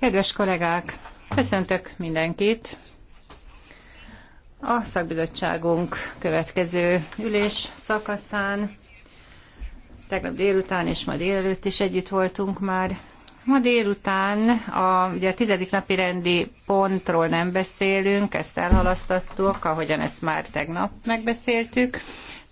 Kedves kollégák, köszöntök mindenkit. A szakbizottságunk következő ülés szakaszán tegnap délután és ma délelőtt is együtt voltunk már. Ma délután a, ugye a tizedik napi rendi pontról nem beszélünk, ezt elhalasztottuk, ahogyan ezt már tegnap megbeszéltük.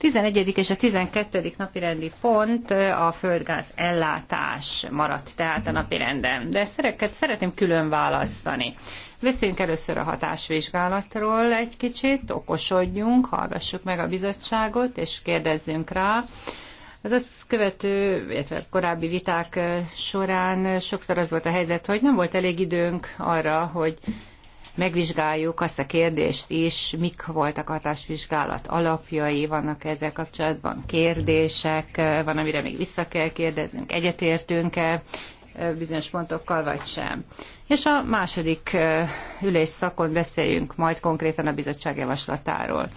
11. és a 12. napirendi pont a földgáz ellátás maradt tehát a napirenden. De szereket szeretném külön választani. Beszéljünk először a hatásvizsgálatról egy kicsit, okosodjunk, hallgassuk meg a bizottságot, és kérdezzünk rá. Az azt követő, illetve korábbi viták során sokszor az volt a helyzet, hogy nem volt elég időnk arra, hogy megvizsgáljuk azt a kérdést is, mik voltak a hatásvizsgálat alapjai, vannak ezzel kapcsolatban kérdések, van, amire még vissza kell kérdeznünk, egyetértünk-e bizonyos pontokkal, vagy sem. És a második ülésszakon beszéljünk majd konkrétan a bizottság javaslatáról.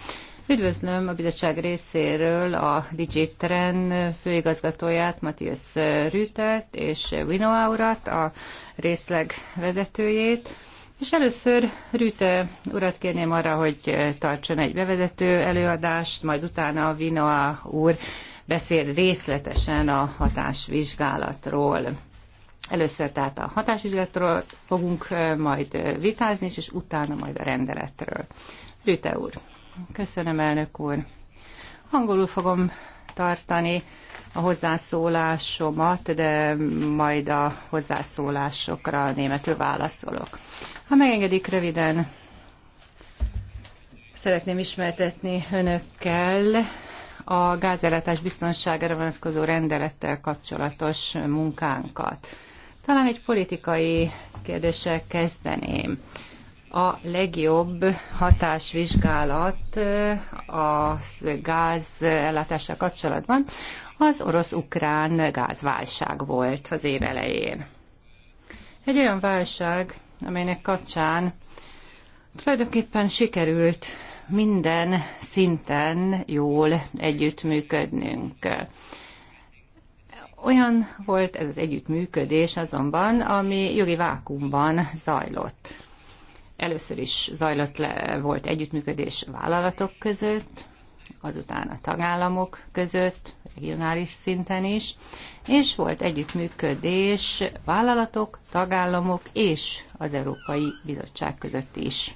Üdvözlöm a bizottság részéről a Digitren főigazgatóját, Matthias Rütert és Winoaurat, a részleg vezetőjét. És először Rüte urat kérném arra, hogy tartson egy bevezető előadást, majd utána a Vinoa úr beszél részletesen a hatásvizsgálatról. Először tehát a hatásvizsgálatról fogunk majd vitázni, és, utána majd a rendeletről. Rüte úr, köszönöm elnök úr. Angolul fogom tartani a hozzászólásomat, de majd a hozzászólásokra németül válaszolok. Ha megengedik röviden, szeretném ismertetni önökkel a gázellátás biztonságára vonatkozó rendelettel kapcsolatos munkánkat. Talán egy politikai kérdéssel kezdeném. A legjobb hatásvizsgálat a gázellátással kapcsolatban az orosz-ukrán gázválság volt az év elején. Egy olyan válság, amelynek kapcsán tulajdonképpen sikerült minden szinten jól együttműködnünk. Olyan volt ez az együttműködés azonban, ami jogi vákumban zajlott. Először is zajlott le, volt együttműködés vállalatok között, azután a tagállamok között, regionális szinten is, és volt együttműködés vállalatok, tagállamok és az Európai Bizottság között is.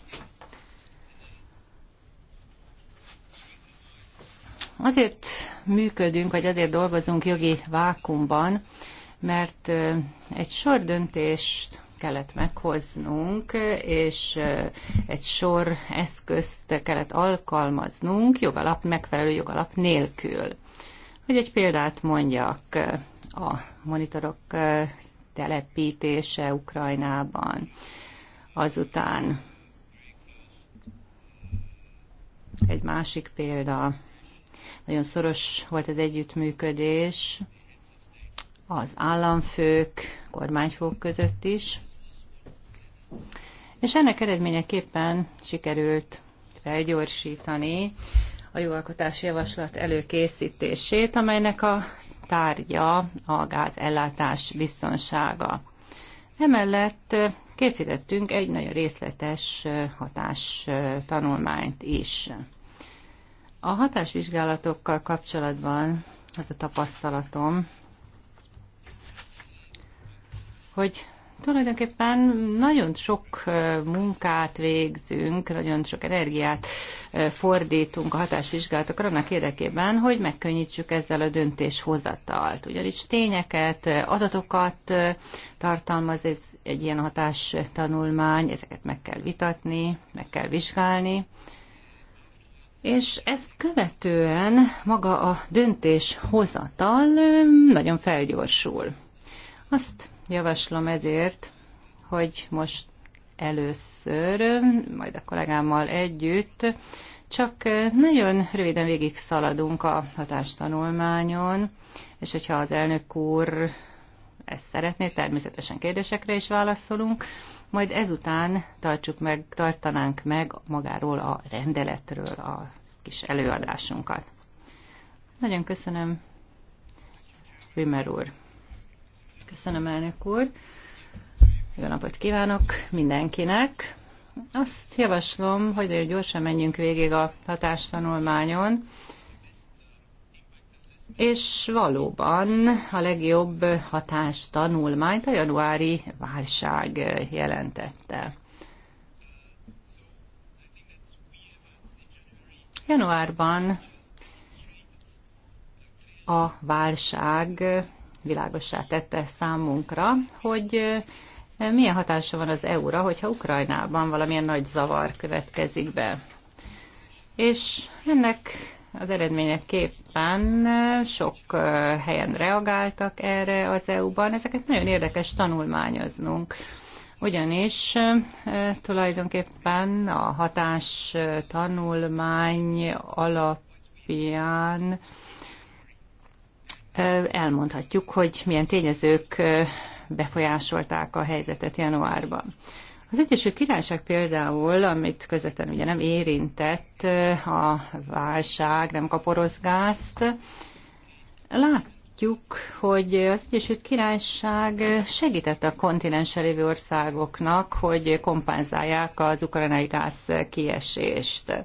Azért működünk, vagy azért dolgozunk jogi vákumban, mert egy sor döntést kellett meghoznunk, és egy sor eszközt kellett alkalmaznunk jogalap, megfelelő jogalap nélkül. Hogy egy példát mondjak, a monitorok telepítése Ukrajnában, azután egy másik példa, nagyon szoros volt az együttműködés az államfők, kormányfők között is. És ennek eredményeképpen sikerült felgyorsítani a jogalkotási javaslat előkészítését, amelynek a tárgya a gázellátás biztonsága. Emellett készítettünk egy nagyon részletes hatás tanulmányt is. A hatásvizsgálatokkal kapcsolatban az a tapasztalatom, hogy tulajdonképpen nagyon sok munkát végzünk, nagyon sok energiát fordítunk a hatásvizsgálatokra annak érdekében, hogy megkönnyítsük ezzel a döntéshozatalt. Ugyanis tényeket, adatokat tartalmaz ez egy ilyen hatástanulmány, ezeket meg kell vitatni, meg kell vizsgálni. És ezt követően maga a döntéshozatal nagyon felgyorsul. Azt Javaslom ezért, hogy most először, majd a kollégámmal együtt, csak nagyon röviden végig szaladunk a hatástanulmányon, és hogyha az elnök úr ezt szeretné, természetesen kérdésekre is válaszolunk, majd ezután tartsuk meg, tartanánk meg magáról a rendeletről a kis előadásunkat. Nagyon köszönöm, Vimer úr. Köszönöm, elnök úr. Jó napot kívánok mindenkinek. Azt javaslom, hogy nagyon gyorsan menjünk végig a hatástanulmányon, és valóban a legjobb hatástanulmányt a januári válság jelentette. Januárban a válság világossá tette számunkra, hogy milyen hatása van az EU-ra, hogyha Ukrajnában valamilyen nagy zavar következik be. És ennek az eredményeképpen sok helyen reagáltak erre az EU-ban. Ezeket nagyon érdekes tanulmányoznunk ugyanis tulajdonképpen a hatás tanulmány alapján elmondhatjuk, hogy milyen tényezők befolyásolták a helyzetet januárban. Az Egyesült Királyság például, amit közvetlenül ugye nem érintett a válság, nem kaporoz gázt, látjuk, hogy az Egyesült Királyság segített a kontinensen lévő országoknak, hogy kompenzálják az ukrajnai gáz kiesést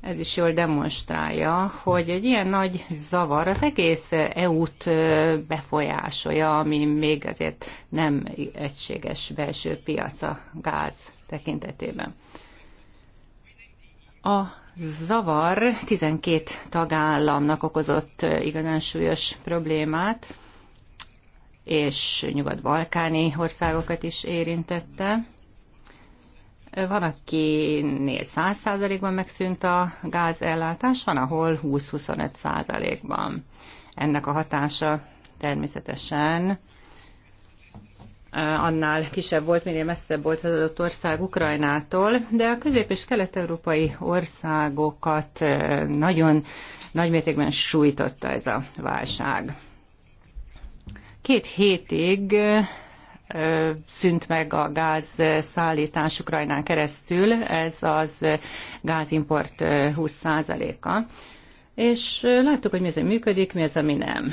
ez is jól demonstrálja, hogy egy ilyen nagy zavar az egész EU-t befolyásolja, ami még azért nem egységes belső piac a gáz tekintetében. A zavar 12 tagállamnak okozott igazán súlyos problémát, és nyugat-balkáni országokat is érintette. Van, akinél 100%-ban megszűnt a gázellátás, van, ahol 20-25%-ban. Ennek a hatása természetesen eh, annál kisebb volt, minél messzebb volt az adott ország Ukrajnától, de a közép- és kelet-európai országokat eh, nagyon nagymértékben sújtotta ez a válság. Két hétig eh, szűnt meg a gáz szállítás Ukrajnán keresztül, ez gázimport 20%-a. És láttuk, hogy mi ez ami működik, mi ez, ami nem.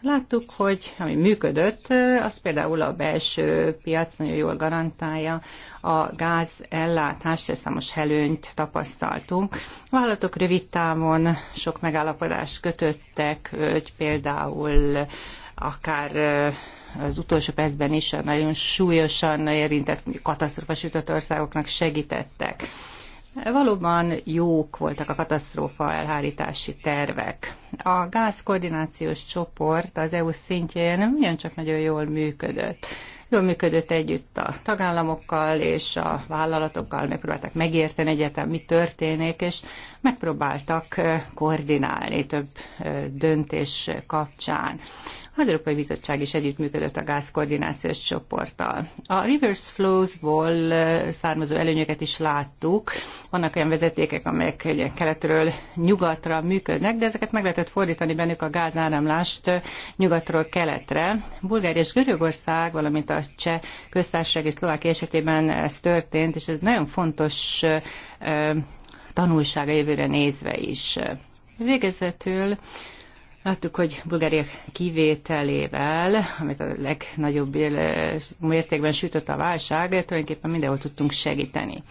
Láttuk, hogy ami működött, az például a belső piac nagyon jól garantálja, a gáz ellátást, ezt számos helőnyt tapasztaltunk. A vállalatok rövid távon sok megállapodást kötöttek, hogy például akár az utolsó percben is nagyon súlyosan érintett katasztrófa sütött országoknak segítettek. Valóban jók voltak a katasztrófa elhárítási tervek. A gázkoordinációs csoport az EU szintjén csak nagyon jól működött. Jól működött együtt a tagállamokkal és a vállalatokkal, megpróbálták megérteni egyetem, mi történik, és megpróbáltak koordinálni több döntés kapcsán. Az Európai Bizottság is együttműködött a gázkoordinációs csoporttal. A reverse flows-ból származó előnyöket is láttuk. Vannak olyan vezetékek, amelyek keletről nyugatra működnek, de ezeket meg lehetett fordítani bennük a gázáramlást nyugatról keletre. Bulgária és Görögország, valamint a Cseh köztársaság és Szlovákia esetében ez történt, és ez nagyon fontos tanulsága jövőre nézve is. Végezetül Láttuk, hogy Bulgária kivételével, amit a legnagyobb mértékben sütött a válság, tulajdonképpen mindenhol tudtunk segíteni.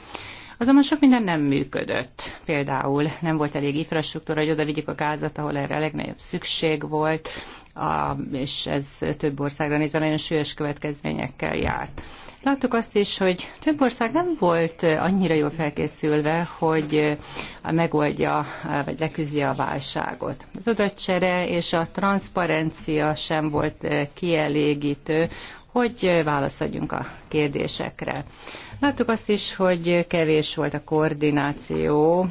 Azonban sok minden nem működött. Például nem volt elég infrastruktúra, hogy oda vigyük a gázat, ahol erre a legnagyobb szükség volt, és ez több országra nézve nagyon súlyos következményekkel járt. Láttuk azt is, hogy több ország nem volt annyira jól felkészülve, hogy megoldja vagy leküzdje a válságot. Az adatcsere és a transzparencia sem volt kielégítő, hogy válaszadjunk a kérdésekre. Láttuk azt is, hogy kevés volt a koordináció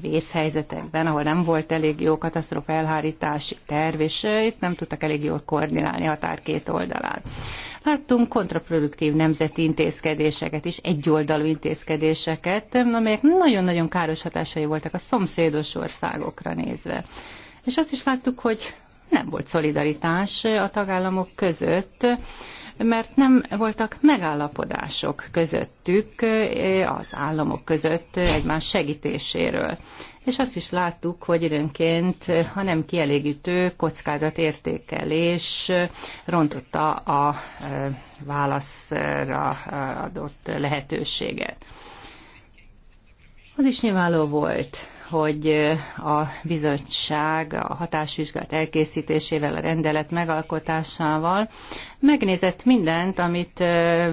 vészhelyzetekben, ahol nem volt elég jó katasztrófa elhárítási terv, és itt nem tudtak elég jól koordinálni a határ két oldalán. Láttunk kontraproduktív nemzeti intézkedéseket is, egyoldalú intézkedéseket, amelyek nagyon-nagyon káros hatásai voltak a szomszédos országokra nézve. És azt is láttuk, hogy nem volt szolidaritás a tagállamok között, mert nem voltak megállapodások közöttük, az államok között egymás segítéséről. És azt is láttuk, hogy időnként a nem kielégítő kockázatértékelés rontotta a válaszra adott lehetőséget. Az is nyilvánvaló volt, hogy a bizottság a hatásvizsgát elkészítésével, a rendelet megalkotásával megnézett mindent, amit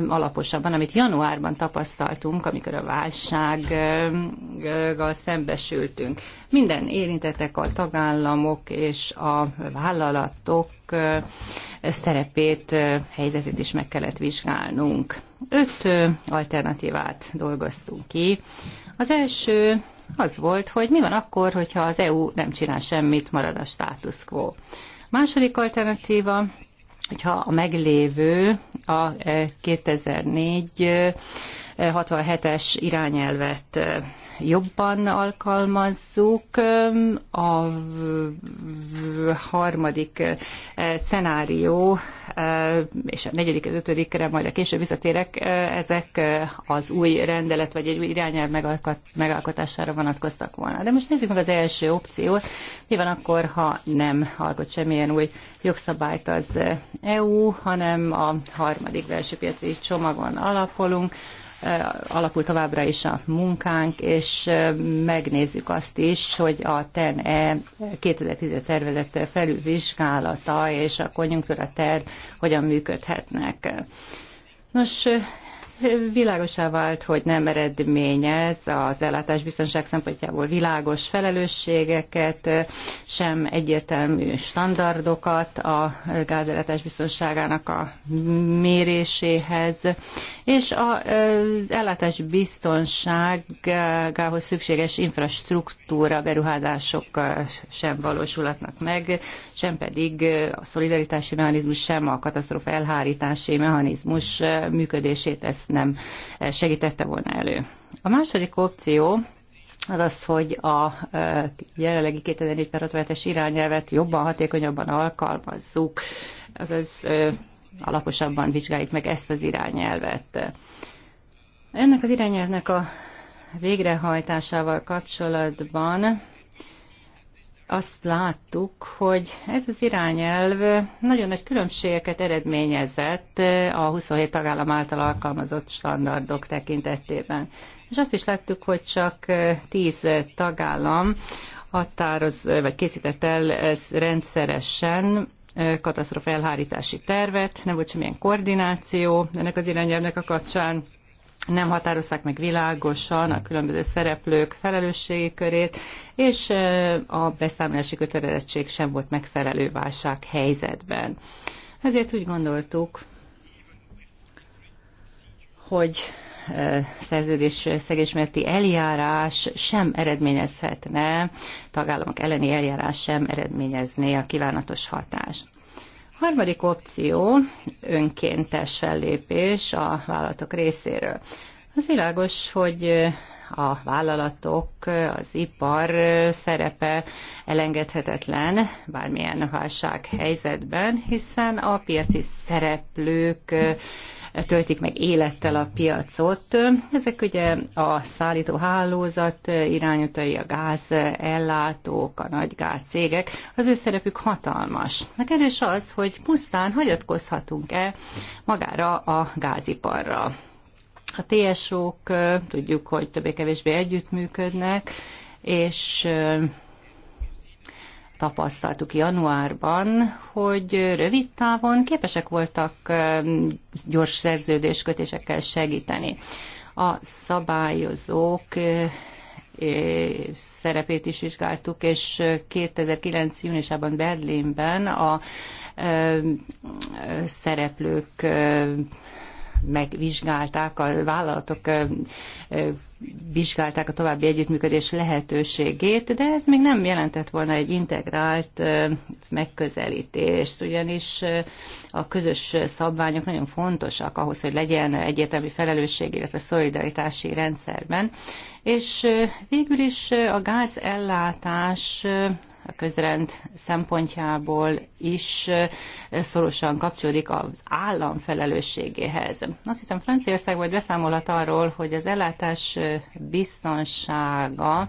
alaposabban, amit januárban tapasztaltunk, amikor a válsággal szembesültünk. Minden érintettek a tagállamok és a vállalatok szerepét, helyzetét is meg kellett vizsgálnunk. Öt alternatívát dolgoztunk ki. Az első az volt, hogy mi van akkor, hogyha az EU nem csinál semmit, marad a status quo. Második alternatíva, hogyha a meglévő a 2004 e, 67-es e, irányelvet e, jobban alkalmazzuk. A harmadik szenárió és a negyedik, az ötödikre majd a később visszatérek, ezek az új rendelet vagy egy új irányelv megalkotására vonatkoztak volna. De most nézzük meg az első opciót. Mi van akkor, ha nem alkot semmilyen új jogszabályt az EU, hanem a harmadik belső piaci csomagon alapolunk, alakul továbbra is a munkánk, és megnézzük azt is, hogy a TEN-E 2010 tervezett felülvizsgálata és a konjunktúra terv hogyan működhetnek. Nos, világosá vált, hogy nem eredményez az ellátásbiztonság szempontjából világos felelősségeket, sem egyértelmű standardokat a gázellátás biztonságának a méréséhez, és az ellátás biztonságához szükséges infrastruktúra beruházások sem valósulatnak meg, sem pedig a szolidaritási mechanizmus, sem a katasztrófa elhárítási mechanizmus működését ez ezt nem segítette volna elő. A második opció az az, hogy a jelenlegi 2004 es irányelvet jobban, hatékonyabban alkalmazzuk, azaz alaposabban vizsgáljuk meg ezt az irányelvet. Ennek az irányelvnek a végrehajtásával kapcsolatban azt láttuk, hogy ez az irányelv nagyon nagy különbségeket eredményezett eh, a 27 tagállam által alkalmazott standardok tekintetében. És azt is láttuk, hogy csak 10 eh, tagállam határoz, eh, vagy készített el rendszeresen katasztrofa elhárítási tervet, nem volt semmilyen koordináció ennek az irányelvnek a kapcsán, nem határozták meg világosan a különböző szereplők felelősségi körét, és a beszámolási kötelezettség sem volt megfelelő válság helyzetben. Ezért úgy gondoltuk, hogy szerződés szegésmérti eljárás sem eredményezhetne, tagállamok elleni eljárás sem eredményezné a kívánatos hatást. Harmadik opció önkéntes fellépés a vállalatok részéről. Az világos, hogy a vállalatok, az ipar szerepe elengedhetetlen bármilyen válság helyzetben, hiszen a piaci szereplők töltik meg élettel a piacot. Ezek ugye a szállítóhálózat irányútai, a gáz ellátók, a nagy gázcégek, az ő szerepük hatalmas. A kérdés az, hogy pusztán hagyatkozhatunk-e magára a gáziparra. A TSO-k tudjuk, hogy többé-kevésbé együttműködnek, és tapasztaltuk januárban, hogy rövid távon képesek voltak gyors szerződéskötésekkel segíteni. A szabályozók szerepét is vizsgáltuk, és 2009. júniusában Berlinben a szereplők megvizsgálták, a vállalatok vizsgálták a további együttműködés lehetőségét, de ez még nem jelentett volna egy integrált megközelítést, ugyanis a közös szabványok nagyon fontosak ahhoz, hogy legyen egyértelmű felelősség, illetve szolidaritási rendszerben, és végül is a gázellátás a közrend szempontjából is szorosan kapcsolódik az állam felelősségéhez. Azt hiszem Franciaország vagy beszámolhat arról, hogy az ellátás biztonsága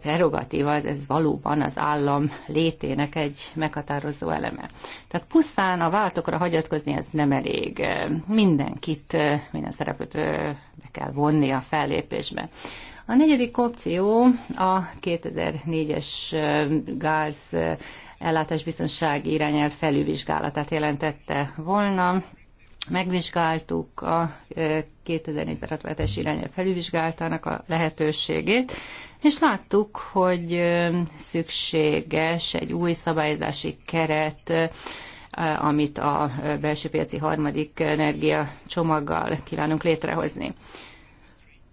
prerogatíva, ez, ez valóban az állam létének egy meghatározó eleme. Tehát pusztán a váltokra hagyatkozni ez nem elég. Mindenkit, minden szereplőt be kell vonni a fellépésbe. A negyedik opció a 2004-es gáz ellátásbiztonsági irányelv felülvizsgálatát jelentette volna. Megvizsgáltuk a 2004-ben ratifikációs irányelv felülvizsgáltának a lehetőségét, és láttuk, hogy szükséges egy új szabályozási keret, amit a belső piaci harmadik energia csomaggal kívánunk létrehozni.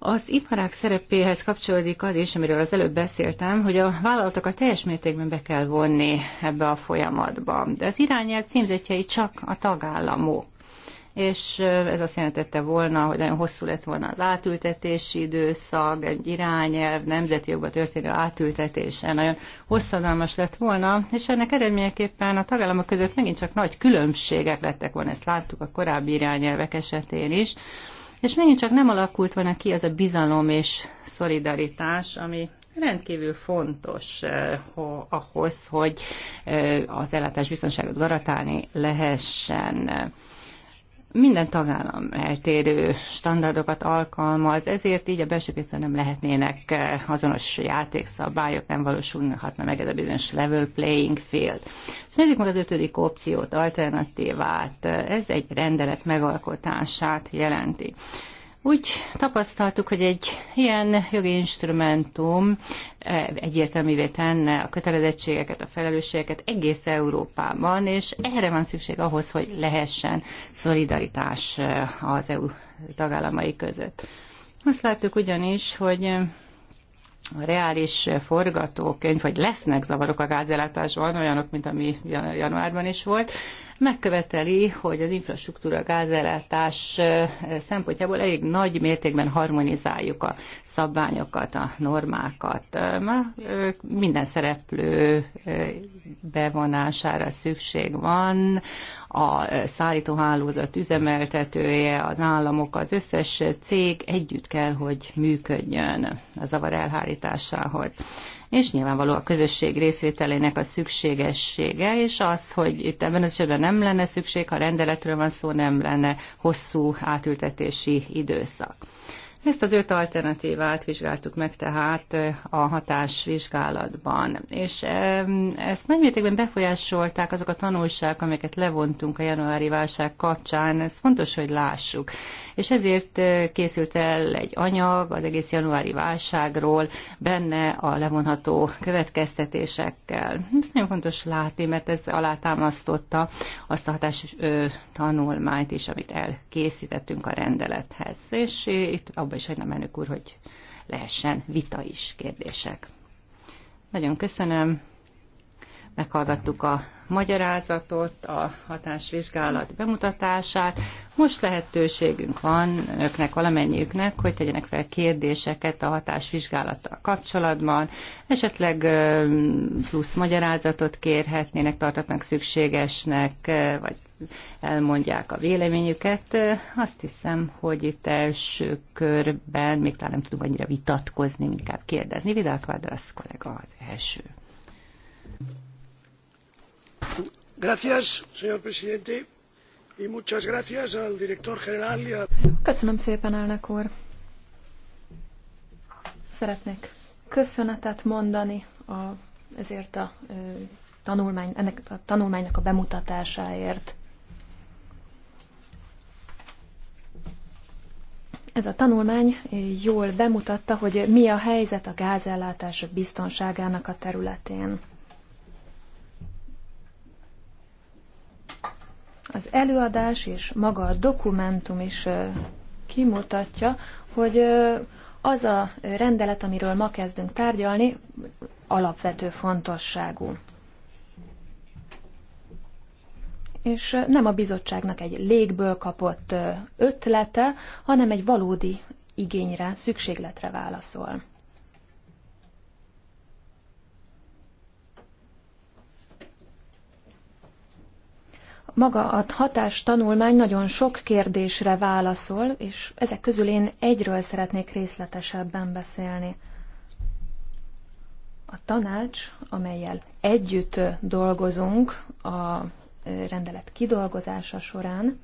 Az iparák szerepéhez kapcsolódik az is, amiről az előbb beszéltem, hogy a vállalatokat teljes mértékben be kell vonni ebbe a folyamatba. De az irányelv címzetjei csak a tagállamok és ez azt jelentette volna, hogy nagyon hosszú lett volna az átültetési időszak, egy irányelv, nemzeti jogba történő átültetése nagyon hosszadalmas lett volna, és ennek eredményeképpen a tagállamok között megint csak nagy különbségek lettek volna, ezt láttuk a korábbi irányelvek esetén is, és megint csak nem alakult volna ki az a bizalom és szolidaritás, ami rendkívül fontos eh, ho, ahhoz, hogy eh, az ellátás biztonságot garantálni lehessen minden tagállam eltérő standardokat alkalmaz, ezért így a belső piacon nem lehetnének eh, azonos játékszabályok, nem valósulhatna meg ez a bizonyos level playing field. És nézzük meg az ötödik opciót, alternatívát. Ez egy rendelet megalkotását jelenti. Úgy tapasztaltuk, hogy egy ilyen jogi instrumentum e, egyértelművé tenne a kötelezettségeket, a felelősségeket egész Európában, és erre van szükség ahhoz, hogy lehessen szolidaritás e, az EU tagállamai között. Azt láttuk ugyanis, hogy a reális forgatókönyv, hogy lesznek zavarok a gázellátásban, olyanok, mint ami januárban is volt, Hát megköveteli, hogy az infrastruktúra gázellátás szempontjából elég nagy mértékben harmonizáljuk a szabványokat, a normákat. Már minden szereplő bevonására szükség van, a szállítóhálózat üzemeltetője, az államok, az összes cég együtt kell, hogy működjön a zavar elhárításához és nyilvánvaló a közösség részvételének a szükségessége, és az, hogy itt ebben az esetben nem lenne szükség, ha rendeletről van szó, nem lenne hosszú átültetési időszak. Ezt az öt alternatívát vizsgáltuk meg tehát eh, a hatásvizsgálatban, és ezt nagy mértékben befolyásolták azok a tanulságok, amiket levontunk a januári válság kapcsán, ez fontos, hogy lássuk. És ezért eh, készült el egy anyag az egész januári válságról, benne a levonható következtetésekkel. Ez nagyon fontos látni, mert ez alátámasztotta azt a hatás tanulmányt is, amit elkészítettünk a rendelethez. És eh, itt a abba is hagynám, elnök úr, hogy lehessen vita is kérdések. Nagyon köszönöm. Meghallgattuk a magyarázatot, a hatásvizsgálat bemutatását. Most lehetőségünk van önöknek, valamennyiüknek, hogy tegyenek fel kérdéseket a hatásvizsgálattal kapcsolatban. Esetleg plusz magyarázatot kérhetnének, tartatnak szükségesnek, vagy elmondják a véleményüket. Azt hiszem, hogy itt első körben még talán nem tudunk annyira vitatkozni, inkább kérdezni. Vidal Kvadrasz kollega az első. Gracias, señor presidente, y muchas gracias al director general. Y a... Köszönöm szépen, elnök úr. Szeretnék köszönetet mondani a, ezért a tanulmány, ennek a tanulmánynak a bemutatásáért. Ez a tanulmány jól bemutatta, hogy mi a helyzet a gázellátás biztonságának a területén. Az előadás és maga a dokumentum is kimutatja, hogy az a rendelet, amiről ma kezdünk tárgyalni, alapvető fontosságú. és nem a bizottságnak egy légből kapott ötlete, hanem egy valódi igényre, szükségletre válaszol. Maga a hatás tanulmány nagyon sok kérdésre válaszol, és ezek közül én egyről szeretnék részletesebben beszélni. A tanács, amelyel együtt dolgozunk a rendelet kidolgozása során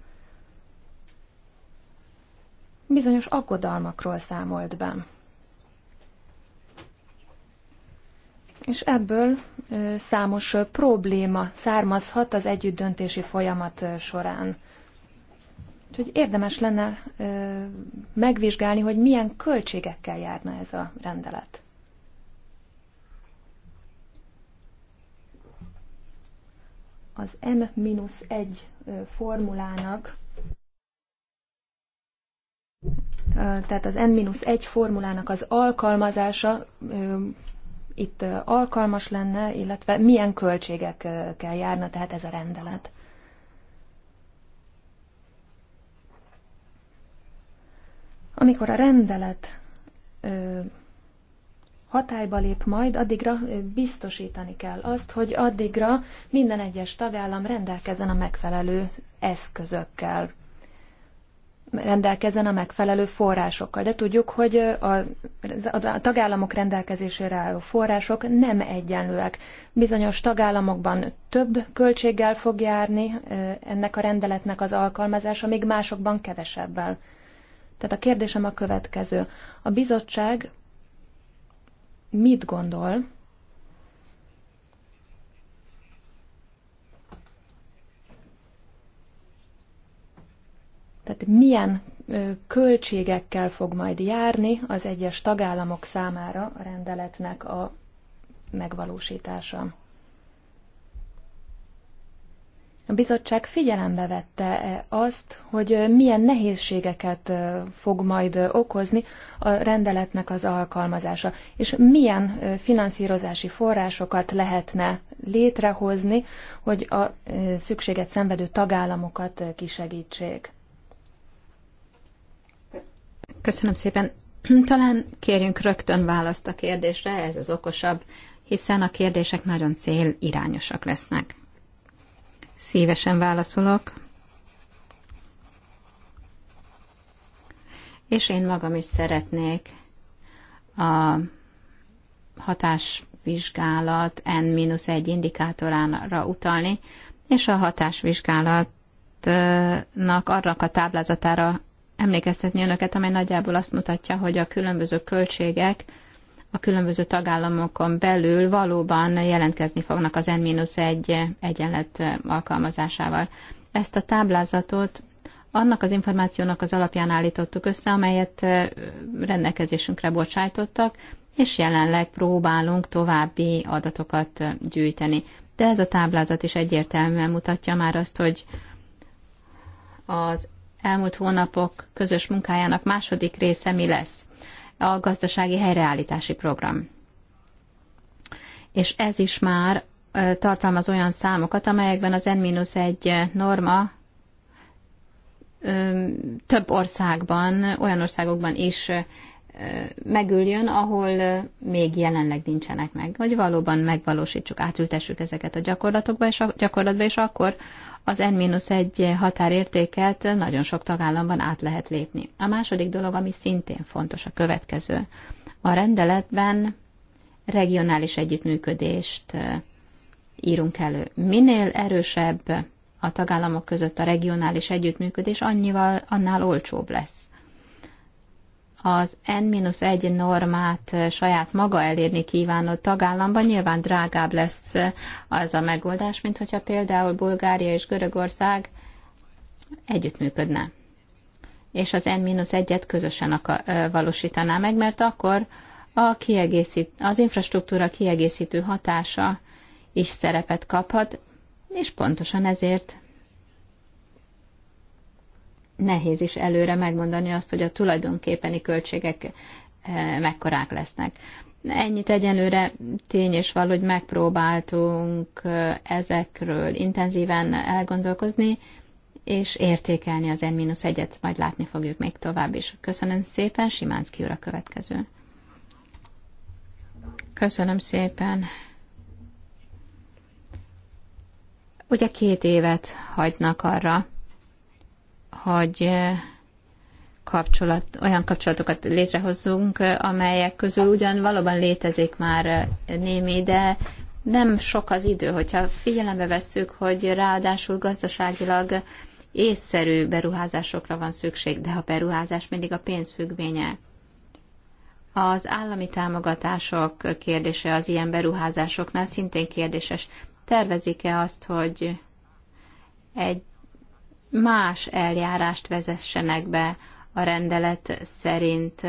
bizonyos aggodalmakról számolt be. És ebből számos probléma származhat az együttdöntési folyamat során. Úgyhogy érdemes lenne megvizsgálni, hogy milyen költségekkel járna ez a rendelet. az M-1 formulának, tehát az N-1 formulának az alkalmazása itt alkalmas lenne, illetve milyen költségekkel járna tehát ez a rendelet. Amikor a rendelet hatályba lép majd, addigra biztosítani kell azt, hogy addigra minden egyes tagállam rendelkezzen a megfelelő eszközökkel rendelkezzen a megfelelő forrásokkal. De tudjuk, hogy a, a tagállamok rendelkezésére álló források nem egyenlőek. Bizonyos tagállamokban több költséggel fog járni ennek a rendeletnek az alkalmazása, még másokban kevesebbel. Tehát a kérdésem a következő. A bizottság mit gondol tehát milyen költségekkel fog majd járni az egyes tagállamok számára a rendeletnek a megvalósítása. A bizottság figyelembe vette-e azt, hogy milyen nehézségeket fog majd okozni a rendeletnek az alkalmazása, és milyen finanszírozási forrásokat lehetne létrehozni, hogy a szükséget szenvedő tagállamokat kisegítsék? Köszönöm szépen. Talán kérjünk rögtön választ a kérdésre, ez az okosabb, hiszen a kérdések nagyon célirányosak lesznek. Szívesen válaszolok. És én magam is szeretnék a hatásvizsgálat N-1 indikátorára utalni, és a hatásvizsgálatnak arra a táblázatára emlékeztetni önöket, amely nagyjából azt mutatja, hogy a különböző költségek a különböző tagállamokon belül valóban jelentkezni fognak az N-1 egyenlet alkalmazásával. Ezt a táblázatot annak az információnak az alapján állítottuk össze, amelyet rendelkezésünkre bocsájtottak, és jelenleg próbálunk további adatokat gyűjteni. De ez a táblázat is egyértelműen mutatja már azt, hogy az elmúlt hónapok közös munkájának második része mi lesz a gazdasági helyreállítási program. És ez is már tartalmaz olyan számokat, amelyekben az N-1 norma több országban, olyan országokban is megüljön, ahol még jelenleg nincsenek meg, vagy valóban megvalósítsuk, átültessük ezeket a gyakorlatokba, és a, gyakorlatba, és akkor az N-1 határértéket nagyon sok tagállamban át lehet lépni. A második dolog, ami szintén fontos, a következő. A rendeletben regionális együttműködést írunk elő. Minél erősebb a tagállamok között a regionális együttműködés, annyival annál olcsóbb lesz az N-1 normát saját maga elérni kívánó tagállamban, nyilván drágább lesz az a megoldás, mint hogyha például Bulgária és Görögország együttműködne. És az N-1-et közösen akar, valósítaná meg, mert akkor a kiegészít, az infrastruktúra kiegészítő hatása is szerepet kaphat, és pontosan ezért nehéz is előre megmondani azt, hogy a tulajdonképpeni költségek eh, mekkorák lesznek. Ennyit egyenlőre tény és való, hogy megpróbáltunk eh, ezekről intenzíven elgondolkozni, és értékelni az N-1-et, majd látni fogjuk még tovább is. Köszönöm szépen, Simánszki úr a következő. Köszönöm szépen. Ugye két évet hagynak arra, hogy eh, kapcsolat, olyan kapcsolatokat létrehozzunk, eh, amelyek közül ugyan valóban létezik már eh, némi, de nem sok az idő, hogyha figyelembe vesszük, hogy ráadásul gazdaságilag észszerű beruházásokra van szükség, de a beruházás mindig a pénz függvénye. Az állami támogatások kérdése az ilyen beruházásoknál szintén kérdéses. Tervezik-e azt, hogy egy más eljárást vezessenek be a rendelet szerint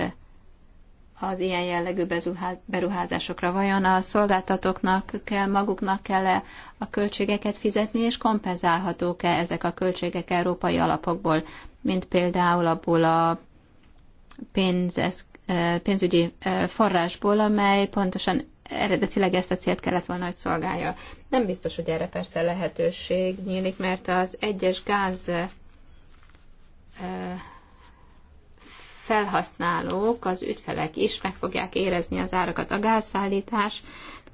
az ilyen jellegű beruházásokra. Vajon a szolgáltatóknak kell, maguknak kell -e a költségeket fizetni, és kompenzálhatók-e ezek a költségek európai alapokból, mint például abból a pénz, eh, pénzügyi eh, forrásból, amely pontosan eredetileg ezt a célt kellett volna, hogy szolgálja. Nem biztos, hogy erre persze lehetőség nyílik, mert az egyes gáz felhasználók, az ügyfelek is meg fogják érezni az árakat. A gázszállítás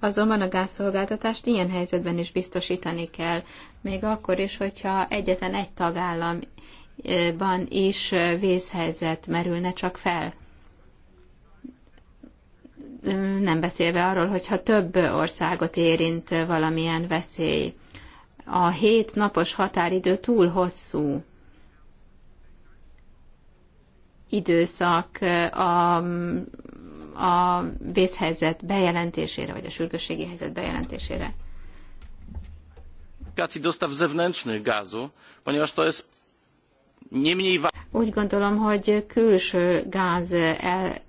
azonban a gázszolgáltatást ilyen helyzetben is biztosítani kell, még akkor is, hogyha egyetlen egy tagállamban is vészhelyzet merülne csak fel nem beszélve arról, hogyha több országot érint valamilyen veszély. A hét napos határidő túl hosszú időszak a, a vészhelyzet bejelentésére, vagy a sürgősségi helyzet bejelentésére. dostaw zewnętrznych gazu, ponieważ to jest úgy gondolom, hogy külső gáz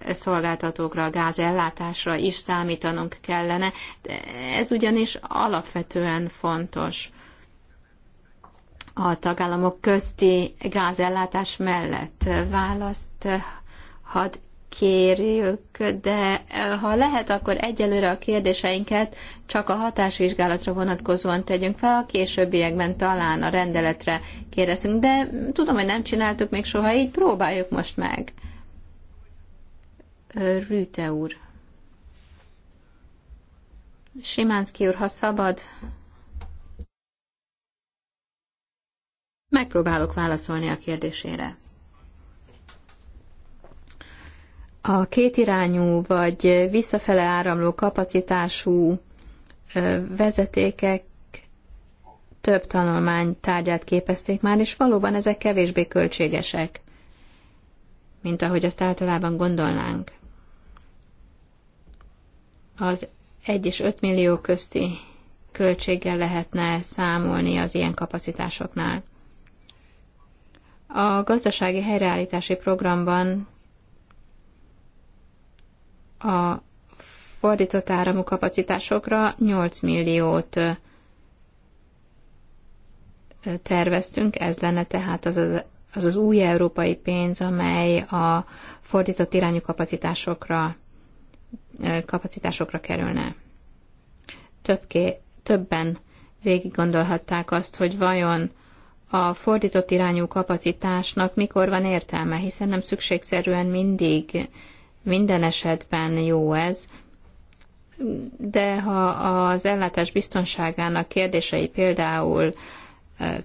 szolgáltatókra, gázellátásra is számítanunk kellene. Ez ugyanis alapvetően fontos a tagállamok közti gázellátás mellett választ hadd kérjük, de ha lehet, akkor egyelőre a kérdéseinket csak a hatásvizsgálatra vonatkozóan tegyünk fel, a későbbiekben talán a rendeletre kérdezünk, de tudom, hogy nem csináltuk még soha, így próbáljuk most meg. Rüte úr. Simánszki úr, ha szabad. Megpróbálok válaszolni a kérdésére. a kétirányú vagy visszafele áramló kapacitású vezetékek több tanulmány tárgyát képezték már, és valóban ezek kevésbé költségesek, mint ahogy azt általában gondolnánk. Az 1 és 5 millió közti költséggel lehetne számolni az ilyen kapacitásoknál. A gazdasági helyreállítási programban a fordított áramú kapacitásokra 8 milliót terveztünk, ez lenne tehát az az, az az új európai pénz, amely a fordított irányú kapacitásokra, kapacitásokra kerülne. Többké, többen végig gondolhatták azt, hogy vajon a fordított irányú kapacitásnak mikor van értelme, hiszen nem szükségszerűen mindig minden esetben jó ez, de ha az ellátás biztonságának kérdései például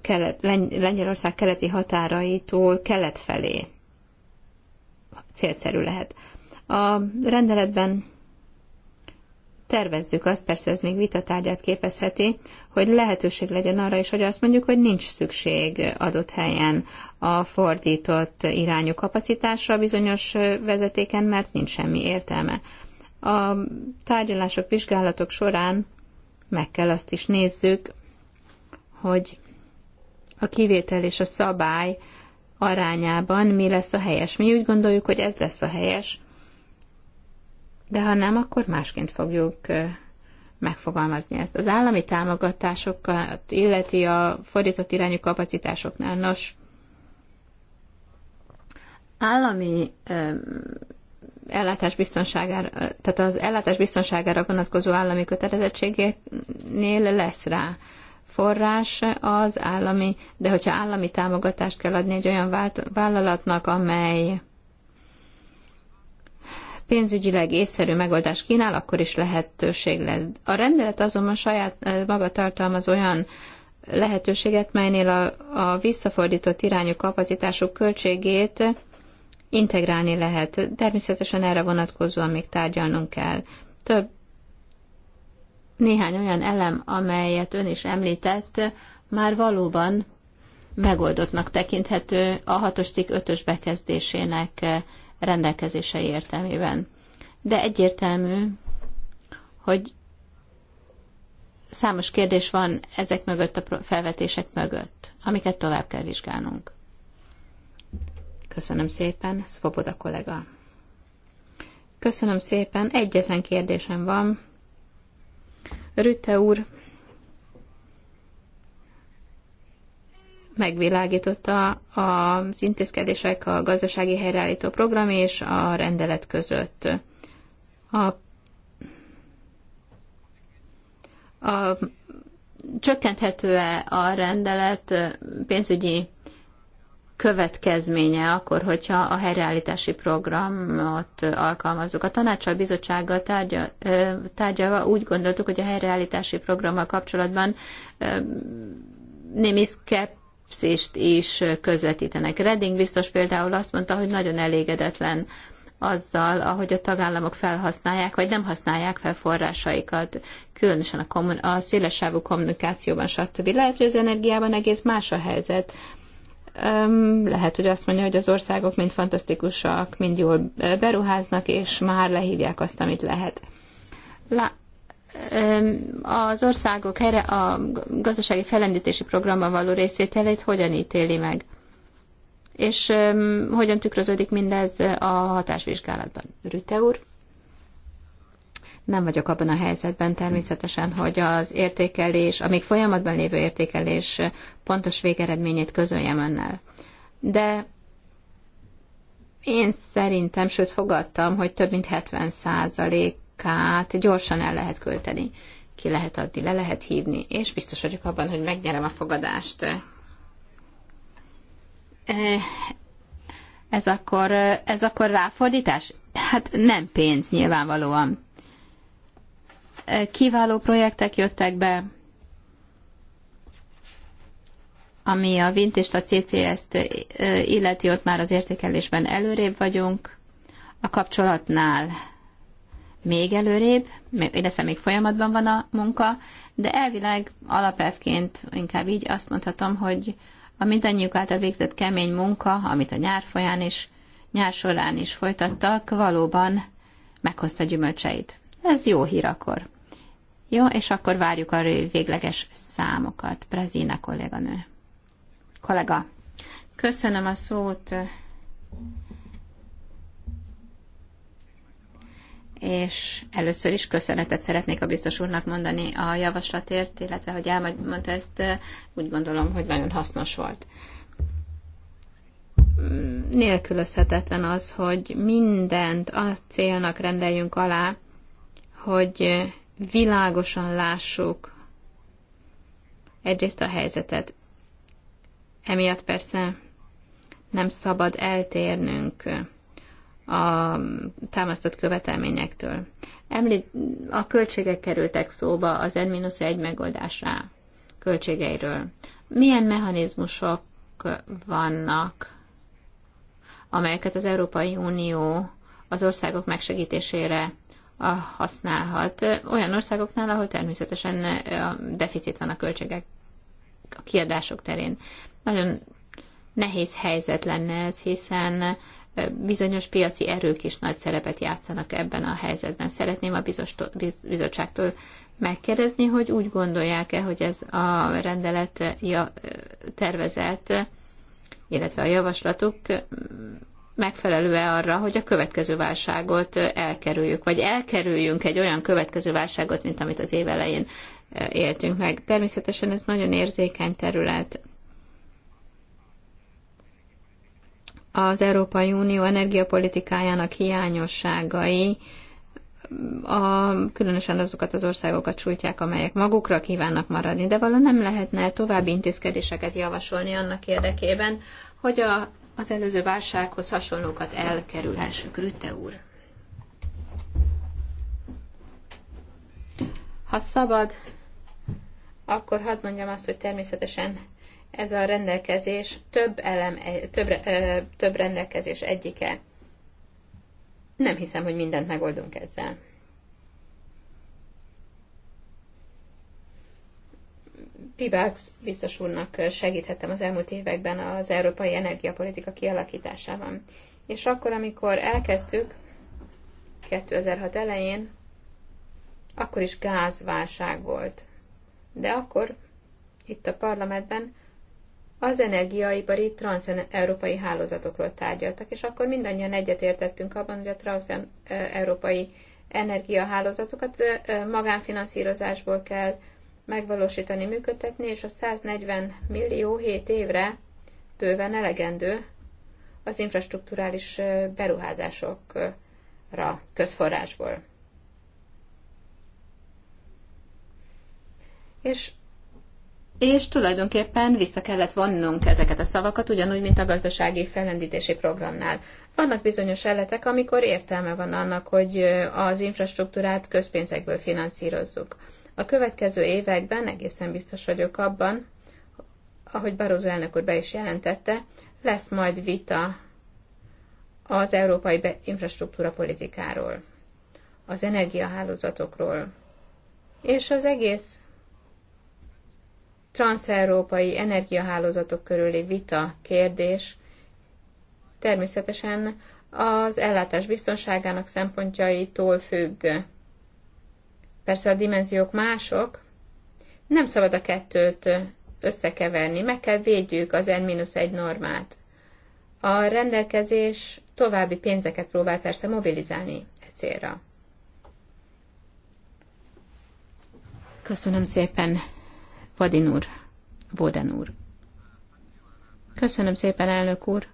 kelet, Lengyelország keleti határaitól kelet felé célszerű lehet. A rendeletben tervezzük azt, persze ez még vitatárgyát képezheti, hogy lehetőség legyen arra is, hogy azt mondjuk, hogy nincs szükség adott helyen a fordított irányú kapacitásra bizonyos vezetéken, mert nincs semmi értelme. A tárgyalások, vizsgálatok során meg kell azt is nézzük, hogy a kivétel és a szabály arányában mi lesz a helyes. Mi úgy gondoljuk, hogy ez lesz a helyes, de ha nem, akkor másként fogjuk megfogalmazni ezt. Az állami támogatásokat illeti a fordított irányú kapacitásoknál. Nos, állami ellátás biztonságára, tehát az ellátás biztonságára vonatkozó állami kötelezettségénél lesz rá forrás az állami, de hogyha állami támogatást kell adni egy olyan vállalatnak, amely pénzügyileg észszerű megoldást kínál, akkor is lehetőség lesz. A rendelet azonban saját maga tartalmaz olyan lehetőséget, melynél a, a visszafordított irányú kapacitások költségét integrálni lehet. Természetesen erre vonatkozóan még tárgyalnunk kell. Több néhány olyan elem, amelyet ön is említett, már valóban megoldottnak tekinthető a hatos cikk ötös bekezdésének rendelkezései értelmében. De egyértelmű, hogy számos kérdés van ezek mögött, a felvetések mögött, amiket tovább kell vizsgálnunk. Köszönöm szépen, Svoboda kollega. Köszönöm szépen, egyetlen kérdésem van. Rütte úr megvilágította az intézkedések a gazdasági helyreállító program és a rendelet között. A, a csökkenthető-e a rendelet pénzügyi következménye akkor, hogyha a helyreállítási programot alkalmazzuk. A tanácsal bizottsággal tárgyalva úgy gondoltuk, hogy a helyreállítási programmal kapcsolatban némi szkepszist is közvetítenek. Redding biztos például azt mondta, hogy nagyon elégedetlen azzal, ahogy a tagállamok felhasználják, vagy nem használják fel forrásaikat, különösen a, kommun- a szélesávú kommunikációban, stb. Lehet, hogy az energiában egész más a helyzet lehet, hogy azt mondja, hogy az országok mind fantasztikusak, mind jól eh, beruháznak, és már lehívják azt, amit lehet. La- az országok erre a gazdasági felendítési programban való részvételét hogyan ítéli meg? És hogyan tükröződik mindez a hatásvizsgálatban? Rüte úr? Nem vagyok abban a helyzetben természetesen, hogy az értékelés, a még folyamatban lévő értékelés pontos végeredményét közöljem önnel. De én szerintem, sőt fogadtam, hogy több mint 70%-át gyorsan el lehet költeni. Ki lehet adni, le lehet hívni, és biztos vagyok abban, hogy megnyerem a fogadást. E, ez akkor, ez akkor ráfordítás? Hát nem pénz nyilvánvalóan kiváló projektek jöttek be, ami a Vint és a CCS-t illeti, ott már az értékelésben előrébb vagyunk, a kapcsolatnál még előrébb, illetve még folyamatban van a munka, de elvileg alapelvként inkább így azt mondhatom, hogy a mindannyiuk által végzett kemény munka, amit a nyár folyán is, nyár során is folytattak, valóban meghozta gyümölcseit. Ez jó hír akkor. Jó, és akkor várjuk a végleges számokat. Brazina kolléganő. Kollega. Köszönöm a szót. és először is köszönetet szeretnék a biztos úrnak mondani a javaslatért, illetve hogy elmondta ezt, úgy gondolom, hogy nagyon hasznos volt. Nélkülözhetetlen az, hogy mindent a célnak rendeljünk alá, hogy világosan lássuk egyrészt a helyzetet. Emiatt persze nem szabad eltérnünk a támasztott követelményektől. Említ, a költségek kerültek szóba az N-1 megoldásra költségeiről. Milyen mechanizmusok vannak, amelyeket az Európai Unió az országok megsegítésére használhat. Olyan országoknál, ahol természetesen a deficit van a költségek, a kiadások terén. Nagyon nehéz helyzet lenne ez, hiszen bizonyos piaci erők is nagy szerepet játszanak ebben a helyzetben. Szeretném a bizottságtól megkérdezni, hogy úgy gondolják-e, hogy ez a rendelet tervezet, illetve a javaslatuk megfelelő-e arra, hogy a következő válságot elkerüljük, vagy elkerüljünk egy olyan következő válságot, mint amit az év elején éltünk meg. Természetesen ez nagyon érzékeny terület. Az Európai Unió energiapolitikájának hiányosságai a, különösen azokat az országokat sújtják, amelyek magukra kívánnak maradni, de valahol nem lehetne további intézkedéseket javasolni annak érdekében, hogy a az előző válsághoz hasonlókat elkerülhessük. Rütte úr. Ha szabad, akkor hadd mondjam azt, hogy természetesen ez a rendelkezés több, elem, több, több rendelkezés egyike. Nem hiszem, hogy mindent megoldunk ezzel. Pibax biztos úrnak segíthettem az elmúlt években az európai energiapolitika kialakításában. És akkor, amikor elkezdtük 2006 elején, akkor is gázválság volt. De akkor itt a parlamentben az energiaipari transzeurópai hálózatokról tárgyaltak, és akkor mindannyian egyetértettünk abban, hogy a transzeurópai energiahálózatokat magánfinanszírozásból kell megvalósítani, működtetni, és a 140 millió 7 évre bőven elegendő az infrastruktúrális beruházásokra közforrásból. És, és tulajdonképpen vissza kellett vonnunk ezeket a szavakat, ugyanúgy, mint a gazdasági fellendítési programnál. Vannak bizonyos elletek, amikor értelme van annak, hogy az infrastruktúrát közpénzekből finanszírozzuk. A következő években egészen biztos vagyok abban, ahogy Barroso elnök úr be is jelentette, lesz majd vita az európai infrastruktúra politikáról, az energiahálózatokról, és az egész transzeurópai energiahálózatok körüli vita kérdés természetesen az ellátás biztonságának szempontjaitól függ persze a dimenziók mások, nem szabad a kettőt összekeverni, meg kell védjük az N-1 normát. A rendelkezés további pénzeket próbál persze mobilizálni egy célra. Köszönöm szépen, Vadin úr, Voden úr. Köszönöm szépen, elnök úr.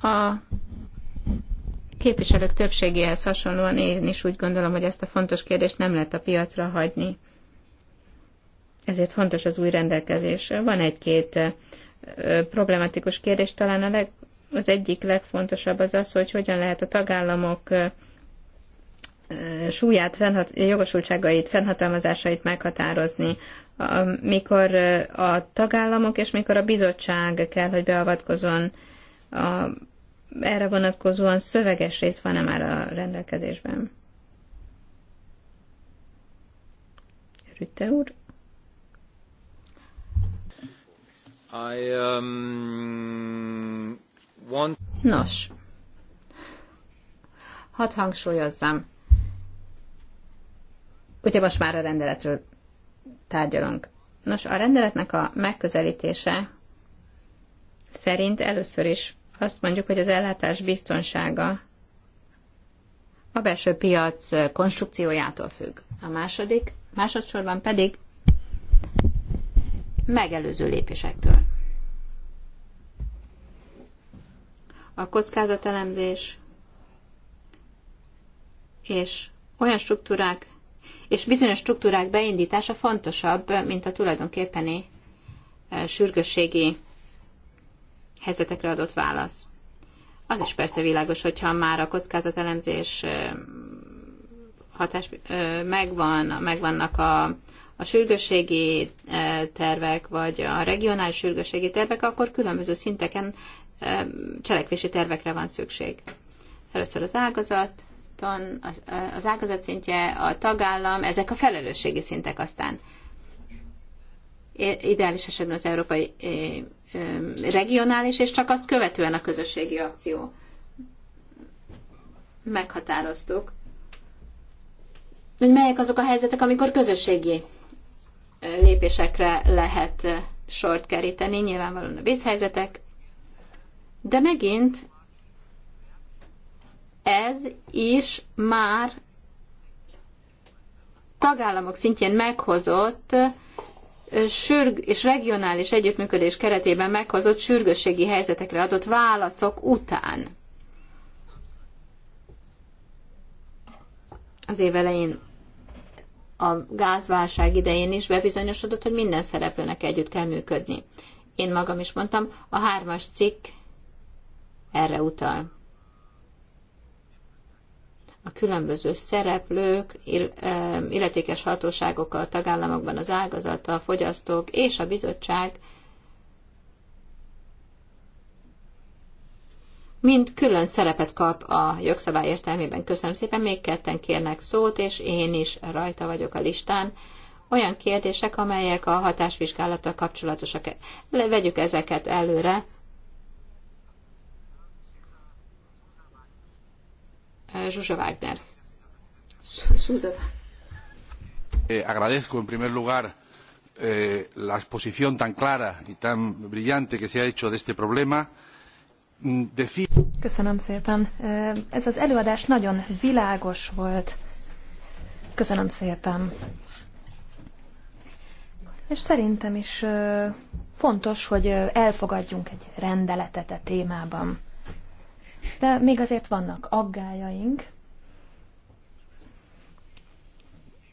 A képviselők többségéhez hasonlóan én is úgy gondolom, hogy ezt a fontos kérdést nem lehet a piacra hagyni. Ezért fontos az új rendelkezés. Van egy-két problematikus kérdés, talán a leg, az egyik legfontosabb az az, hogy hogyan lehet a tagállamok súlyát, fennhat, jogosultságait, fennhatalmazásait meghatározni, mikor a tagállamok és mikor a bizottság kell, hogy beavatkozon a erre vonatkozóan szöveges rész van-e már a rendelkezésben? Rütte úr? I, um, want... Nos, hadd hangsúlyozzam. Ugye most már a rendeletről tárgyalunk. Nos, a rendeletnek a megközelítése szerint először is azt mondjuk, hogy az ellátás biztonsága a belső piac konstrukciójától függ. A második, másodszorban pedig megelőző lépésektől. A kockázatelemzés és olyan struktúrák, és bizonyos struktúrák beindítása fontosabb, mint a tulajdonképpeni sürgősségi helyzetekre adott válasz. Az is persze világos, hogyha már a kockázatelemzés hatás megvan, megvannak a, a sürgősségi tervek, vagy a regionális sürgősségi tervek, akkor különböző szinteken cselekvési tervekre van szükség. Először az ágazat, az ágazat szintje, a tagállam, ezek a felelősségi szintek aztán. Ideális esetben az Európai regionális, és csak azt követően a közösségi akció. Meghatároztuk, hogy melyek azok a helyzetek, amikor közösségi lépésekre lehet sort keríteni, nyilvánvalóan a vészhelyzetek, de megint ez is már tagállamok szintjén meghozott sürg és regionális együttműködés keretében meghozott sürgősségi helyzetekre adott válaszok után. Az év elején a gázválság idején is bebizonyosodott, hogy minden szereplőnek együtt kell működni. Én magam is mondtam, a hármas cikk erre utal a különböző szereplők, illetékes hatóságok a tagállamokban, az ágazata, a fogyasztók és a bizottság mind külön szerepet kap a jogszabály értelmében. Köszönöm szépen, még ketten kérnek szót, és én is rajta vagyok a listán. Olyan kérdések, amelyek a hatásvizsgálattal kapcsolatosak. Vegyük ezeket előre, Zsuzsa Wagner. Zsuzsa. Eh, agradezco en primer lugar eh, la exposición tan clara y tan brillante que se ha hecho de este problema. Mm, Decí... Köszönöm szépen. Eh, ez az előadás nagyon világos volt. Köszönöm szépen. És szerintem is eh, fontos, hogy elfogadjunk egy rendeletet a témában. De még azért vannak aggájaink.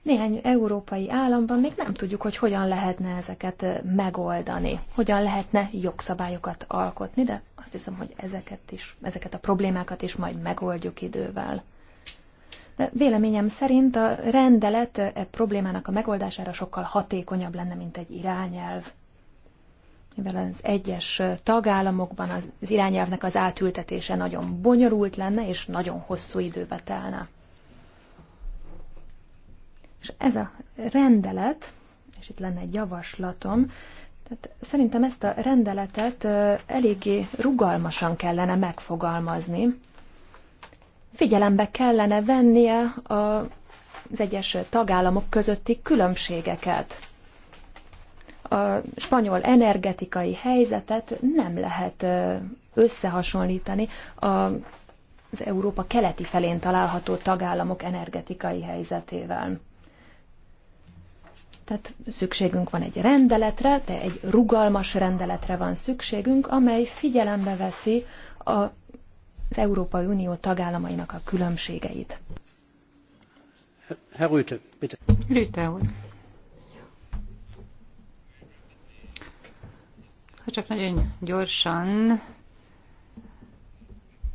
Néhány európai államban még nem tudjuk, hogy hogyan lehetne ezeket megoldani, hogyan lehetne jogszabályokat alkotni, de azt hiszem, hogy ezeket, is, ezeket a problémákat is majd megoldjuk idővel. De véleményem szerint a rendelet e problémának a megoldására sokkal hatékonyabb lenne, mint egy irányelv mivel az egyes tagállamokban az irányelvnek az átültetése nagyon bonyolult lenne, és nagyon hosszú időbe telne. És ez a rendelet, és itt lenne egy javaslatom, tehát szerintem ezt a rendeletet eléggé rugalmasan kellene megfogalmazni. Figyelembe kellene vennie az egyes tagállamok közötti különbségeket a spanyol energetikai helyzetet nem lehet összehasonlítani a az Európa keleti felén található tagállamok energetikai helyzetével. Tehát szükségünk van egy rendeletre, de egy rugalmas rendeletre van szükségünk, amely figyelembe veszi a, az Európai Unió tagállamainak a különbségeit. Herr Rüte, bitte. Rüte úr. Ha csak nagyon gyorsan,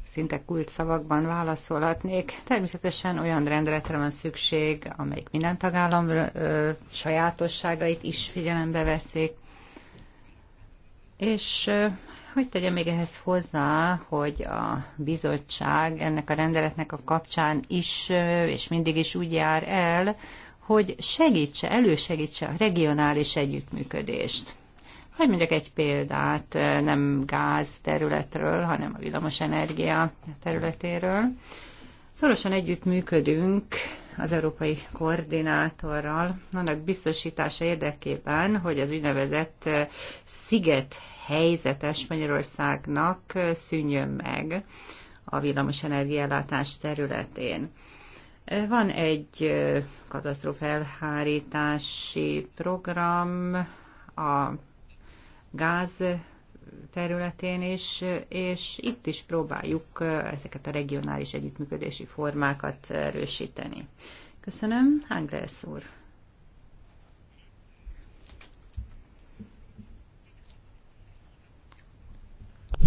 szinte kult szavakban válaszolhatnék. Természetesen olyan rendeletre van szükség, amelyik minden tagállam ö, sajátosságait is figyelembe veszik. És ö, hogy tegyem még ehhez hozzá, hogy a bizottság ennek a rendeletnek a kapcsán is, ö, és mindig is úgy jár el, hogy segítse, elősegítse a regionális együttműködést hogy mondjak egy példát, nem gáz területről, hanem a villamosenergia területéről. Szorosan együttműködünk az európai koordinátorral, annak biztosítása érdekében, hogy az úgynevezett sziget helyzetes Magyarországnak szűnjön meg a villamosenergiállátás területén. Van egy katasztrofelhárítási program, a gáz területén is, és itt is próbáljuk ezeket a regionális együttműködési formákat erősíteni. Köszönöm, Hangres úr.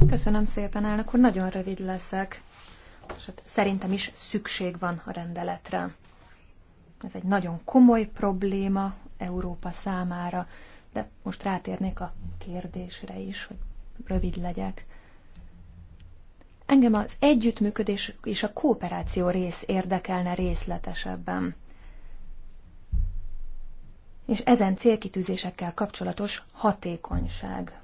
Köszönöm szépen, elnök úr. Nagyon rövid leszek. Hát szerintem is szükség van a rendeletre. Ez egy nagyon komoly probléma Európa számára de most rátérnék a kérdésre is, hogy rövid legyek. Engem az együttműködés és a kooperáció rész érdekelne részletesebben. És ezen célkitűzésekkel kapcsolatos hatékonyság.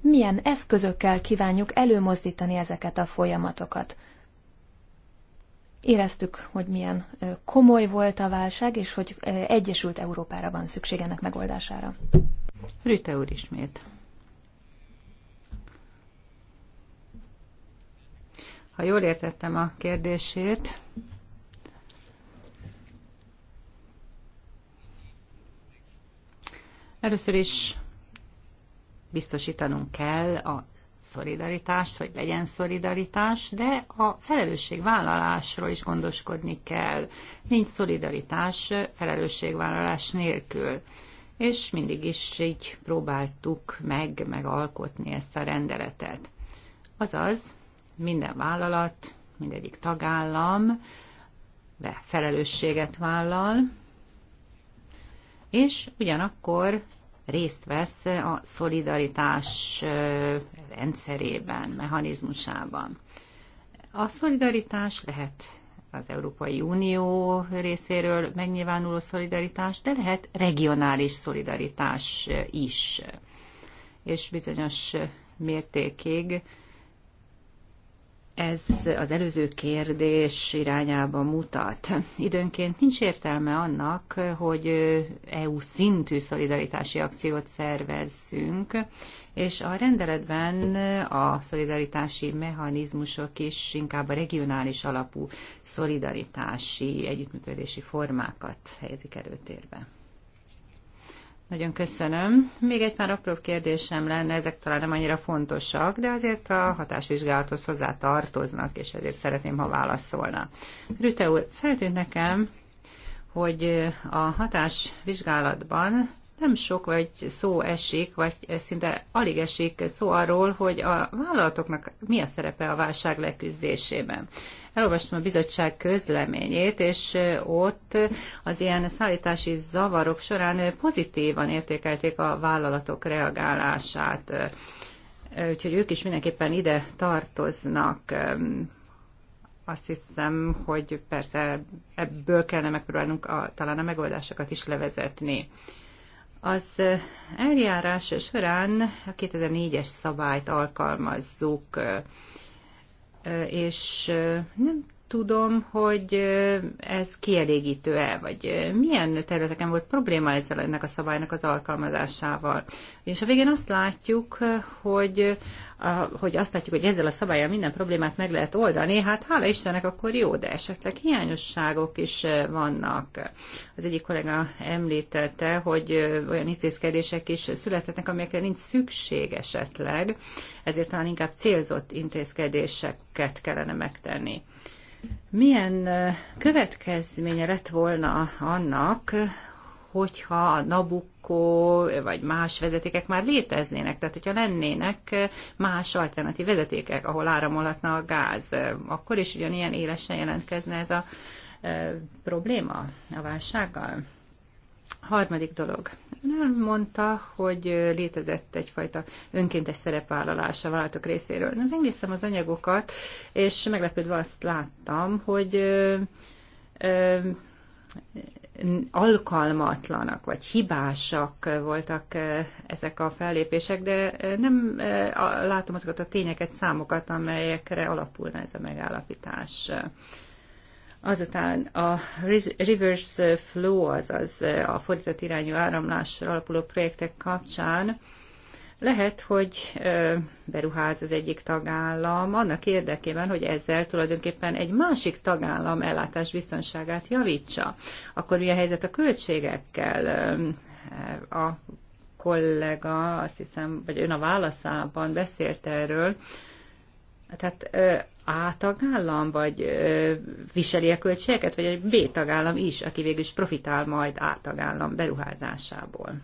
Milyen eszközökkel kívánjuk előmozdítani ezeket a folyamatokat? Éreztük, hogy milyen komoly volt a válság, és hogy Egyesült Európára van szükség ennek megoldására. Rüte úr ismét. Ha jól értettem a kérdését, először is biztosítanunk kell a szolidaritást, hogy legyen szolidaritás, de a felelősségvállalásról is gondoskodni kell. Nincs szolidaritás felelősségvállalás nélkül. És mindig is így próbáltuk meg megalkotni ezt a rendeletet. Azaz, minden vállalat, mindegyik tagállam felelősséget vállal, és ugyanakkor részt vesz a szolidaritás rendszerében, mechanizmusában. A szolidaritás lehet az Európai Unió részéről megnyilvánuló szolidaritás, de lehet regionális szolidaritás is. És bizonyos mértékig ez az előző kérdés irányába mutat. Időnként nincs értelme annak, hogy EU szintű szolidaritási akciót szervezzünk, és a rendeletben a szolidaritási mechanizmusok is inkább a regionális alapú szolidaritási együttműködési formákat helyezik előtérbe. Nagyon köszönöm. Még egy pár apró kérdésem lenne, ezek talán nem annyira fontosak, de azért a hatásvizsgálathoz hozzá tartoznak, és ezért szeretném, ha válaszolna. Rüte úr, feltűnt nekem, hogy a hatásvizsgálatban nem sok vagy szó esik, vagy szinte alig esik szó arról, hogy a vállalatoknak mi a szerepe a válság leküzdésében. Elolvastam a bizottság közleményét, és ott az ilyen szállítási zavarok során pozitívan értékelték a vállalatok reagálását. Úgyhogy ők is mindenképpen ide tartoznak azt hiszem, hogy persze ebből kellene megpróbálnunk a, talán a megoldásokat is levezetni. Az eljárás során a 2004-es szabályt alkalmazzuk, és nem tudom, hogy ez kielégítő-e, vagy milyen területeken volt probléma ezzel ennek a szabálynak az alkalmazásával. És a végén azt látjuk, hogy, hogy azt látjuk, hogy ezzel a szabályjal minden problémát meg lehet oldani, hát hála Istennek akkor jó, de esetleg hiányosságok is vannak. Az egyik kollega említette, hogy olyan intézkedések is születhetnek, amelyekre nincs szükség esetleg, ezért talán inkább célzott intézkedéseket kellene megtenni. Milyen következménye lett volna annak, hogyha a nabukko vagy más vezetékek már léteznének, tehát hogyha lennének más alternatív vezetékek, ahol áramolhatna a gáz, akkor is ugyanilyen élesen jelentkezne ez a probléma a válsággal? Harmadik dolog. Ön mondta, hogy létezett egyfajta önkéntes szerepvállalás a vállalatok részéről. Megnéztem az anyagokat, és meglepődve azt láttam, hogy ö, ö, alkalmatlanak vagy hibásak voltak ezek a fellépések, de nem látom azokat a tényeket, számokat, amelyekre alapulna ez a megállapítás. Azután a reverse flow, azaz a fordított irányú áramlásra alapuló projektek kapcsán lehet, hogy beruház az egyik tagállam annak érdekében, hogy ezzel tulajdonképpen egy másik tagállam ellátás biztonságát javítsa. Akkor mi a helyzet a költségekkel? A kollega, azt hiszem, vagy ön a válaszában beszélt erről, tehát A tagállam, vagy viseli a költségeket, vagy egy B tagállam is, aki végül is profitál majd A tagállam beruházásából?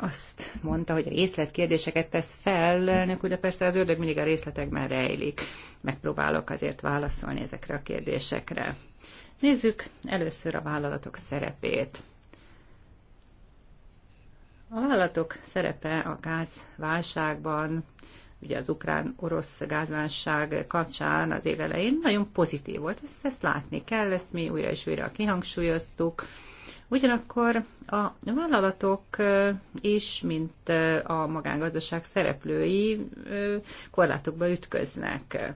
azt mondta, hogy részletkérdéseket tesz fel, elnök de persze az ördög mindig a részletekben rejlik. Megpróbálok azért válaszolni ezekre a kérdésekre. Nézzük először a vállalatok szerepét. A vállalatok szerepe a gázválságban, ugye az ukrán-orosz gázválság kapcsán az év elején nagyon pozitív volt, ezt, ezt látni kell, ezt mi újra és újra kihangsúlyoztuk. Ugyanakkor a vállalatok is, mint a magángazdaság szereplői, korlátokba ütköznek.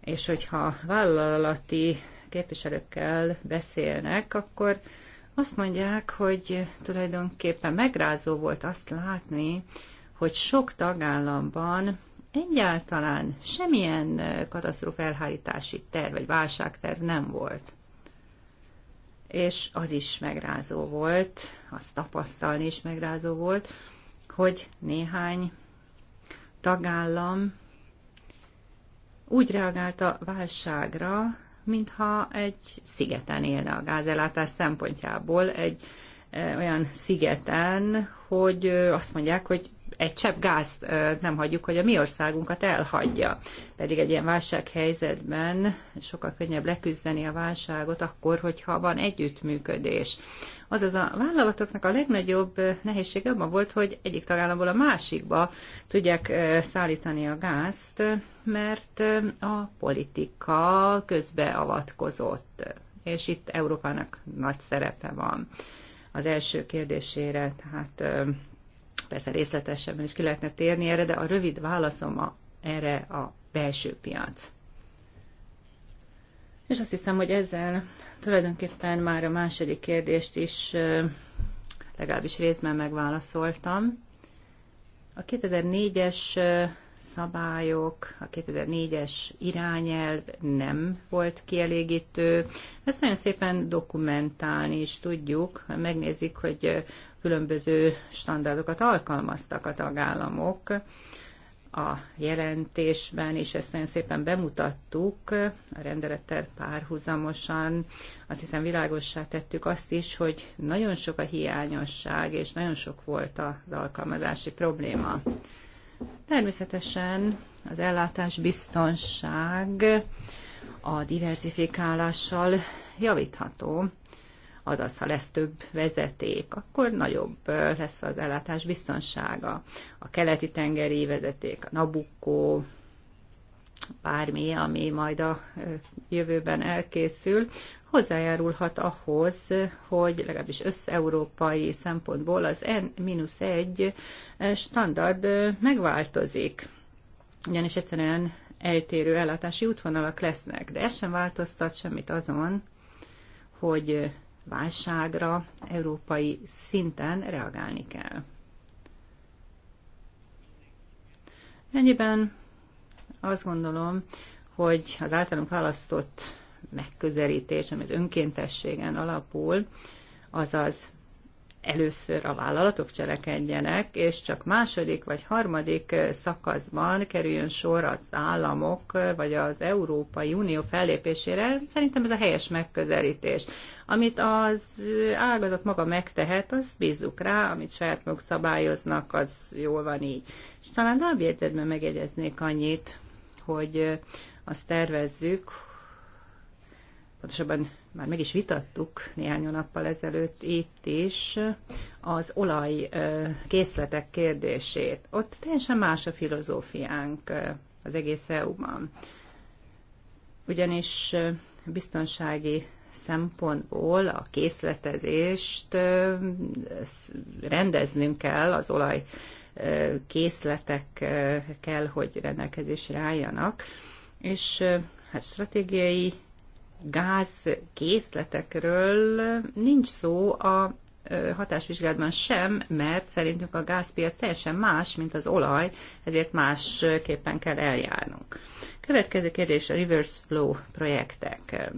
És hogyha vállalati képviselőkkel beszélnek, akkor azt mondják, hogy tulajdonképpen megrázó volt azt látni, hogy sok tagállamban egyáltalán semmilyen katasztrófa elhárítási terv vagy válságterv nem volt. És az is megrázó volt, azt tapasztalni is megrázó volt, hogy néhány tagállam úgy reagált a válságra, mintha egy szigeten élne a gázellátás szempontjából, egy eh, olyan szigeten, hogy azt mondják, hogy egy csepp gázt nem hagyjuk, hogy a mi országunkat elhagyja. Pedig egy ilyen válsághelyzetben sokkal könnyebb leküzdeni a válságot akkor, hogyha van együttműködés. Azaz a vállalatoknak a legnagyobb nehézsége abban volt, hogy egyik tagállamból a másikba tudják szállítani a gázt, mert a politika közbeavatkozott. És itt Európának nagy szerepe van az első kérdésére, tehát persze részletesebben is ki lehetne térni erre, de a rövid válaszom a, erre a belső piac. És azt hiszem, hogy ezzel tulajdonképpen már a második kérdést is legalábbis részben megválaszoltam. A 2004-es szabályok, a 2004-es irányelv nem volt kielégítő. Ezt nagyon szépen dokumentálni is tudjuk. Megnézik, hogy különböző standardokat alkalmaztak a tagállamok a jelentésben, és ezt nagyon szépen bemutattuk a rendelettel párhuzamosan. Azt hiszem világossá tettük azt is, hogy nagyon sok a hiányosság, és nagyon sok volt az alkalmazási probléma. Természetesen az ellátás biztonság a diversifikálással javítható, azaz ha lesz több vezeték, akkor nagyobb lesz az ellátás biztonsága. A keleti tengeri vezeték, a Nabucco, bármi, ami majd a jövőben elkészül, hozzájárulhat ahhoz, hogy legalábbis összeurópai szempontból az N-1 standard megváltozik. Ugyanis egyszerűen eltérő ellátási útvonalak lesznek, de ez sem változtat semmit azon, hogy válságra európai szinten reagálni kell. Ennyiben azt gondolom, hogy az általunk választott megközelítés, ami az önkéntességen alapul, azaz először a vállalatok cselekedjenek, és csak második vagy harmadik szakaszban kerüljön sor az államok vagy az Európai Unió fellépésére, szerintem ez a helyes megközelítés. Amit az ágazat maga megtehet, azt bízzuk rá, amit saját maguk szabályoznak, az jól van így. És talán lábjegyzetben megegyeznék annyit, hogy azt tervezzük, pontosabban már meg is vitattuk néhány nappal ezelőtt itt is az olaj készletek kérdését. Ott teljesen más a filozófiánk az egész EU-ban. Ugyanis biztonsági szempontból a készletezést rendeznünk kell, az olaj készletek kell, hogy rendelkezésre álljanak, és hát stratégiai gázkészletekről nincs szó a hatásvizsgálatban sem, mert szerintünk a gázpiac teljesen más, mint az olaj, ezért másképpen kell eljárnunk. Következő kérdés a reverse flow projektek.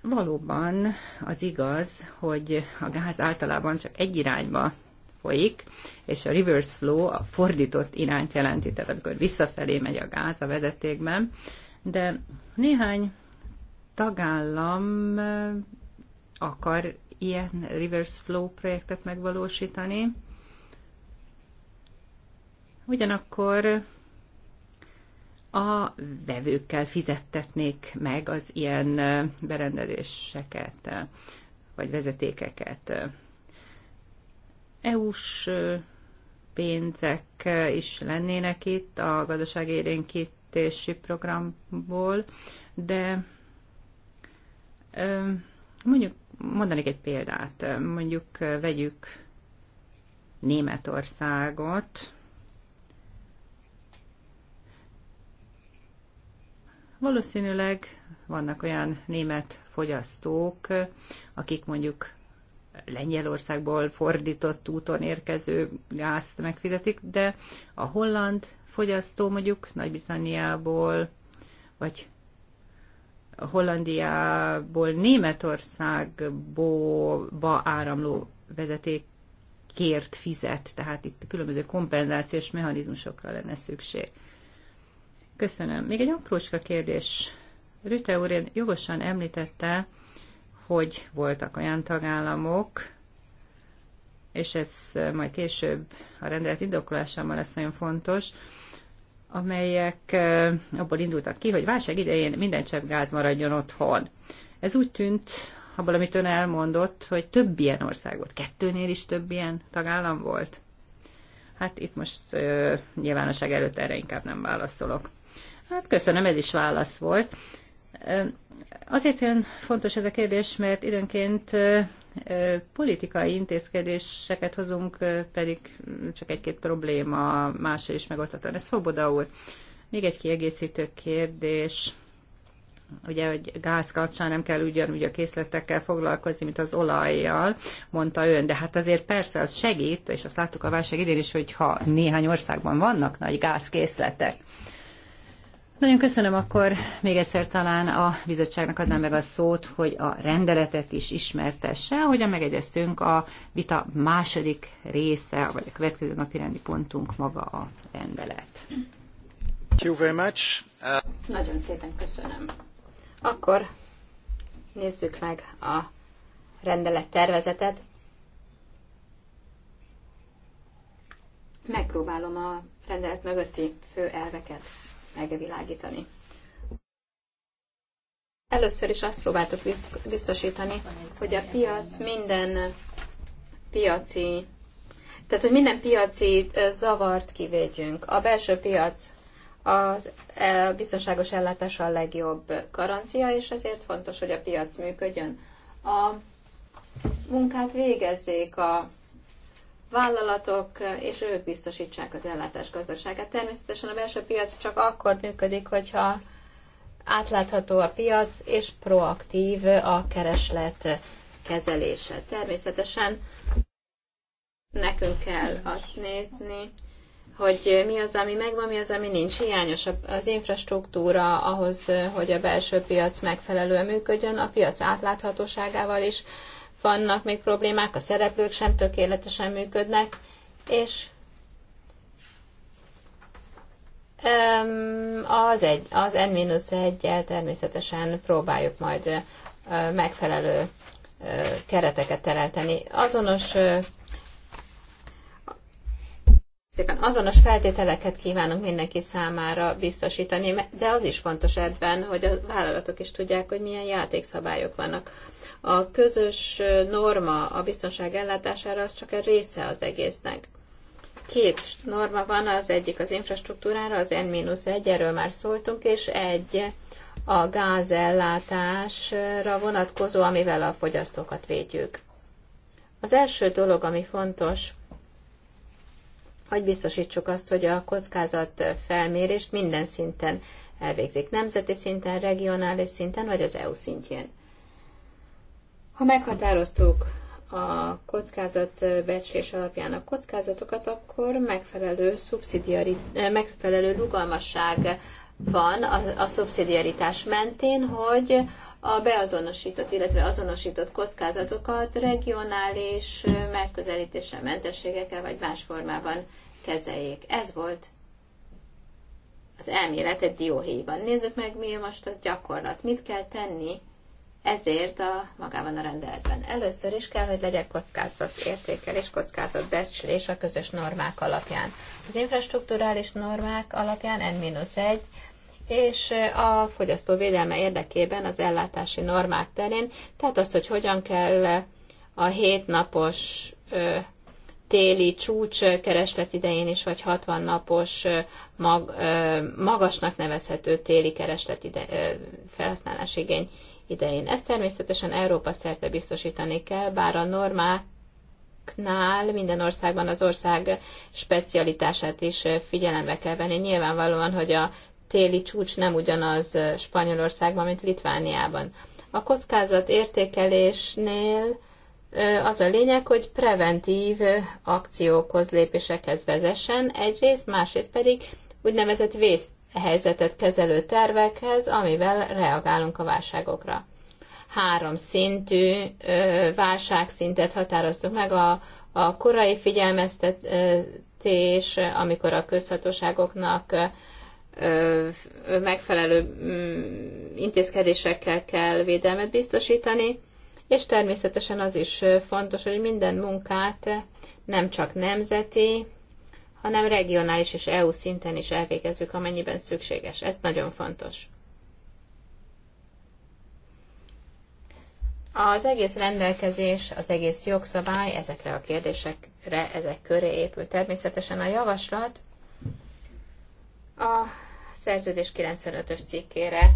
Valóban az igaz, hogy a gáz általában csak egy irányba folyik, és a reverse flow a fordított irányt jelenti, tehát amikor visszafelé megy a gáz a vezetékben, de néhány tagállam eh, akar ilyen reverse flow projektet megvalósítani. Ugyanakkor a vevőkkel fizettetnék meg az ilyen eh, berendezéseket, eh, vagy vezetékeket. EU-s pénzek is lennének itt a gazdaságérénkítési programból, de Mondjuk, mondanék egy példát. Mondjuk vegyük Németországot. Valószínűleg vannak olyan német fogyasztók, akik mondjuk Lengyelországból fordított úton érkező gázt megfizetik, de a holland fogyasztó mondjuk Nagy-Britanniából vagy Hollandiából Németországba áramló vezeték kért fizet, tehát itt különböző kompenzációs mechanizmusokra lenne szükség. Köszönöm. Még egy aprócska kérdés. Rüte úr jogosan említette, hogy voltak olyan tagállamok, és ez majd később a rendelet indokolásában lesz nagyon fontos, amelyek abból indultak ki, hogy válság idején minden csepp gáz maradjon otthon. Ez úgy tűnt, abból, amit ön elmondott, hogy több ilyen ország volt, kettőnél is több ilyen tagállam volt. Hát itt most ö, nyilvánosság előtt erre inkább nem válaszolok. Hát köszönöm, ez is válasz volt. Azért olyan fontos ez a kérdés, mert időnként politikai intézkedéseket hozunk, pedig mm, csak egy-két probléma másra is megoldhatóan. Ez Szoboda úr, még egy kiegészítő kérdés. Ugye, hogy gáz kapcsán nem kell ugyanúgy a készletekkel foglalkozni, mint az olajjal, mondta ön, de hát azért persze az segít, és azt láttuk a válság idén is, hogyha néhány országban vannak nagy gázkészletek. Nagyon köszönöm, akkor még egyszer talán a bizottságnak adnám meg a szót, hogy a rendeletet is ismertesse, ahogyan megegyeztünk a vita második része, vagy a következő napi rendi pontunk maga a rendelet. Thank you very much. Nagyon szépen köszönöm. Akkor nézzük meg a rendelet tervezetet. Megpróbálom a rendelet mögötti fő elveket megvilágítani. Először is azt próbáltuk biztosítani, hogy a piac minden piaci, tehát hogy minden piaci zavart kivédjünk. A belső piac az e, biztonságos ellátás a legjobb garancia, és ezért fontos, hogy a piac működjön. A munkát végezzék a vállalatok, eh, és ők biztosítsák az ellátás gazdaságát. Természetesen a belső piac csak akkor működik, hogyha átlátható a piac, és proaktív a kereslet kezelése. Természetesen nekünk kell azt nézni, hogy mi az, ami megvan, mi az, ami nincs. Hiányos az infrastruktúra ahhoz, hogy a belső piac megfelelően működjön, a piac átláthatóságával is vannak még problémák, a szereplők sem tökéletesen működnek, és az, egy, az N-1-jel természetesen próbáljuk majd megfelelő kereteket teremteni. Azonos Szépen azonos feltételeket kívánunk mindenki számára biztosítani, de az is fontos ebben, hogy a vállalatok is tudják, hogy milyen játékszabályok vannak. A közös norma a biztonság ellátására az csak egy része az egésznek. Két norma van, az egyik az infrastruktúrára, az N-1, erről már szóltunk, és egy a gázellátásra vonatkozó, amivel a fogyasztókat védjük. Az első dolog, ami fontos, hogy biztosítsuk azt, hogy a kockázat felmérést minden szinten elvégzik. Nemzeti szinten, regionális szinten, vagy az EU szintjén. Ha meghatároztuk a kockázatbecslés alapján a kockázatokat, akkor megfelelő, szubszidiari, eh, megfelelő rugalmasság van a, a szubszidiaritás mentén, hogy a beazonosított, illetve azonosított kockázatokat regionális megközelítéssel, mentességekkel vagy más formában kezeljék. Ez volt az elmélet egy dióhéjban. Nézzük meg, mi most a gyakorlat. Mit kell tenni ezért a magában a rendeletben először is kell, hogy legyen kockázat értékelés, kockázat becslés a közös normák alapján. Az infrastruktúrális normák alapján N-1 és a fogyasztó védelme érdekében az ellátási normák terén, tehát az, hogy hogyan kell a hétnapos téli csúcs kereslet idején is, vagy 60 napos mag, magasnak nevezhető téli kereslet ide, felhasználási igény idején. Ezt természetesen Európa szerte biztosítani kell, bár a normák Nál minden országban az ország specialitását is figyelembe kell venni. Nyilvánvalóan, hogy a téli csúcs nem ugyanaz Spanyolországban, mint Litvániában. A kockázat értékelésnél az a lényeg, hogy preventív akciókhoz, lépésekhez vezessen egyrészt, másrészt pedig úgynevezett waste helyzetet kezelő tervekhez, amivel reagálunk a válságokra. Három szintű válságszintet határoztuk meg a, a korai figyelmeztetés, amikor a közhatóságoknak megfelelő mm, intézkedésekkel kell védelmet biztosítani, és természetesen az is fontos, hogy minden munkát nem csak nemzeti, hanem regionális és EU szinten is elvégezzük, amennyiben szükséges. Ez nagyon fontos. Az egész rendelkezés, az egész jogszabály ezekre a kérdésekre, ezek köré épül. Természetesen a javaslat a szerződés 95-ös cikkére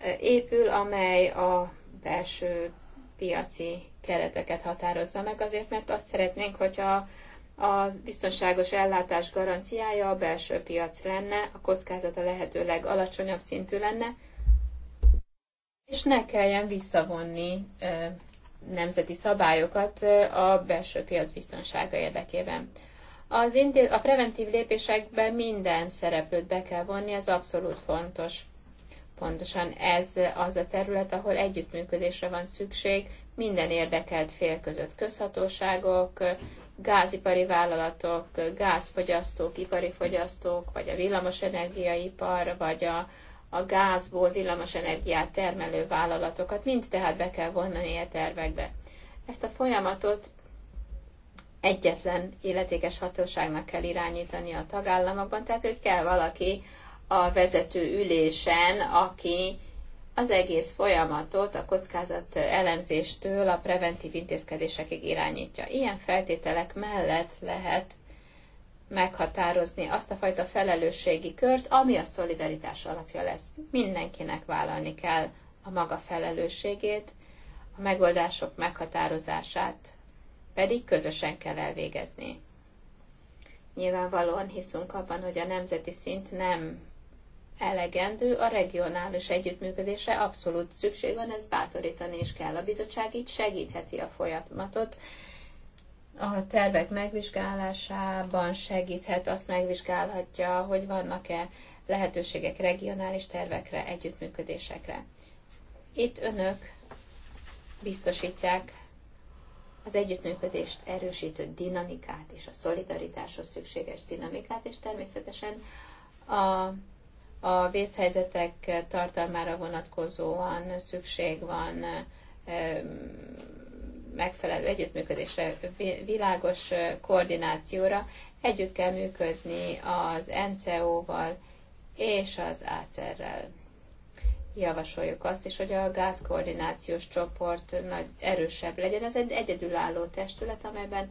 e, épül, amely a belső piaci kereteket határozza meg, azért mert azt szeretnénk, hogyha a biztonságos ellátás garanciája a belső piac lenne, a kockázata lehető legalacsonyabb szintű lenne, és ne kelljen visszavonni nemzeti szabályokat a belső piac biztonsága érdekében. Az a preventív lépésekben minden szereplőt be kell vonni, ez abszolút fontos. Pontosan ez az a terület, ahol együttműködésre van szükség minden érdekelt fél között, közhatóságok, gázipari vállalatok, gázfogyasztók, ipari fogyasztók, vagy a villamosenergiaipar, vagy a, a gázból villamosenergiát termelő vállalatokat, mind tehát be kell vonnani a tervekbe. Ezt a folyamatot egyetlen illetékes hatóságnak kell irányítani a tagállamokban, tehát hogy kell valaki a vezető ülésen, aki az egész folyamatot a kockázat elemzéstől a preventív intézkedésekig irányítja. Ilyen feltételek mellett lehet meghatározni azt a fajta felelősségi kört, ami a szolidaritás alapja lesz. Mindenkinek vállalni kell a maga felelősségét, a megoldások meghatározását pedig közösen kell elvégezni. Nyilvánvalóan hiszünk abban, hogy a nemzeti szint nem elegendő, a regionális együttműködésre abszolút szükség van, ez bátorítani is kell. A bizottság így segítheti a folyamatot, a tervek megvizsgálásában segíthet, azt megvizsgálhatja, hogy vannak-e lehetőségek regionális tervekre, együttműködésekre. Itt önök biztosítják az együttműködést erősítő dinamikát és a szolidaritáshoz szükséges dinamikát, és természetesen a a vészhelyzetek tartalmára vonatkozóan szükség van megfelelő együttműködésre, világos koordinációra. Együtt kell működni az NCO-val és az ACER-rel. Javasoljuk azt is, hogy a gázkoordinációs csoport nagy, erősebb legyen. Ez egy egyedülálló testület, amelyben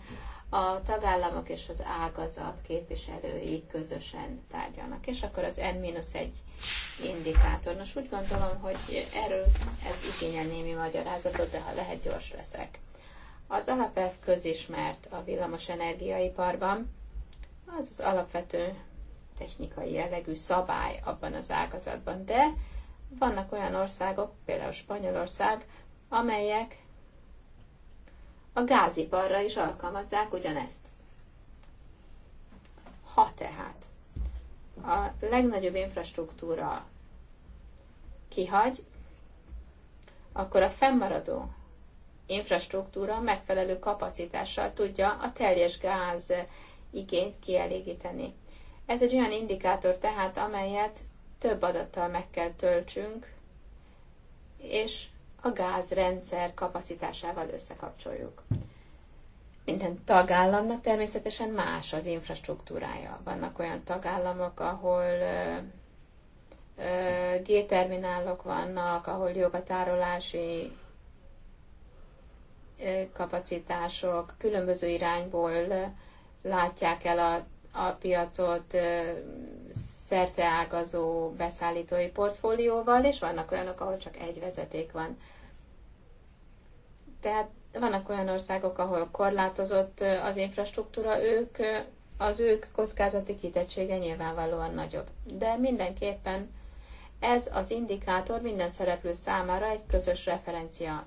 a tagállamok és az ágazat képviselői közösen tárgyalnak, és akkor az N-1 indikátor. Nos, úgy gondolom, hogy erről ez igényel némi magyarázatot, de ha lehet, gyors leszek. Az alapelv közismert a villamos energiaiparban, az az alapvető technikai jellegű szabály abban az ágazatban, de vannak olyan országok, például Spanyolország, amelyek a gáziparra is alkalmazzák ugyanezt. Ha tehát a legnagyobb infrastruktúra kihagy, akkor a fennmaradó infrastruktúra megfelelő kapacitással tudja a teljes gáz igényt kielégíteni. Ez egy olyan indikátor tehát, amelyet több adattal meg kell töltsünk, és a gázrendszer kapacitásával összekapcsoljuk. Minden tagállamnak természetesen más az infrastruktúrája. Vannak olyan tagállamok, ahol G-terminálok vannak, ahol jogatárolási kapacitások, különböző irányból látják el a, a piacot szerteágazó beszállítói portfólióval, és vannak olyanok, ahol csak egy vezeték van. Tehát vannak olyan országok, ahol korlátozott az infrastruktúra, ők, az ők kockázati kitettsége nyilvánvalóan nagyobb. De mindenképpen ez az indikátor minden szereplő számára egy közös referencia.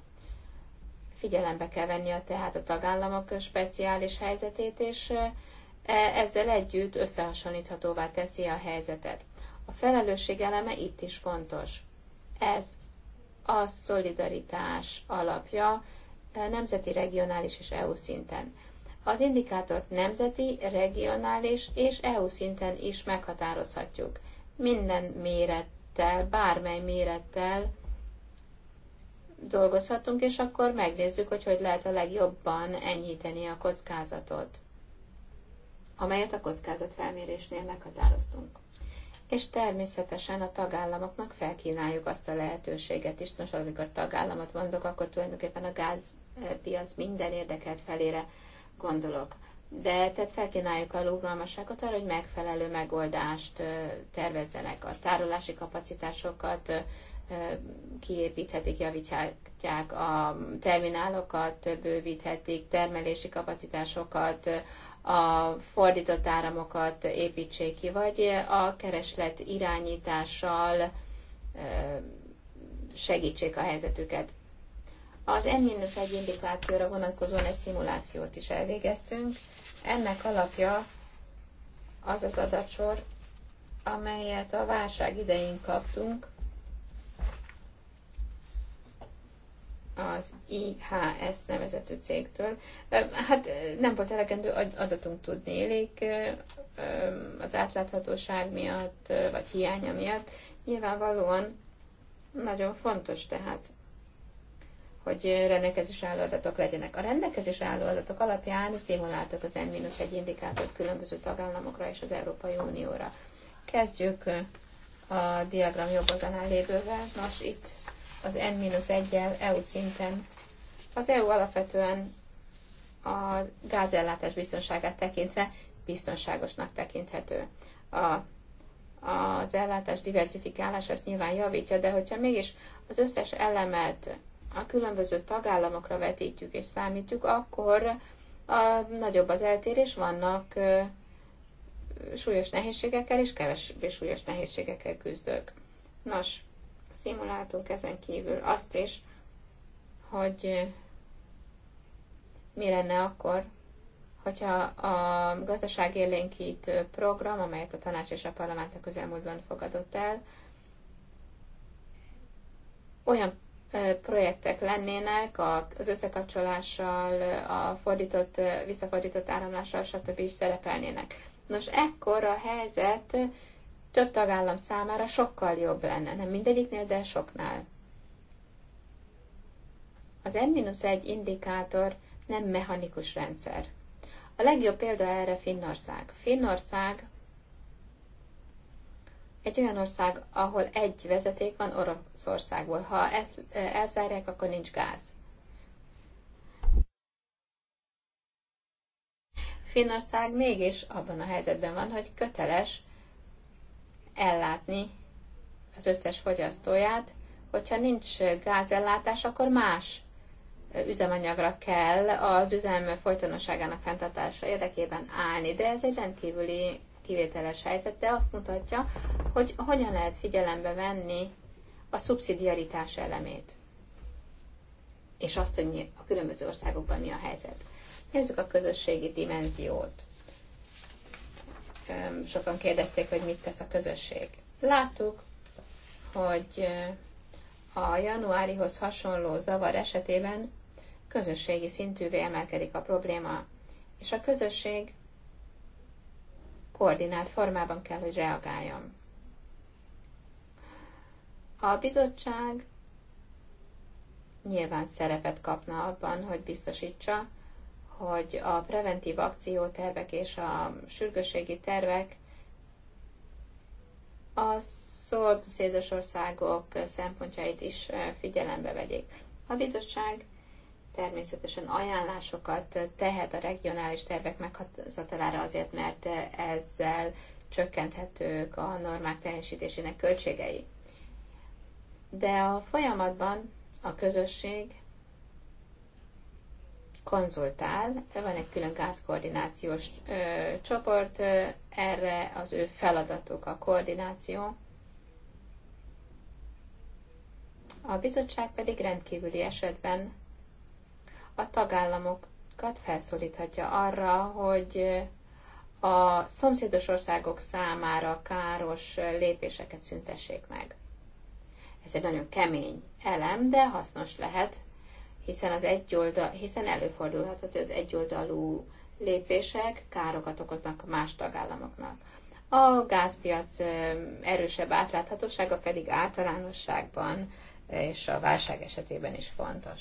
Figyelembe kell venni a tehát a tagállamok speciális helyzetét, és e, ezzel együtt összehasonlíthatóvá teszi a helyzetet. A felelősség eleme itt is fontos. Ez a szolidaritás alapja, nemzeti, regionális és EU szinten. Az indikátort nemzeti, regionális és EU szinten is meghatározhatjuk. Minden mérettel, bármely mérettel dolgozhatunk, és akkor megnézzük, hogy hogy lehet a legjobban enyhíteni a kockázatot, amelyet a kockázatfelmérésnél meghatároztunk és természetesen a tagállamoknak felkínáljuk azt a lehetőséget is. Nos, amikor tagállamot mondok, akkor tulajdonképpen a gázpiac minden érdekelt felére gondolok. De tehát felkínáljuk a rugalmasságot arra, hogy megfelelő megoldást tervezzenek, a tárolási kapacitásokat kiépíthetik, javítják a terminálokat, bővíthetik, termelési kapacitásokat, a fordított áramokat építsék ki, vagy a kereslet irányítással segítsék a helyzetüket. Az N-1 indikációra vonatkozóan egy szimulációt is elvégeztünk. Ennek alapja az az adatsor, amelyet a válság idején kaptunk, az IHS nevezetű cégtől. Hát nem volt elegendő adatunk tudni élik az átláthatóság miatt, vagy hiánya miatt. Nyilvánvalóan nagyon fontos tehát, hogy rendelkezés álló adatok legyenek. A rendelkezés álló adatok alapján szimuláltak az N-1 indikátort különböző tagállamokra és az Európai Unióra. Kezdjük a diagram jobb oldalán lévővel. Nos, itt az N-1-jel EU szinten. Az EU alapvetően a gázellátás biztonságát tekintve biztonságosnak tekinthető. A, az ellátás diversifikálás ezt nyilván javítja, de hogyha mégis az összes elemet a különböző tagállamokra vetítjük és számítjuk, akkor a, nagyobb az eltérés, vannak ö, súlyos nehézségekkel és kevesebb súlyos nehézségekkel küzdők. Nos, szimuláltunk ezen kívül azt is, hogy mi lenne akkor, hogyha a gazdaságélénkítő program, amelyet a tanács és a parlament a közelmúltban fogadott el, olyan projektek lennének az összekapcsolással, a fordított, visszafordított áramlással, stb. is szerepelnének. Nos, ekkor a helyzet több tagállam számára sokkal jobb lenne. Nem mindegyiknél, de soknál. Az N-1 indikátor nem mechanikus rendszer. A legjobb példa erre Finnország. Finnország egy olyan ország, ahol egy vezeték van Oroszországból. Ha ezt e, elzárják, akkor nincs gáz. Finnország mégis abban a helyzetben van, hogy köteles ellátni az összes fogyasztóját. Hogyha nincs gázellátás, akkor más üzemanyagra kell az üzem folytonosságának fenntartása érdekében állni. De ez egy rendkívüli kivételes helyzet, de azt mutatja, hogy hogyan lehet figyelembe venni a szubszidiaritás elemét. És azt, hogy mi a különböző országokban mi a helyzet. Nézzük a közösségi dimenziót sokan kérdezték, hogy mit tesz a közösség. Láttuk, hogy a januárihoz hasonló zavar esetében közösségi szintűvé emelkedik a probléma, és a közösség koordinált formában kell, hogy reagáljon. A bizottság nyilván szerepet kapna abban, hogy biztosítsa, hogy a preventív akciótervek és a sürgősségi tervek a szomszédos országok szempontjait is figyelembe vegyék. A bizottság természetesen ajánlásokat tehet a regionális tervek meghatározatára azért, mert ezzel csökkenthetők a normák teljesítésének költségei. De a folyamatban a közösség konzultál. Van egy külön gázkoordinációs ö, csoport, ö, erre az ő feladatuk a koordináció. A bizottság pedig rendkívüli esetben a tagállamokat felszólíthatja arra, hogy a szomszédos országok számára káros lépéseket szüntessék meg. Ez egy nagyon kemény elem, de hasznos lehet hiszen, az egy oldal, hiszen előfordulhat, hogy az egyoldalú lépések károkat okoznak más tagállamoknak. A gázpiac erősebb átláthatósága pedig általánosságban és a válság esetében is fontos.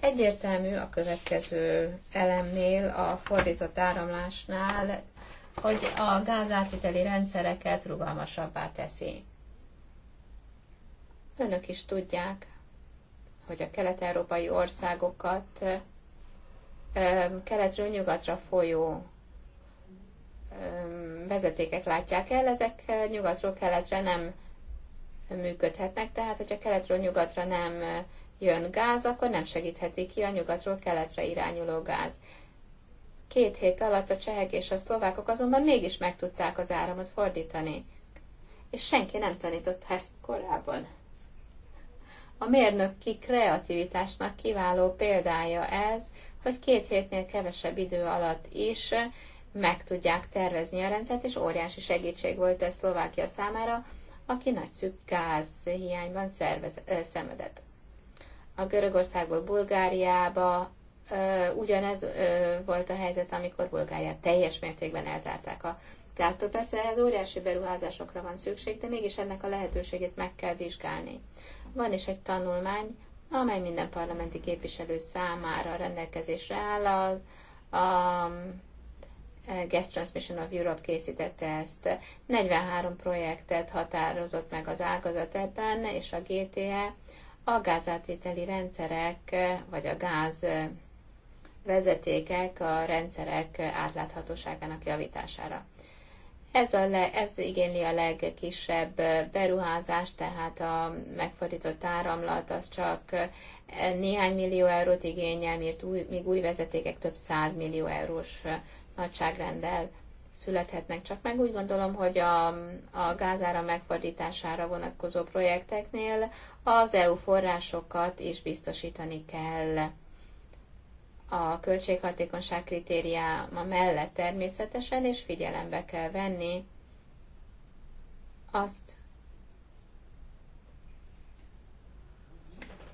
Egyértelmű a következő elemnél, a fordított áramlásnál, hogy a gázátviteli rendszereket rugalmasabbá teszi. Önök is tudják, hogy a kelet-európai országokat keletről nyugatra folyó vezetékek látják el, ezek nyugatról keletre nem működhetnek, tehát hogyha keletről nyugatra nem jön gáz, akkor nem segítheti ki a nyugatról keletre irányuló gáz. Két hét alatt a csehek és a szlovákok azonban mégis meg tudták az áramot fordítani. És senki nem tanított ezt korábban. A mérnöki kreativitásnak kiváló példája ez, hogy két hétnél kevesebb idő alatt is meg tudják tervezni a rendszert, és óriási segítség volt ez Szlovákia számára, aki nagy szűk gáz hiányban szervez, szenvedett. A Görögországból Bulgáriába ö, ugyanez ö, volt a helyzet, amikor Bulgária teljes mértékben elzárták a gáztól. Persze ez óriási beruházásokra van szükség, de mégis ennek a lehetőségét meg kell vizsgálni. Van is egy tanulmány, amely minden parlamenti képviselő számára rendelkezésre áll. A, a eh, Gas Transmission of Europe készítette ezt. 43 projektet határozott meg az ágazat ebben, és a GTE a gázátvételi rendszerek, eh, vagy a gáz eh, vezetékek a rendszerek átláthatóságának javítására. Ez, a le, ez igényli a legkisebb beruházást, tehát a megfordított áramlat az csak néhány millió eurót igényel, míg új, míg új vezetékek több száz millió eurós nagyságrendel születhetnek. Csak meg úgy gondolom, hogy a, a gázára megfordítására vonatkozó projekteknél az EU forrásokat is biztosítani kell a költséghatékonyság kritériáma mellett természetesen, és figyelembe kell venni azt,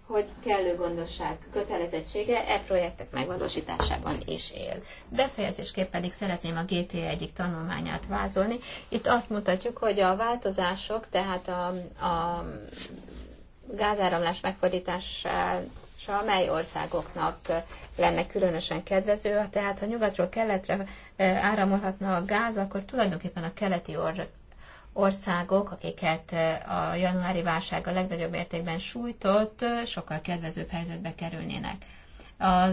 hogy kellő gondosság kötelezettsége e projektek megvalósításában is él. Befejezésképp pedig szeretném a GT e egyik tanulmányát vázolni. Itt azt mutatjuk, hogy a változások, tehát a, a gázáramlás megfordítását hatása, mely országoknak lenne különösen kedvező. Tehát, ha nyugatról keletre áramolhatna a gáz, akkor tulajdonképpen a keleti or- országok, akiket a januári válság a legnagyobb értékben sújtott, sokkal kedvezőbb helyzetbe kerülnének. A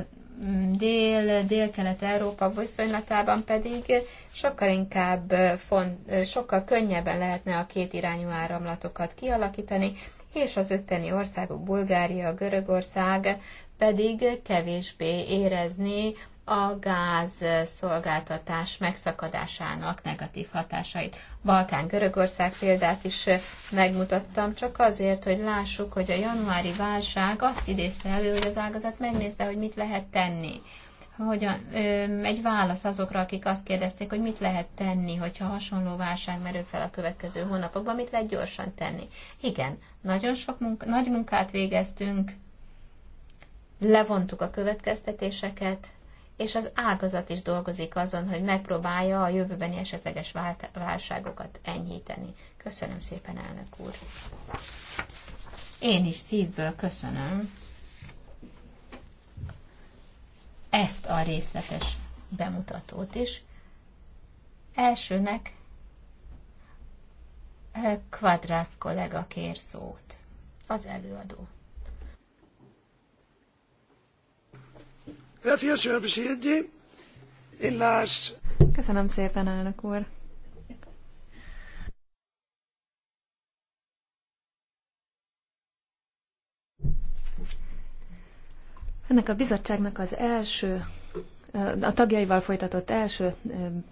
mm, dél, dél-kelet-európa viszonylatában pedig sokkal inkább, font, sokkal könnyebben lehetne a két irányú áramlatokat kialakítani, és az ötteni országok, Bulgária, Görögország pedig kevésbé érezni a gáz szolgáltatás megszakadásának negatív hatásait. Balkán Görögország példát is megmutattam, csak azért, hogy lássuk, hogy a januári válság azt idézte elő, hogy az ágazat megnézte, hogy mit lehet tenni ö, egy válasz azokra, akik azt kérdezték, hogy mit lehet tenni, hogyha hasonló válság merül fel a következő hónapokban, mit lehet gyorsan tenni. Igen, nagyon sok munka, nagy munkát végeztünk, levontuk a következtetéseket, és az ágazat is dolgozik azon, hogy megpróbálja a jövőbeni esetleges válságokat enyhíteni. Köszönöm szépen, elnök úr! Én is szívből köszönöm ezt a részletes bemutatót is. Elsőnek eh, Quadrász kollega kér szót, az előadó. Köszönöm szépen, elnök úr! Ennek a bizottságnak az első a tagjaival folytatott első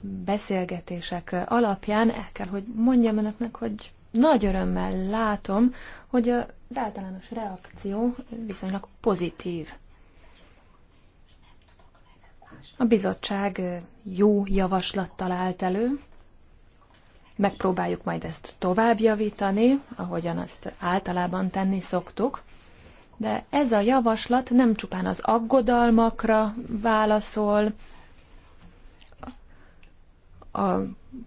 beszélgetések alapján el kell, hogy mondjam önöknek, hogy nagy örömmel látom, hogy az általános reakció viszonylag pozitív. A bizottság jó javaslattal állt elő, megpróbáljuk majd ezt tovább javítani, ahogyan azt általában tenni szoktuk. De ez a javaslat nem csupán az aggodalmakra válaszol, a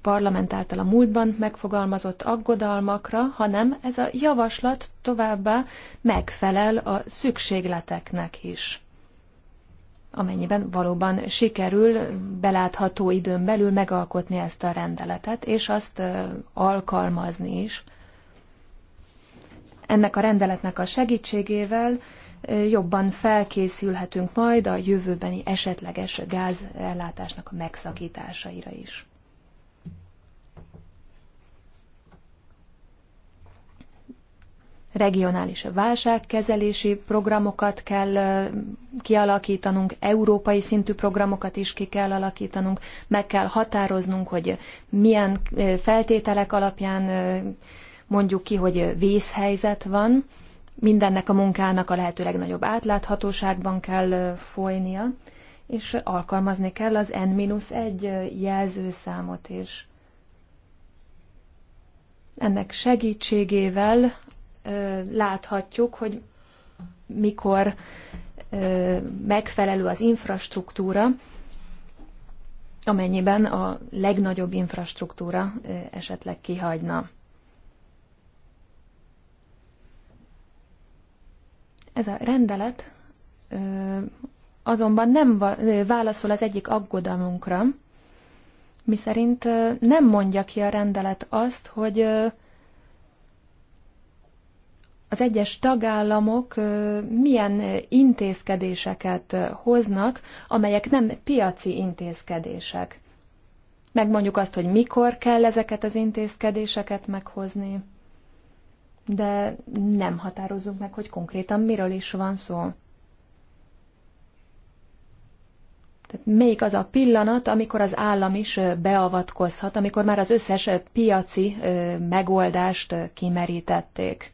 parlament által a múltban megfogalmazott aggodalmakra, hanem ez a javaslat továbbá megfelel a szükségleteknek is amennyiben valóban sikerül belátható időn belül megalkotni ezt a rendeletet, és azt alkalmazni is ennek a rendeletnek a segítségével jobban felkészülhetünk majd a jövőbeni esetleges gázellátásnak a megszakításaira is. Regionális válságkezelési programokat kell kialakítanunk, európai szintű programokat is ki kell alakítanunk, meg kell határoznunk, hogy milyen feltételek alapján mondjuk ki, hogy vészhelyzet van, mindennek a munkának a lehető legnagyobb átláthatóságban kell folynia, és alkalmazni kell az N-1 jelzőszámot is. Ennek segítségével láthatjuk, hogy mikor megfelelő az infrastruktúra, amennyiben a legnagyobb infrastruktúra esetleg kihagyna. Ez a rendelet azonban nem válaszol az egyik aggodalmunkra, miszerint nem mondja ki a rendelet azt, hogy az egyes tagállamok milyen intézkedéseket hoznak, amelyek nem piaci intézkedések. Megmondjuk azt, hogy mikor kell ezeket az intézkedéseket meghozni de nem határozzuk meg, hogy konkrétan miről is van szó. Tehát melyik az a pillanat, amikor az állam is beavatkozhat, amikor már az összes piaci megoldást kimerítették?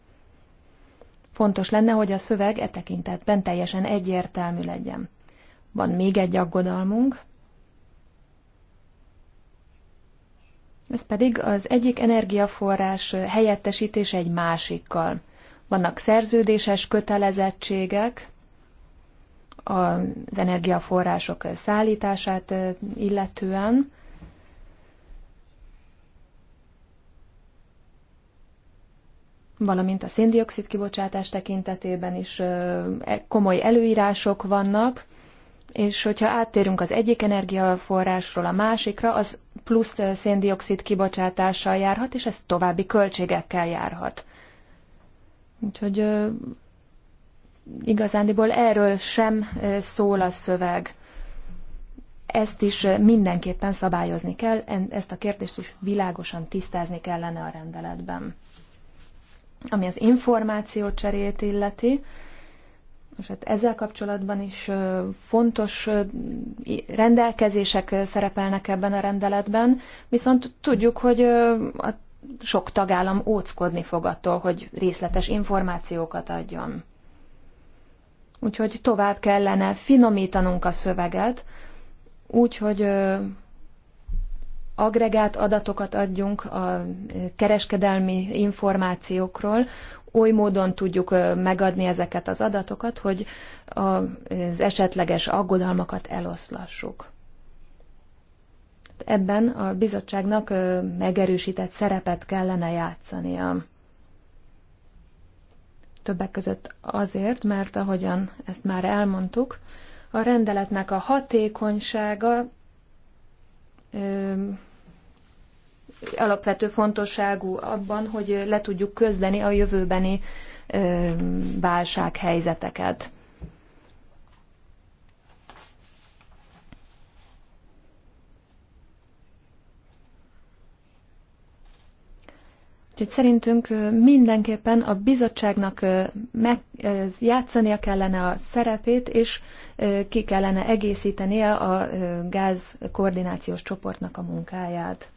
Fontos lenne, hogy a szöveg e tekintetben teljesen egyértelmű legyen. Van még egy aggodalmunk, Ez pedig az egyik energiaforrás helyettesítés egy másikkal. Vannak szerződéses kötelezettségek az energiaforrások szállítását illetően, valamint a széndiokszid kibocsátás tekintetében is e- komoly előírások vannak, és hogyha áttérünk az egyik energiaforrásról a másikra, az plusz széndiokszid kibocsátással járhat, és ez további költségekkel járhat. Úgyhogy igazándiból erről sem szól a szöveg. Ezt is mindenképpen szabályozni kell, ezt a kérdést is világosan tisztázni kellene a rendeletben. Ami az cserét illeti, most hát ezzel kapcsolatban is fontos rendelkezések szerepelnek ebben a rendeletben, viszont tudjuk, hogy a sok tagállam óckodni fog attól, hogy részletes információkat adjon. Úgyhogy tovább kellene finomítanunk a szöveget, úgyhogy agregát adatokat adjunk a kereskedelmi információkról, oly módon tudjuk megadni ezeket az adatokat, hogy az esetleges aggodalmakat eloszlassuk. Ebben a bizottságnak megerősített szerepet kellene játszania. Többek között azért, mert ahogyan ezt már elmondtuk, a rendeletnek a hatékonysága alapvető fontosságú abban, hogy le tudjuk közdeni a jövőbeni válsághelyzeteket. Úgyhogy szerintünk mindenképpen a bizottságnak meg, játszania kellene a szerepét, és ki kellene egészítenie a gáz koordinációs csoportnak a munkáját.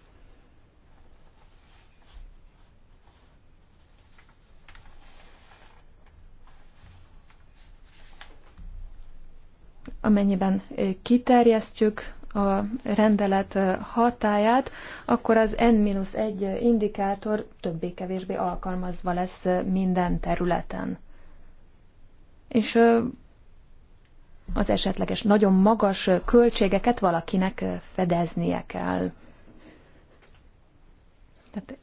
amennyiben kiterjesztjük a rendelet hatáját, akkor az N-1 indikátor többé-kevésbé alkalmazva lesz minden területen. És az esetleges nagyon magas költségeket valakinek fedeznie kell. Tehát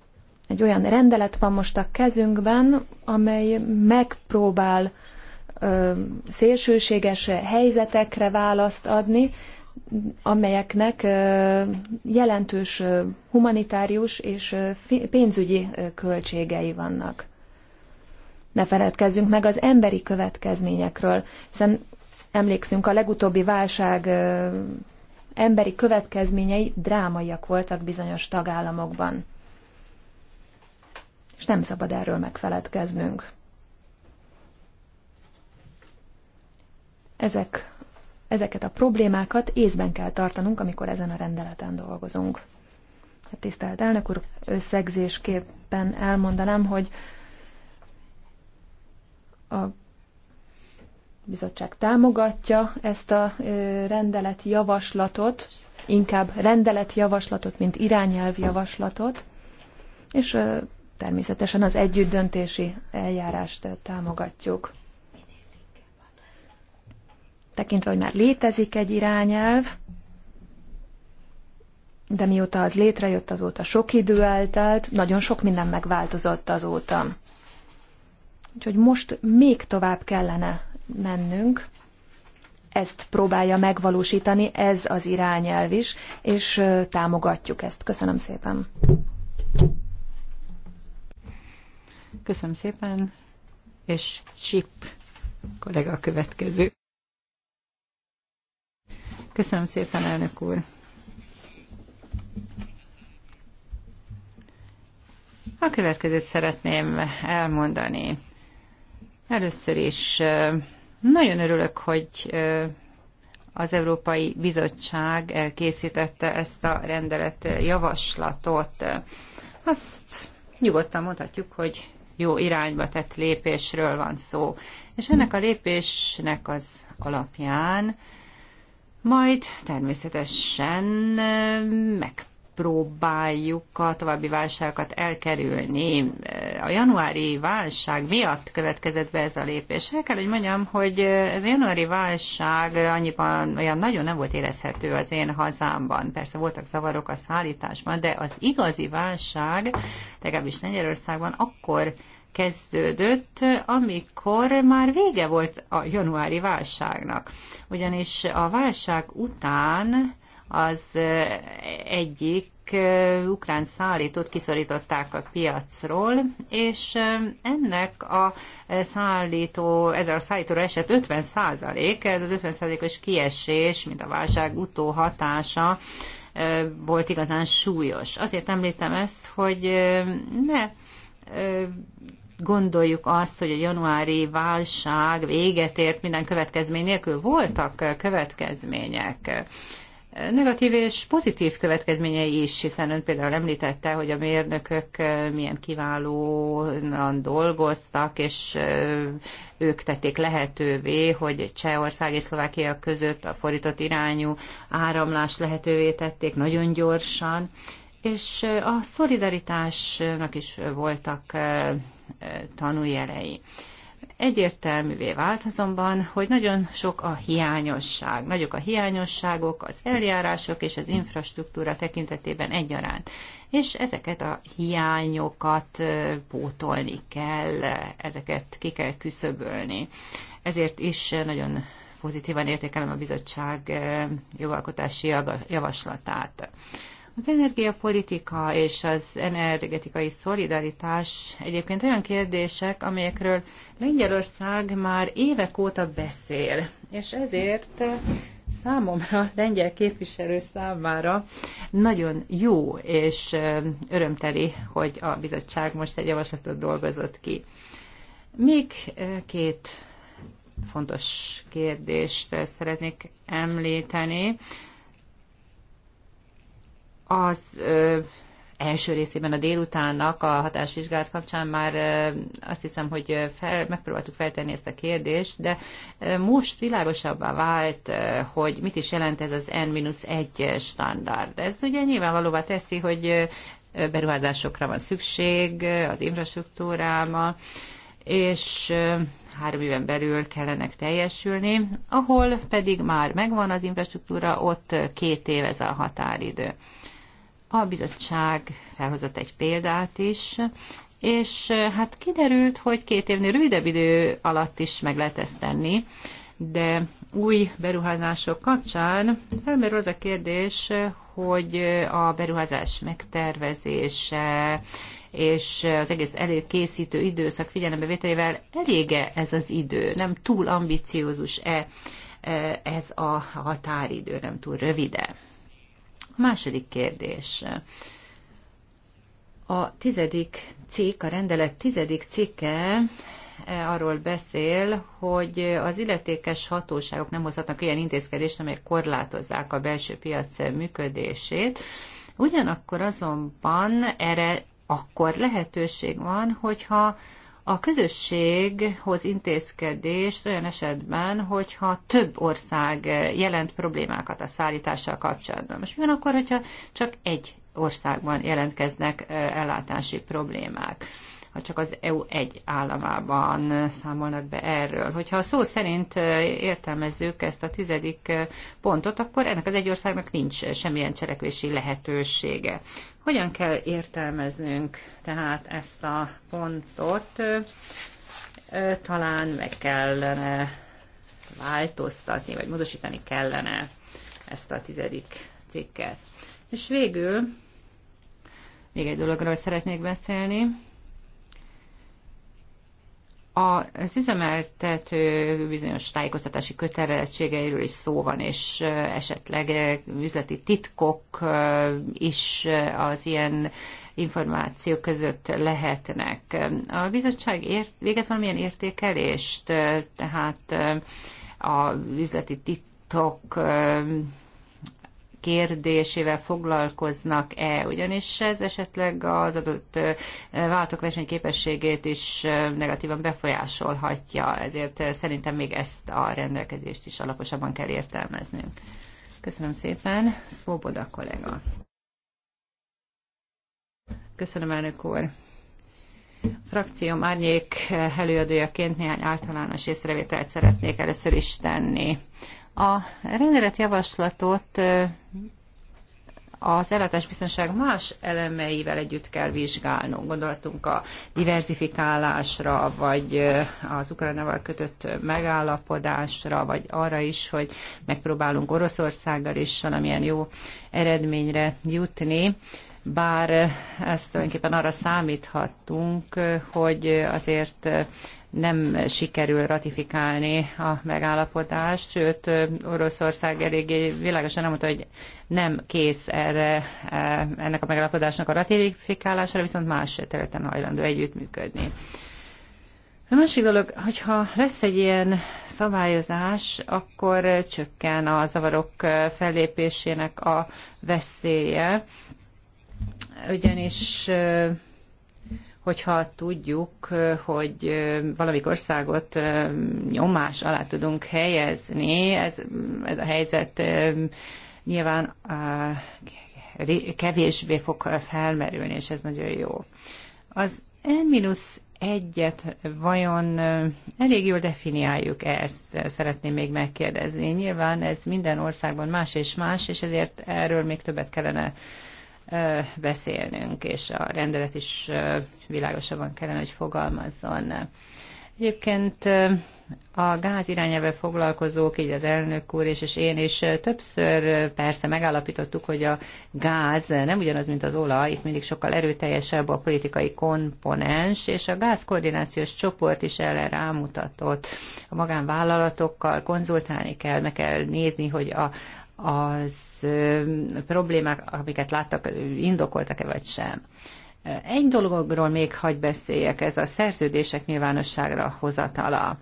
egy olyan rendelet van most a kezünkben, amely megpróbál szélsőséges helyzetekre választ adni, amelyeknek jelentős humanitárius és pénzügyi költségei vannak. Ne feledkezzünk meg az emberi következményekről, hiszen emlékszünk, a legutóbbi válság emberi következményei drámaiak voltak bizonyos tagállamokban. És nem szabad erről megfeledkeznünk. ezek, ezeket a problémákat észben kell tartanunk, amikor ezen a rendeleten dolgozunk. Hát, tisztelt elnök úr, összegzésképpen elmondanám, hogy a bizottság támogatja ezt a rendelet javaslatot, inkább rendelet javaslatot, mint irányelv javaslatot, és természetesen az együttdöntési eljárást támogatjuk tekintve, hogy már létezik egy irányelv, de mióta az létrejött, azóta sok idő eltelt, nagyon sok minden megváltozott azóta. Úgyhogy most még tovább kellene mennünk, ezt próbálja megvalósítani, ez az irányelv is, és támogatjuk ezt. Köszönöm szépen. Köszönöm szépen, és Csip kollega a következő. Köszönöm szépen, elnök úr. A következőt szeretném elmondani. Először is nagyon örülök, hogy az Európai Bizottság elkészítette ezt a rendelet javaslatot. Azt nyugodtan mondhatjuk, hogy jó irányba tett lépésről van szó. És ennek a lépésnek az alapján majd természetesen megpróbáljuk a további válságokat elkerülni. A januári válság miatt következett be ez a lépés. El kell, hogy mondjam, hogy ez a januári válság annyiban olyan nagyon nem volt érezhető az én hazámban. Persze voltak zavarok a szállításban, de az igazi válság, legalábbis Lengyelországban akkor kezdődött, amikor már vége volt a januári válságnak. Ugyanis a válság után az egyik ukrán szállítót kiszorították a piacról, és ennek a szállító, ezzel a szállítóra esett 50 százalék, ez az 50 százalékos kiesés, mint a válság utó hatása volt igazán súlyos. Azért említem ezt, hogy ne gondoljuk azt, hogy a januári válság véget ért minden következmény nélkül. Voltak eh, következmények eh, negatív és pozitív következményei is, hiszen ön például említette, hogy a mérnökök eh, milyen kiválóan dolgoztak, és ők tették lehetővé, hogy Csehország és Szlovákia között a fordított irányú áramlás lehetővé tették nagyon gyorsan, és a szolidaritásnak is voltak tanújelei. Egyértelművé vált azonban, hogy nagyon sok a hiányosság, nagyok a hiányosságok, az eljárások és az infrastruktúra tekintetében egyaránt. És ezeket a hiányokat pótolni kell, ezeket ki kell küszöbölni. Ezért is nagyon pozitívan értékelem a bizottság jogalkotási javaslatát. Az energiapolitika és az energetikai szolidaritás egyébként olyan kérdések, amelyekről Lengyelország már évek óta beszél, és ezért számomra, lengyel képviselő számára nagyon jó és örömteli, hogy a bizottság most egy javaslatot dolgozott ki. Még két fontos kérdést szeretnék említeni. Az ö, első részében a délutánnak a hatásvizsgálat kapcsán már azt hiszem, hogy fel, megpróbáltuk feltenni ezt a kérdést, de most világosabbá vált, hogy mit is jelent ez az N-1 standard. Ez ugye nyilvánvalóvá teszi, hogy beruházásokra van szükség az infrastruktúráma, és három éven belül kellenek teljesülni, ahol pedig már megvan az infrastruktúra, ott két év ez a határidő. A bizottság felhozott egy példát is, és hát kiderült, hogy két évnél rövidebb idő alatt is meg lehet ezt tenni, de új beruházások kapcsán felmerül az a kérdés, hogy a beruházás megtervezése és az egész előkészítő időszak figyelembevételével elége ez az idő, nem túl ambiciózus-e eh, ez a határidő, nem túl rövide második kérdés. A tizedik cikk, a rendelet tizedik cikke eh, arról beszél, hogy az illetékes hatóságok nem hozhatnak olyan intézkedést, amelyek korlátozzák a belső piac működését. Ugyanakkor azonban erre akkor lehetőség van, hogyha a közösséghoz intézkedést olyan esetben, hogyha több ország jelent problémákat a szállítással kapcsolatban. Most mi van akkor, hogyha csak egy országban jelentkeznek eh, ellátási problémák? ha csak az EU egy államában számolnak be erről. Hogyha a szó szerint értelmezzük ezt a tizedik pontot, akkor ennek az egy országnak nincs semmilyen cselekvési lehetősége. Hogyan kell értelmeznünk tehát ezt a pontot? Talán meg kellene változtatni, vagy módosítani kellene ezt a tizedik cikket. És végül még egy dologról szeretnék beszélni. Az üzemeltető bizonyos tájékoztatási kötelezettségeiről is szó van, és esetleg üzleti titkok is az ilyen információk között lehetnek. A bizottság ért, végez valamilyen értékelést, tehát a üzleti titkok kérdésével foglalkoznak-e, ugyanis ez esetleg az adott váltok versenyképességét is negatívan befolyásolhatja, ezért szerintem még ezt a rendelkezést is alaposabban kell értelmeznünk. Köszönöm szépen, Szvoboda kollega. Köszönöm, elnök úr. Frakcióm árnyék előadójaként néhány általános észrevételt szeretnék először is tenni. A javaslatot az ellátásbiztonság más elemeivel együtt kell vizsgálnunk. Gondoltunk a diversifikálásra, vagy az Ukrajnával kötött megállapodásra, vagy arra is, hogy megpróbálunk Oroszországgal is valamilyen jó eredményre jutni bár ezt tulajdonképpen arra számíthattunk, hogy azért nem sikerül ratifikálni a megállapodást, sőt Oroszország eléggé világosan nem mondta, hogy nem kész erre e, ennek a megállapodásnak a ratifikálására, viszont más területen hajlandó együttműködni. A másik dolog, hogyha lesz egy ilyen szabályozás, akkor csökken a zavarok fellépésének a veszélye, ugyanis hogyha tudjuk, hogy valamik országot nyomás alá tudunk helyezni, ez, ez a helyzet nyilván kevésbé fog felmerülni, és ez nagyon jó. Az N-1-et vajon elég jól definiáljuk -e? ezt, szeretném még megkérdezni. Nyilván ez minden országban más és más, és ezért erről még többet kellene beszélnünk, és a rendelet is világosabban kellene, hogy fogalmazzon. Egyébként a gáz irányával foglalkozók, így az elnök úr és, és én is többször persze megállapítottuk, hogy a gáz nem ugyanaz, mint az olaj, itt mindig sokkal erőteljesebb a politikai komponens, és a gázkoordinációs csoport is erre rámutatott. A magánvállalatokkal konzultálni kell, meg kell nézni, hogy a, az problémák, amiket láttak, indokoltak-e vagy sem. Egy dologról még hagy beszéljek, ez a szerződések nyilvánosságra hozatala.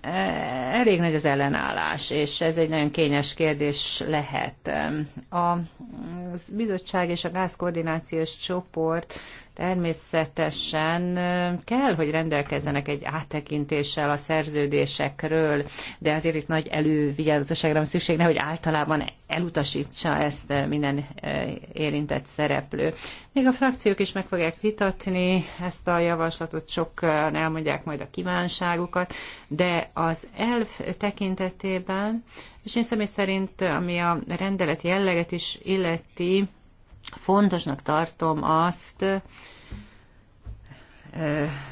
E, elég nagy az ellenállás, és ez egy nagyon kényes kérdés lehet. A bizottság és a gázkoordinációs csoport Természetesen kell, hogy rendelkezzenek egy áttekintéssel a szerződésekről, de azért itt nagy elővigyázatosságra van szükség, nehogy általában elutasítsa ezt minden érintett szereplő. Még a frakciók is meg fogják vitatni ezt a javaslatot, sok elmondják majd a kívánságukat, de az elf tekintetében, és én személy szerint, ami a rendelet jelleget is illeti, Fontosnak tartom azt,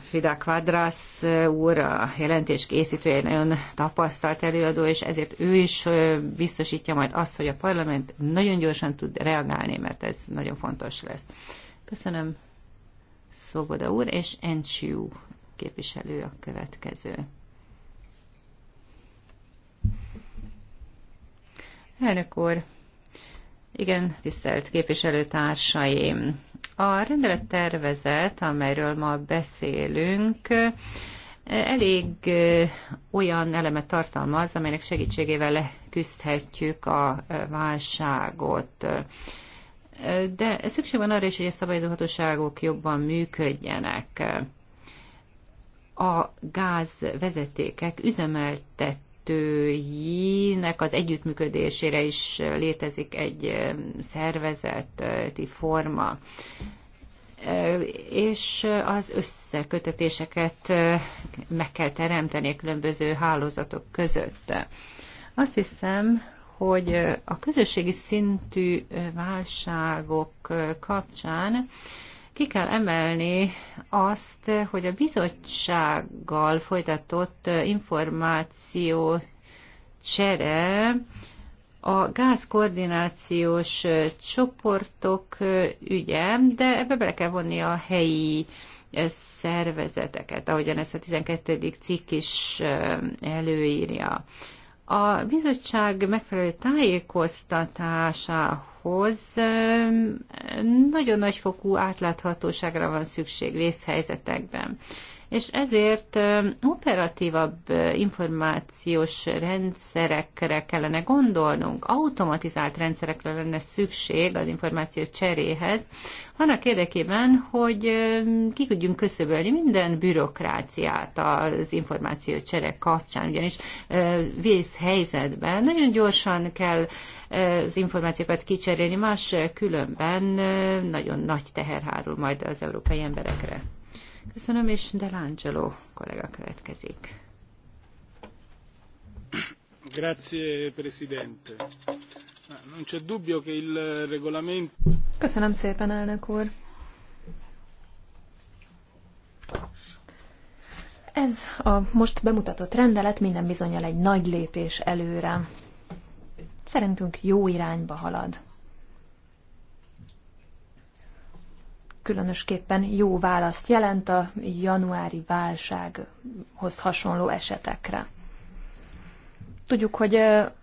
Fida Quadras úr, a jelentés készítője nagyon tapasztalt előadó, és ezért ő is biztosítja majd azt, hogy a parlament nagyon gyorsan tud reagálni, mert ez nagyon fontos lesz. Köszönöm Szoboda úr, és Enciu képviselő a következő. Elnök úr, igen, tisztelt képviselőtársaim! A rendelettervezet, amelyről ma beszélünk, elég olyan elemet tartalmaz, amelynek segítségével leküzdhetjük a válságot. De szükség van arra is, hogy a szabályozóhatóságok jobban működjenek. A gázvezetékek üzemeltet vezetőinek az együttműködésére is létezik egy szervezeti forma és az összekötetéseket meg kell teremteni a különböző hálózatok között. Azt hiszem, hogy a közösségi szintű válságok kapcsán ki kell emelni azt, hogy a bizottsággal folytatott információ csere a gázkoordinációs csoportok ügye, de ebbe bele kell vonni a helyi szervezeteket, ahogyan ezt a 12. cikk is eh, előírja. A bizottság megfelelő tájékoztatásához nagyon nagyfokú átláthatóságra van szükség vészhelyzetekben és ezért operatívabb információs rendszerekre kellene gondolnunk, automatizált rendszerekre lenne szükség az információ cseréhez, annak érdekében, hogy ki tudjunk köszöbölni minden bürokráciát az információ csere kapcsán, ugyanis vészhelyzetben nagyon gyorsan kell az információkat kicserélni, más különben nagyon nagy teher hárul majd az európai emberekre. Köszönöm, és Delangelo kollega következik. Grazie, Presidente. Ah, non c'è dubbio che il regolamento... Köszönöm szépen, elnök úr. Ez a most bemutatott rendelet minden bizonyal egy nagy lépés előre. Szerintünk jó irányba halad. különösképpen jó választ jelent a januári válsághoz hasonló esetekre. Tudjuk, hogy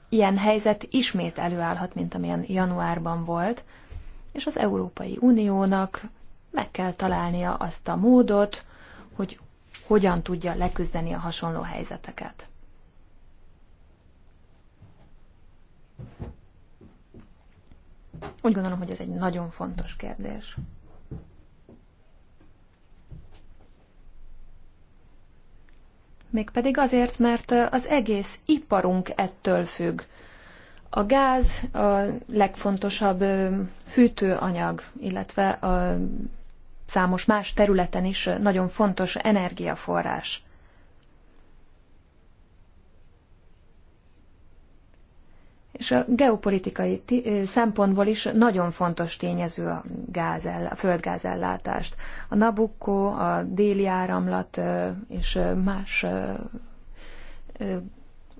ilyen helyzet ismét előállhat, mint amilyen januárban volt, és az Európai Uniónak meg kell találnia azt a módot, hogy hogyan tudja leküzdeni a hasonló helyzeteket. Úgy gondolom, hogy ez egy nagyon fontos kérdés. Mégpedig azért, mert az egész iparunk ettől függ. A gáz a legfontosabb fűtőanyag, illetve a számos más területen is nagyon fontos energiaforrás. és a geopolitikai szempontból is nagyon fontos tényező a, gáz a földgázellátást. A Nabucco, a déli áramlat és más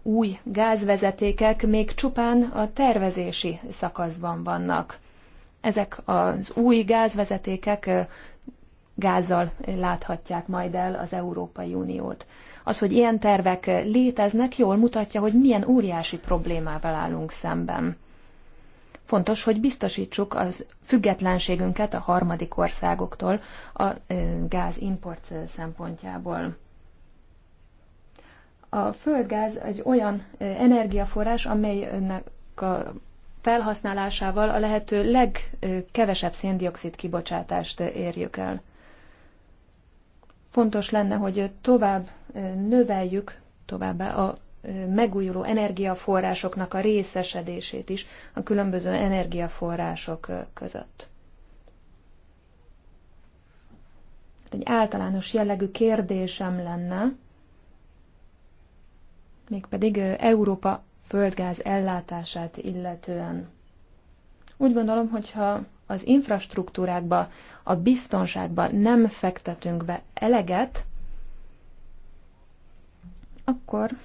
új gázvezetékek még csupán a tervezési szakaszban vannak. Ezek az új gázvezetékek gázzal láthatják majd el az Európai Uniót. Az, hogy ilyen tervek léteznek, jól mutatja, hogy milyen óriási problémával állunk szemben. Fontos, hogy biztosítsuk az függetlenségünket a harmadik országoktól a gázimport szempontjából. A földgáz egy olyan energiaforrás, amelynek a felhasználásával a lehető legkevesebb széndiokszid kibocsátást érjük el. Fontos lenne, hogy tovább növeljük továbbá a megújuló energiaforrásoknak a részesedését is a különböző energiaforrások között. Egy általános jellegű kérdésem lenne, mégpedig Európa földgáz ellátását illetően. Úgy gondolom, hogyha az infrastruktúrákba, a biztonságba nem fektetünk be eleget, akkor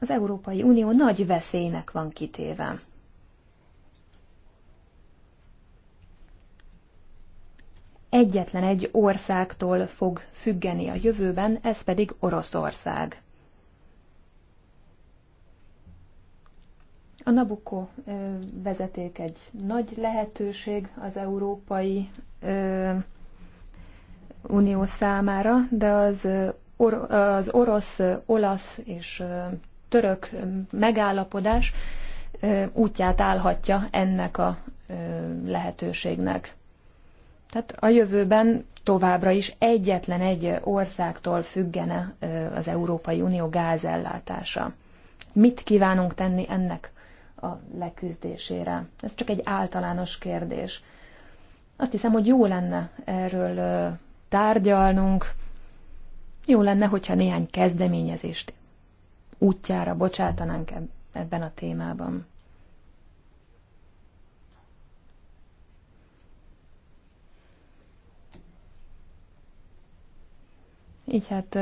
az Európai Unió nagy veszélynek van kitéve. Egyetlen egy országtól fog függeni a jövőben, ez pedig Oroszország. A Nabucco vezeték egy nagy lehetőség az európai unió számára, de az, or- az orosz, olasz és török megállapodás útját állhatja ennek a lehetőségnek. Tehát a jövőben továbbra is egyetlen egy országtól függene az Európai Unió gázellátása. Mit kívánunk tenni ennek a leküzdésére. Ez csak egy általános kérdés. Azt hiszem, hogy jó lenne erről tárgyalnunk, jó lenne, hogyha néhány kezdeményezést útjára bocsátanánk ebben a témában. Így hát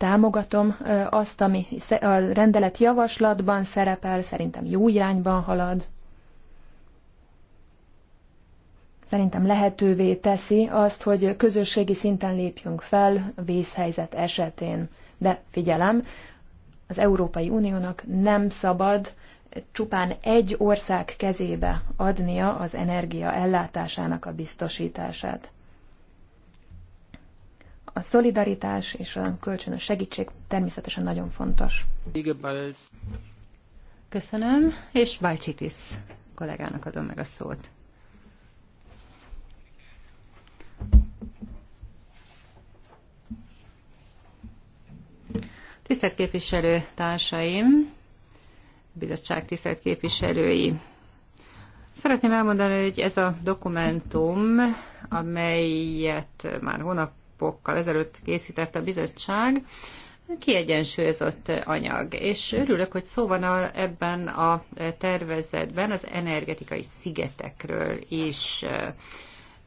támogatom azt, ami a rendelet javaslatban szerepel, szerintem jó irányban halad. Szerintem lehetővé teszi azt, hogy közösségi szinten lépjünk fel vészhelyzet esetén. De figyelem, az Európai Uniónak nem szabad csupán egy ország kezébe adnia az energia ellátásának a biztosítását a szolidaritás és a kölcsönös segítség természetesen nagyon fontos. Köszönöm, és Bajcsitis kollégának adom meg a szót. Tisztelt képviselő társaim, bizottság tisztelt képviselői! Szeretném elmondani, hogy ez a dokumentum, amelyet már hónap hónapokkal ezelőtt készített a bizottság, kiegyensúlyozott anyag. És örülök, hogy szó van a, ebben a tervezetben az energetikai szigetekről is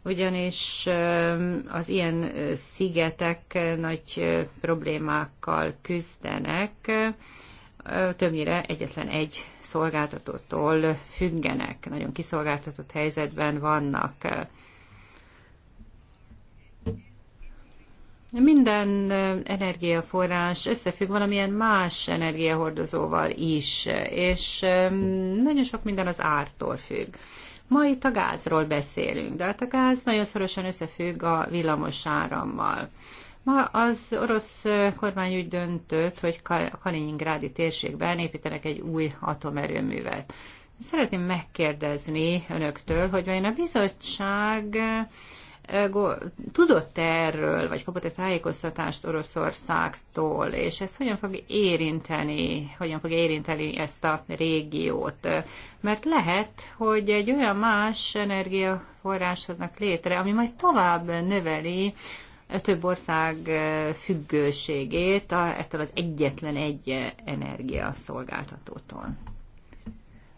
ugyanis az ilyen szigetek nagy problémákkal küzdenek, többnyire egyetlen egy szolgáltatótól függenek, nagyon kiszolgáltatott helyzetben vannak. Minden energiaforrás összefügg valamilyen más energiahordozóval is, és nagyon sok minden az ártól függ. Ma itt a gázról beszélünk, de hát a gáz nagyon szorosan összefügg a villamos árammal. Ma az orosz kormány úgy döntött, hogy a Kaliningrádi térségben építenek egy új atomerőművet. Szeretném megkérdezni önöktől, hogy vajon a bizottság tudott -e erről, vagy kapott-e tájékoztatást Oroszországtól, és ezt hogyan fog érinteni, hogyan fog érinteni ezt a régiót? Mert lehet, hogy egy olyan más energiaforrás hoznak létre, ami majd tovább növeli a több ország függőségét a, ettől az egyetlen egy energiaszolgáltatótól.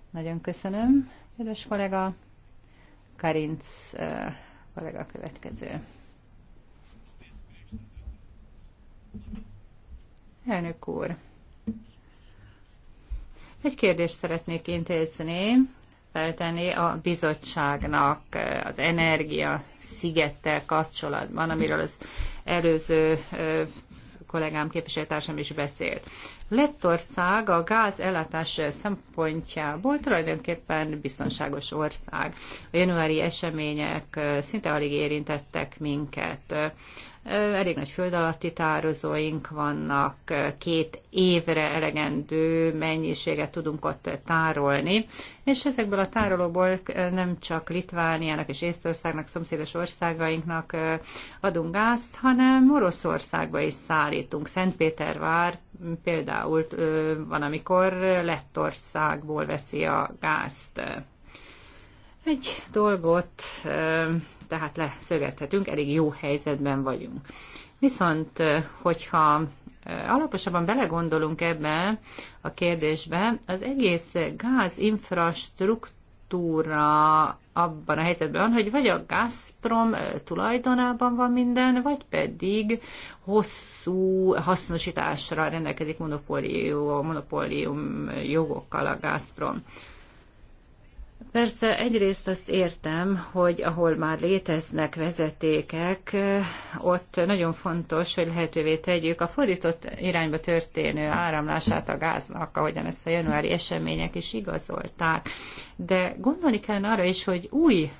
Nagyon köszönöm, kedves kollega. Karinc kollega következő. Elnök úr, egy kérdést szeretnék intézni, feltenni a bizottságnak az energia szigettel kapcsolatban, amiről az előző kollégám képviselőtársam is beszélt. Lettország a gáz ellátás szempontjából tulajdonképpen biztonságos ország. A januári események szinte alig érintettek minket. Elég nagy föld alatti tározóink vannak, két évre elegendő mennyiséget tudunk ott tárolni, és ezekből a tárolóból nem csak Litvániának és Észtországnak, szomszédos országainknak adunk gázt, hanem Oroszországba is szállítunk. Szentpétervár például van, amikor Lettországból veszi a gázt. Egy dolgot tehát leszögethetünk, elég jó helyzetben vagyunk. Viszont, hogyha alaposabban belegondolunk ebbe a kérdésbe, az egész gázinfrastruktúra abban a helyzetben van, hogy vagy a Gazprom tulajdonában van minden, vagy pedig hosszú hasznosításra rendelkezik monopólium, monopólium jogokkal a Gazprom. Persze egyrészt azt értem, hogy ahol már léteznek vezetékek, ott nagyon fontos, hogy lehetővé tegyük a fordított irányba történő áramlását a gáznak, ahogyan ezt a januári események is igazolták. De gondolni kell arra is, hogy új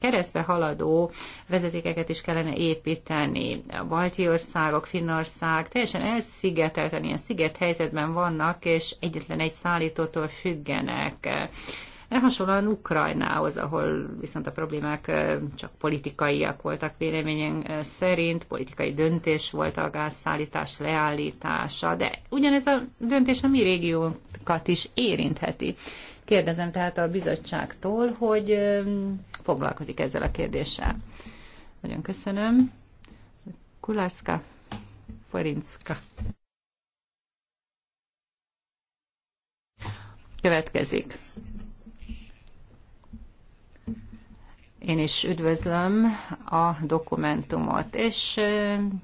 keresztbe haladó vezetékeket is kellene építeni. A balti országok, Finnország teljesen elszigetelten, ilyen sziget helyzetben vannak, és egyetlen egy szállítótól függenek. E, hasonlóan Ukrajnához, ahol viszont a problémák e, csak politikaiak voltak véleményen e, szerint, politikai döntés volt a gázszállítás leállítása, de ugyanez a döntés a mi régiónkat is érintheti. Kérdezem tehát a bizottságtól, hogy foglalkozik ezzel a kérdéssel. Nagyon köszönöm. Kulászka, Forinska. Következik. Én is üdvözlöm a dokumentumot, és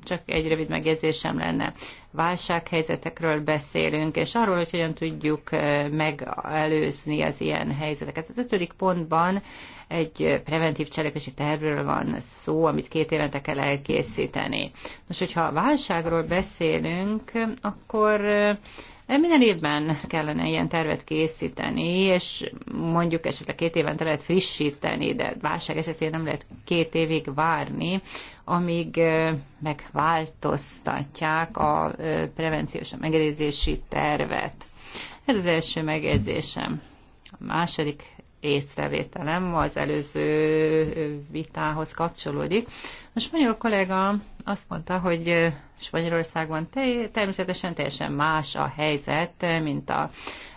csak egy rövid megjegyzésem lenne. Válsághelyzetekről beszélünk, és arról, hogy hogyan tudjuk megelőzni az ilyen helyzeteket. Az ötödik pontban egy preventív cselekvési tervről van szó, amit két évente kell elkészíteni. Most, hogyha válságról beszélünk, akkor minden évben kellene ilyen tervet készíteni, és mondjuk esetleg két évente lehet frissíteni, de válság esetén nem lehet két évig várni, amíg megváltoztatják a prevenciós, a megelőzési tervet. Ez az első megjegyzésem. A második észrevételem az előző vitához kapcsolódik. A spanyol kollega azt mondta, hogy Spanyolországban te, természetesen teljesen más a helyzet, mint a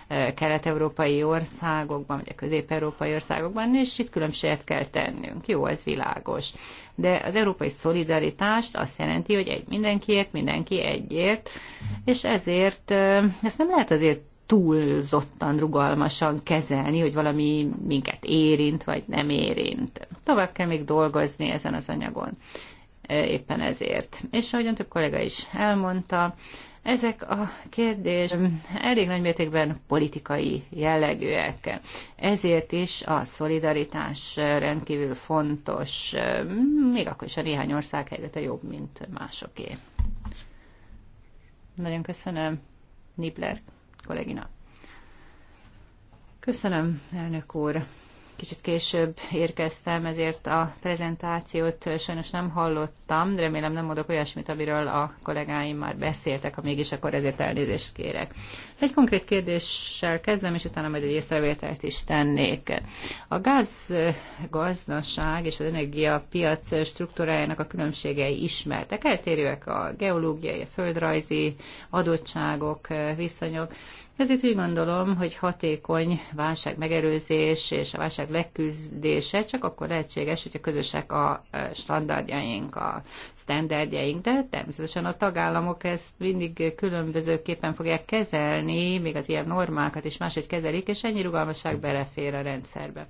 e, kelet-európai országokban, vagy a közép-európai országokban, és itt különbséget kell tennünk. Jó, ez világos. De az európai szolidaritást azt jelenti, hogy egy mindenkiért, mindenki egyért, és ezért e, ezt nem lehet azért túlzottan rugalmasan kezelni, hogy valami minket érint, vagy nem érint. Tovább kell még dolgozni ezen az anyagon. E, éppen ezért. És ahogyan több kollega is elmondta, ezek a kérdés elég nagy mértékben politikai jellegűek. Ezért is a szolidaritás rendkívül fontos, e, még akkor is a néhány ország helyzete jobb, mint másoké. Nagyon köszönöm, Nibler kollégina. Köszönöm, elnök úr. Kicsit később érkeztem, ezért a prezentációt sajnos nem hallottam, de remélem nem mondok olyasmit, amiről a kollégáim már beszéltek, ha mégis, akkor ezért elnézést kérek. Egy konkrét kérdéssel kezdem, és utána majd egy észrevételt is tennék. A gázgazdaság és az energiapiac struktúrájának a különbségei ismertek, eltérőek a geológiai, a földrajzi adottságok, viszonyok, ezért úgy gondolom, hogy hatékony válság megerőzés és a válság leküzdése csak akkor lehetséges, hogyha közösek a e, standardjaink, a standardjaink, de természetesen a tagállamok ezt mindig különbözőképpen fogják kezelni, még az ilyen normákat is máshogy kezelik, és ennyi rugalmasság belefér a rendszerbe.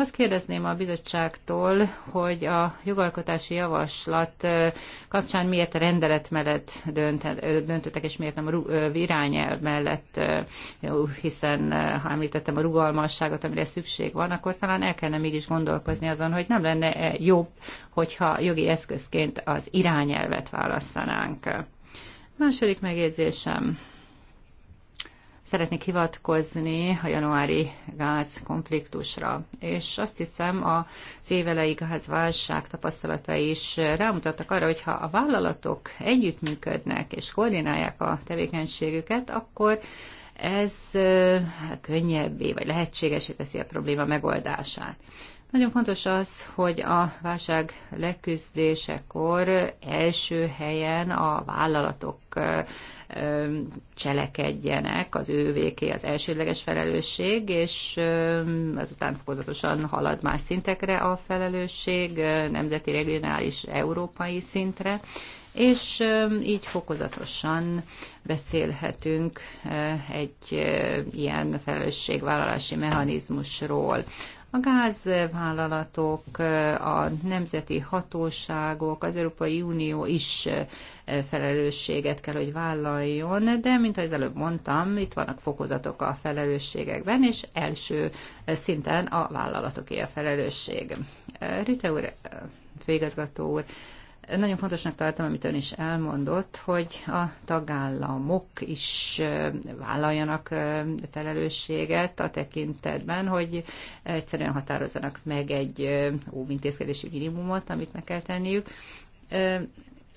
Azt kérdezném a bizottságtól, hogy a jogalkotási javaslat kapcsán miért a rendelet mellett döntöttek, és miért nem a irányelv mellett, hiszen ha említettem a rugalmasságot, amire szükség van, akkor talán el kellene mégis gondolkozni azon, hogy nem lenne -e jobb, hogyha jogi eszközként az irányelvet választanánk. Második megjegyzésem Szeretnék hivatkozni a januári gázkonfliktusra, és azt hiszem a szévelei gázválság tapasztalata is rámutattak arra, hogy ha a vállalatok együttműködnek és koordinálják a tevékenységüket, akkor ez hát, könnyebbé vagy lehetségesé teszi a probléma megoldását. Nagyon fontos az, hogy a válság leküzdésekor első helyen a vállalatok cselekedjenek, az ővéké az elsődleges felelősség, és azután fokozatosan halad más szintekre a felelősség, nemzeti, regionális, európai szintre, és így fokozatosan beszélhetünk egy ilyen felelősségvállalási mechanizmusról. A gázvállalatok, a nemzeti hatóságok, az Európai Unió is e, felelősséget kell, hogy vállaljon, de mint az előbb mondtam, itt vannak fokozatok a felelősségekben, és első e, szinten a vállalatoké a felelősség. E, Rüte úr, főigazgató úr, nagyon fontosnak tartom, amit ön is elmondott, hogy a tagállamok is vállaljanak felelősséget a tekintetben, hogy egyszerűen határozzanak meg egy óvintézkedési minimumot, amit meg kell tenniük.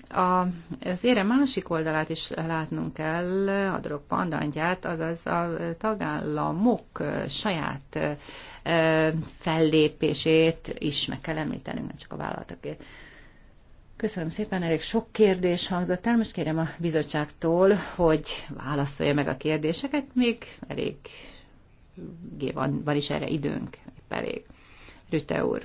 A, az ére másik oldalát is látnunk kell, a drog pandantját, azaz a tagállamok saját fellépését is meg kell említenünk, nem csak a vállalatokért. Köszönöm szépen, elég sok kérdés hangzott el. Most kérem a bizottságtól, hogy válaszolja meg a kérdéseket. Még elég van, van is erre időnk, épp elég. Rüte úr.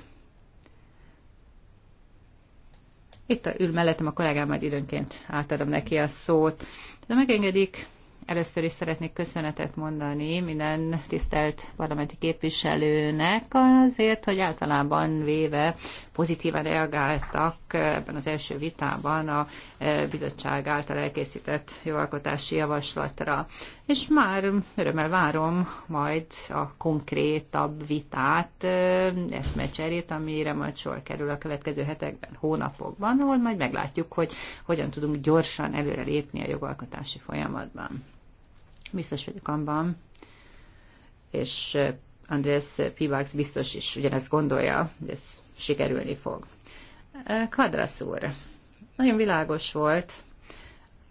Itt ül mellettem a kollégám, majd időnként átadom neki a szót. De megengedik, Először is szeretnék köszönetet mondani minden tisztelt parlamenti képviselőnek azért, hogy általában véve pozitívan reagáltak ebben az első vitában a e, bizottság által elkészített jogalkotási javaslatra. És már örömmel várom majd a konkrétabb vitát, e, eszmecserét, amire majd sor kerül a következő hetekben, hónapokban, ahol majd meglátjuk, hogy hogyan tudunk gyorsan előrelépni a jogalkotási folyamatban. Biztos vagyok abban, és Andrész Pivax biztos is ugyanezt gondolja, hogy ez sikerülni fog. Kvadrasz úr, nagyon világos volt,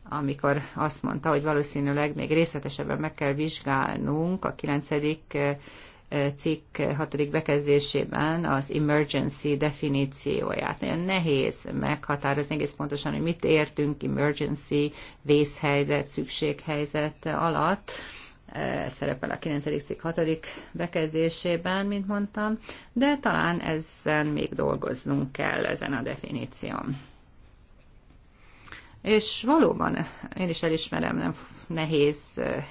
amikor azt mondta, hogy valószínűleg még részletesebben meg kell vizsgálnunk a 9 cikk hatodik bekezdésében az emergency definícióját. Nagyon nehéz meghatározni egész pontosan, hogy mit értünk emergency, vészhelyzet, szükséghelyzet alatt. Ez szerepel a 9. cikk 6. bekezdésében, mint mondtam, de talán ezen még dolgoznunk kell, ezen a definíción. És valóban, én is elismerem, nem nehéz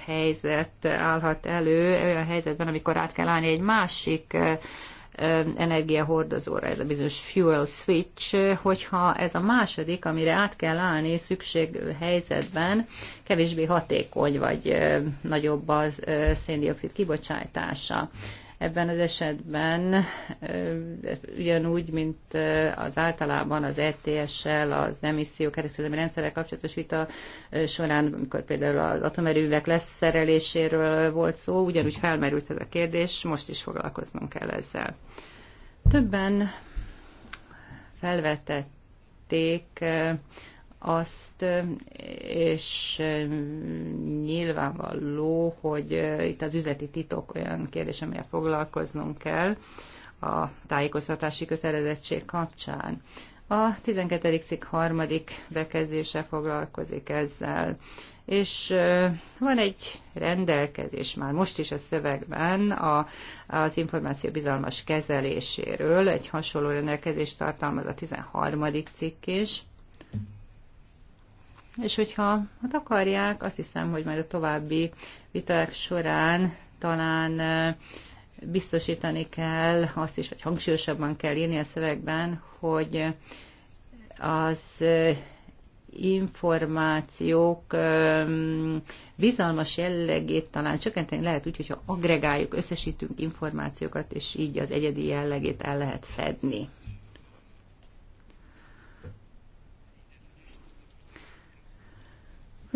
helyzet állhat elő, olyan helyzetben, amikor át kell állni egy másik energiahordozóra, ez a bizonyos fuel switch, hogyha ez a második, amire át kell állni szükség helyzetben, kevésbé hatékony, vagy nagyobb az széndiokszid kibocsátása ebben az esetben ugyanúgy, mint az általában az ETS-sel, az emisszió kereskedelmi rendszerrel kapcsolatos vita során, amikor például az atomerővek leszereléséről volt szó, ugyanúgy felmerült ez a kérdés, most is foglalkoznunk kell ezzel. Többen felvetették azt, és nyilvánvaló, hogy itt az üzleti titok olyan kérdés, amivel foglalkoznunk kell a tájékoztatási kötelezettség kapcsán. A 12. cikk harmadik bekezdése foglalkozik ezzel, és van egy rendelkezés már most is a szövegben a, az információ bizalmas kezeléséről, egy hasonló rendelkezést tartalmaz a 13. cikk is, és hogyha hát akarják, azt hiszem, hogy majd a további viták során talán biztosítani kell azt is, hogy hangsúlyosabban kell írni a szövegben, hogy az információk bizalmas jellegét talán csökkenteni lehet úgy, hogyha agregáljuk, összesítünk információkat, és így az egyedi jellegét el lehet fedni.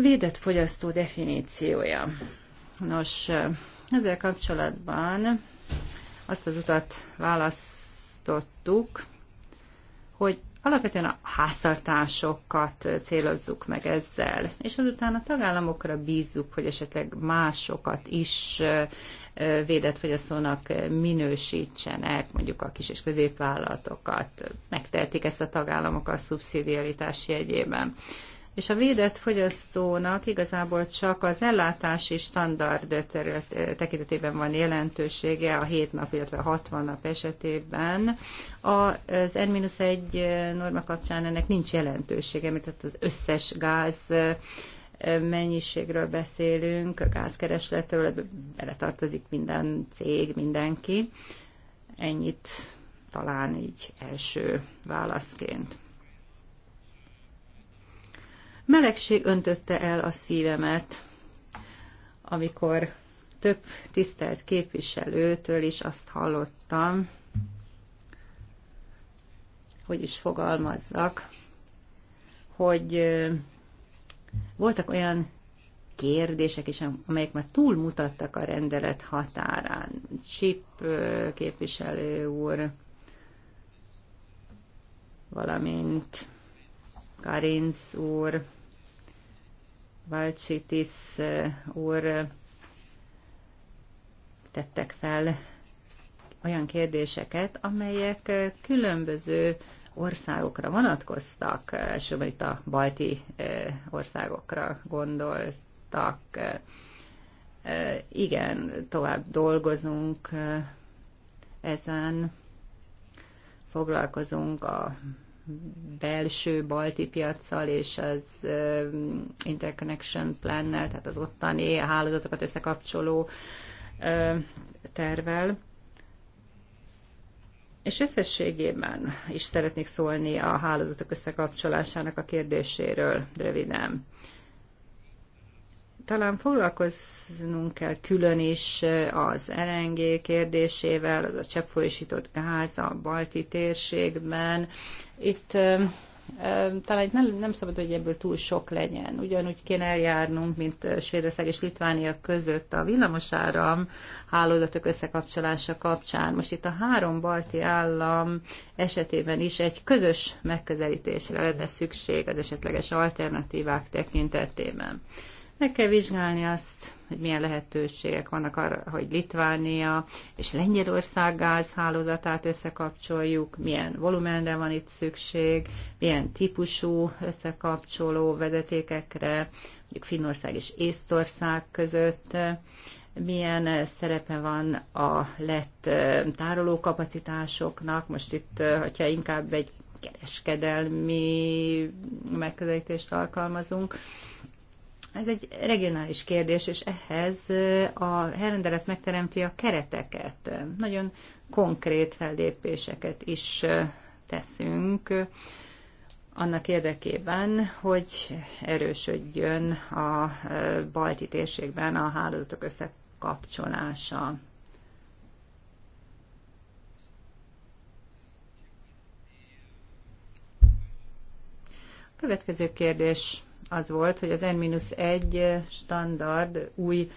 védett fogyasztó definíciója. Nos, ezzel kapcsolatban azt az utat választottuk, hogy alapvetően a háztartásokat célozzuk meg ezzel, és azután a tagállamokra bízzuk, hogy esetleg másokat is védett fogyasztónak minősítsenek, mondjuk a kis és középvállalatokat, megtehetik ezt a tagállamok a szubszidiaritás jegyében és a védett fogyasztónak igazából csak az ellátási standard terület, tekintetében van jelentősége a 7 nap, illetve a 60 nap esetében. Az N-1 norma kapcsán ennek nincs jelentősége, mert az összes gáz mennyiségről beszélünk, a gázkeresletről, beletartozik minden cég, mindenki. Ennyit talán így első válaszként. Melegség öntötte el a szívemet, amikor több tisztelt képviselőtől is azt hallottam, hogy is fogalmazzak, hogy voltak olyan kérdések is, amelyek már túlmutattak a rendelet határán. Csip képviselő úr, valamint Karinc úr, Valcsitis eh, úr eh, tettek fel olyan kérdéseket, amelyek eh, különböző országokra vonatkoztak, és itt a balti országokra gondoltak. Igen, tovább dolgozunk ezen, foglalkozunk a belső balti piacsal és az interconnection plannel, tehát az ottani hálózatokat összekapcsoló tervel. És összességében is szeretnék szólni a hálózatok összekapcsolásának a kérdéséről röviden talán foglalkoznunk kell külön is eh, az LNG kérdésével, az a cseppfolyósított gáz a balti térségben. Itt eh, eh, talán itt nem, nem szabad, hogy ebből túl sok legyen. Ugyanúgy kéne eljárnunk, mint Svédország és Litvánia között a villamosáram hálózatok összekapcsolása kapcsán. Most itt a három balti állam esetében is egy közös megközelítésre lenne szükség az esetleges alternatívák tekintetében. Meg kell vizsgálni azt, hogy milyen lehetőségek vannak arra, hogy Litvánia és Lengyelország gázhálózatát összekapcsoljuk, milyen volumenre van itt szükség, milyen típusú összekapcsoló vezetékekre, mondjuk Finnország és Észtország között, milyen szerepe van a lett tárolókapacitásoknak. Most itt, hogyha inkább egy kereskedelmi megközelítést alkalmazunk, ez egy regionális kérdés, és ehhez a rendelet megteremti a kereteket. Nagyon konkrét fellépéseket is teszünk annak érdekében, hogy erősödjön a balti térségben a hálózatok összekapcsolása. Következő kérdés az volt, hogy az N-1 standard új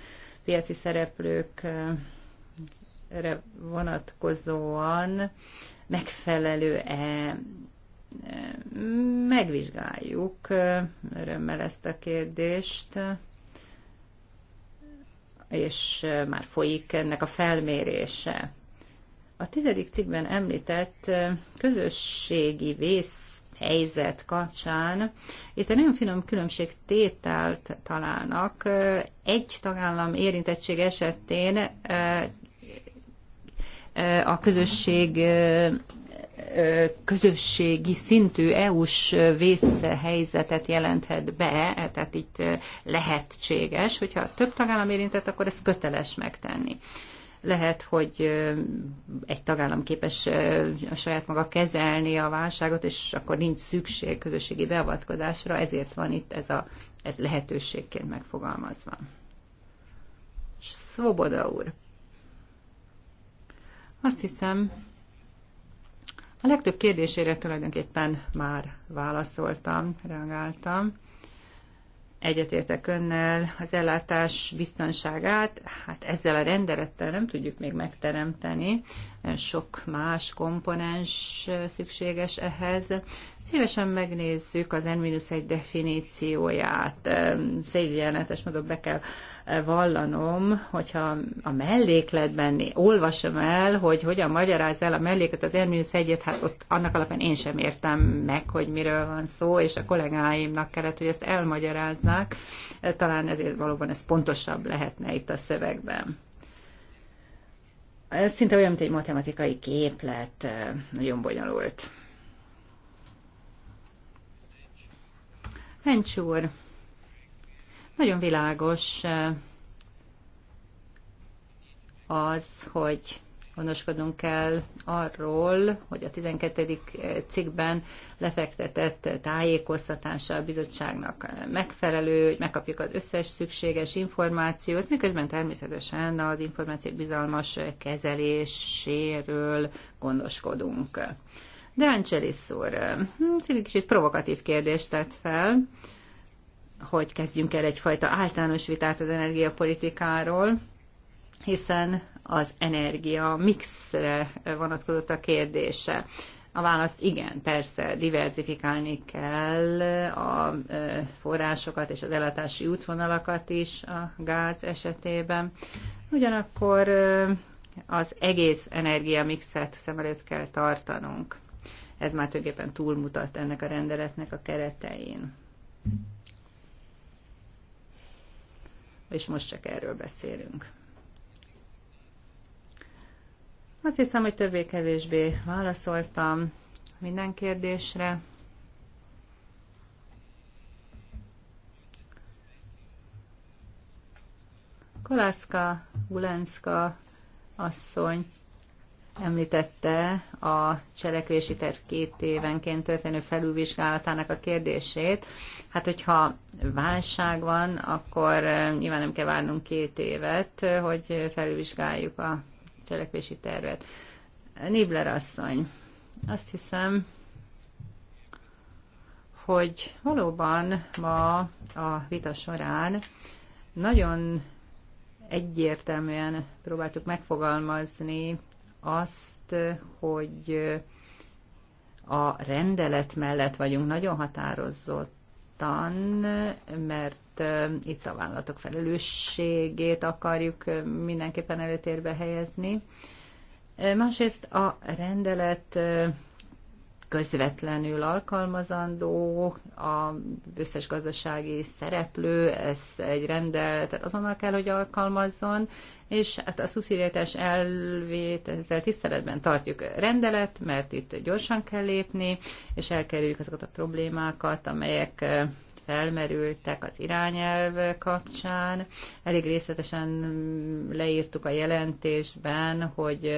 piaci szereplőkre vonatkozóan megfelelő-e megvizsgáljuk örömmel ezt a kérdést, és már folyik ennek a felmérése. A tizedik cikkben említett közösségi vész helyzet kapcsán. Itt egy nagyon finom különbség tételt találnak. Egy tagállam érintettség esetén eh, a közösség eh, eh, közösségi szintű EU-s vészhelyzetet jelenthet be, tehát itt lehetséges, hogyha több tagállam érintett, akkor ezt köteles megtenni. Lehet, hogy egy tagállam képes a saját maga kezelni a válságot, és akkor nincs szükség közösségi beavatkozásra, ezért van itt ez, a, ez lehetőségként megfogalmazva. Szoboda úr. Azt hiszem, a legtöbb kérdésére tulajdonképpen már válaszoltam, reagáltam egyetértek önnel az ellátás biztonságát, hát ezzel a rendelettel nem tudjuk még megteremteni, sok más komponens szükséges ehhez. Szívesen megnézzük az N-1 definícióját, szégyenletes módon be kell vallanom, hogyha a mellékletben olvasom el, hogy hogyan magyaráz el a melléket az Erminus egyet, hát ott annak alapján én sem értem meg, hogy miről van szó, és a kollégáimnak kellett, hogy ezt elmagyarázzák. Talán ezért valóban ez pontosabb lehetne itt a szövegben. Ez szinte olyan, mint egy matematikai képlet, nagyon bonyolult. Hencs úr, nagyon világos az, hogy gondoskodnunk kell arról, hogy a 12. cikkben lefektetett tájékoztatása a bizottságnak megfelelő, hogy megkapjuk az összes szükséges információt, miközben természetesen az információk bizalmas kezeléséről gondoskodunk. De Ancelis úr, egy kicsit provokatív kérdést tett fel hogy kezdjünk el egyfajta általános vitát az energiapolitikáról, hiszen az energia mixre vonatkozott a kérdése. A választ igen, persze, diversifikálni kell a forrásokat és az ellátási útvonalakat is a gáz esetében. Ugyanakkor az egész energiamixet szem előtt kell tartanunk. Ez már tulajdonképpen túlmutat ennek a rendeletnek a keretein és most csak erről beszélünk. Azt hiszem, hogy többé-kevésbé válaszoltam minden kérdésre. Kolászka, Ulenszka, asszony említette a cselekvési terv két évenként történő felülvizsgálatának a kérdését. Hát, hogyha válság van, akkor eh, nyilván nem kell várnunk két évet, eh, hogy felülvizsgáljuk a cselekvési tervet. Nibler asszony, azt hiszem, hogy valóban ma a vita során nagyon egyértelműen próbáltuk megfogalmazni azt, hogy a rendelet mellett vagyunk nagyon határozottan, mert eh, itt a vállalatok felelősségét akarjuk eh, mindenképpen előtérbe helyezni. Eh, másrészt a rendelet közvetlenül alkalmazandó, a összes gazdasági szereplő ez egy rendeletet azonnal kell, hogy alkalmazzon, és hát a szubszidiaritás elvét ezzel tiszteletben tartjuk rendelet, mert itt gyorsan kell lépni, és elkerüljük azokat a problémákat, amelyek felmerültek az irányelv kapcsán. Elég részletesen leírtuk a jelentésben, hogy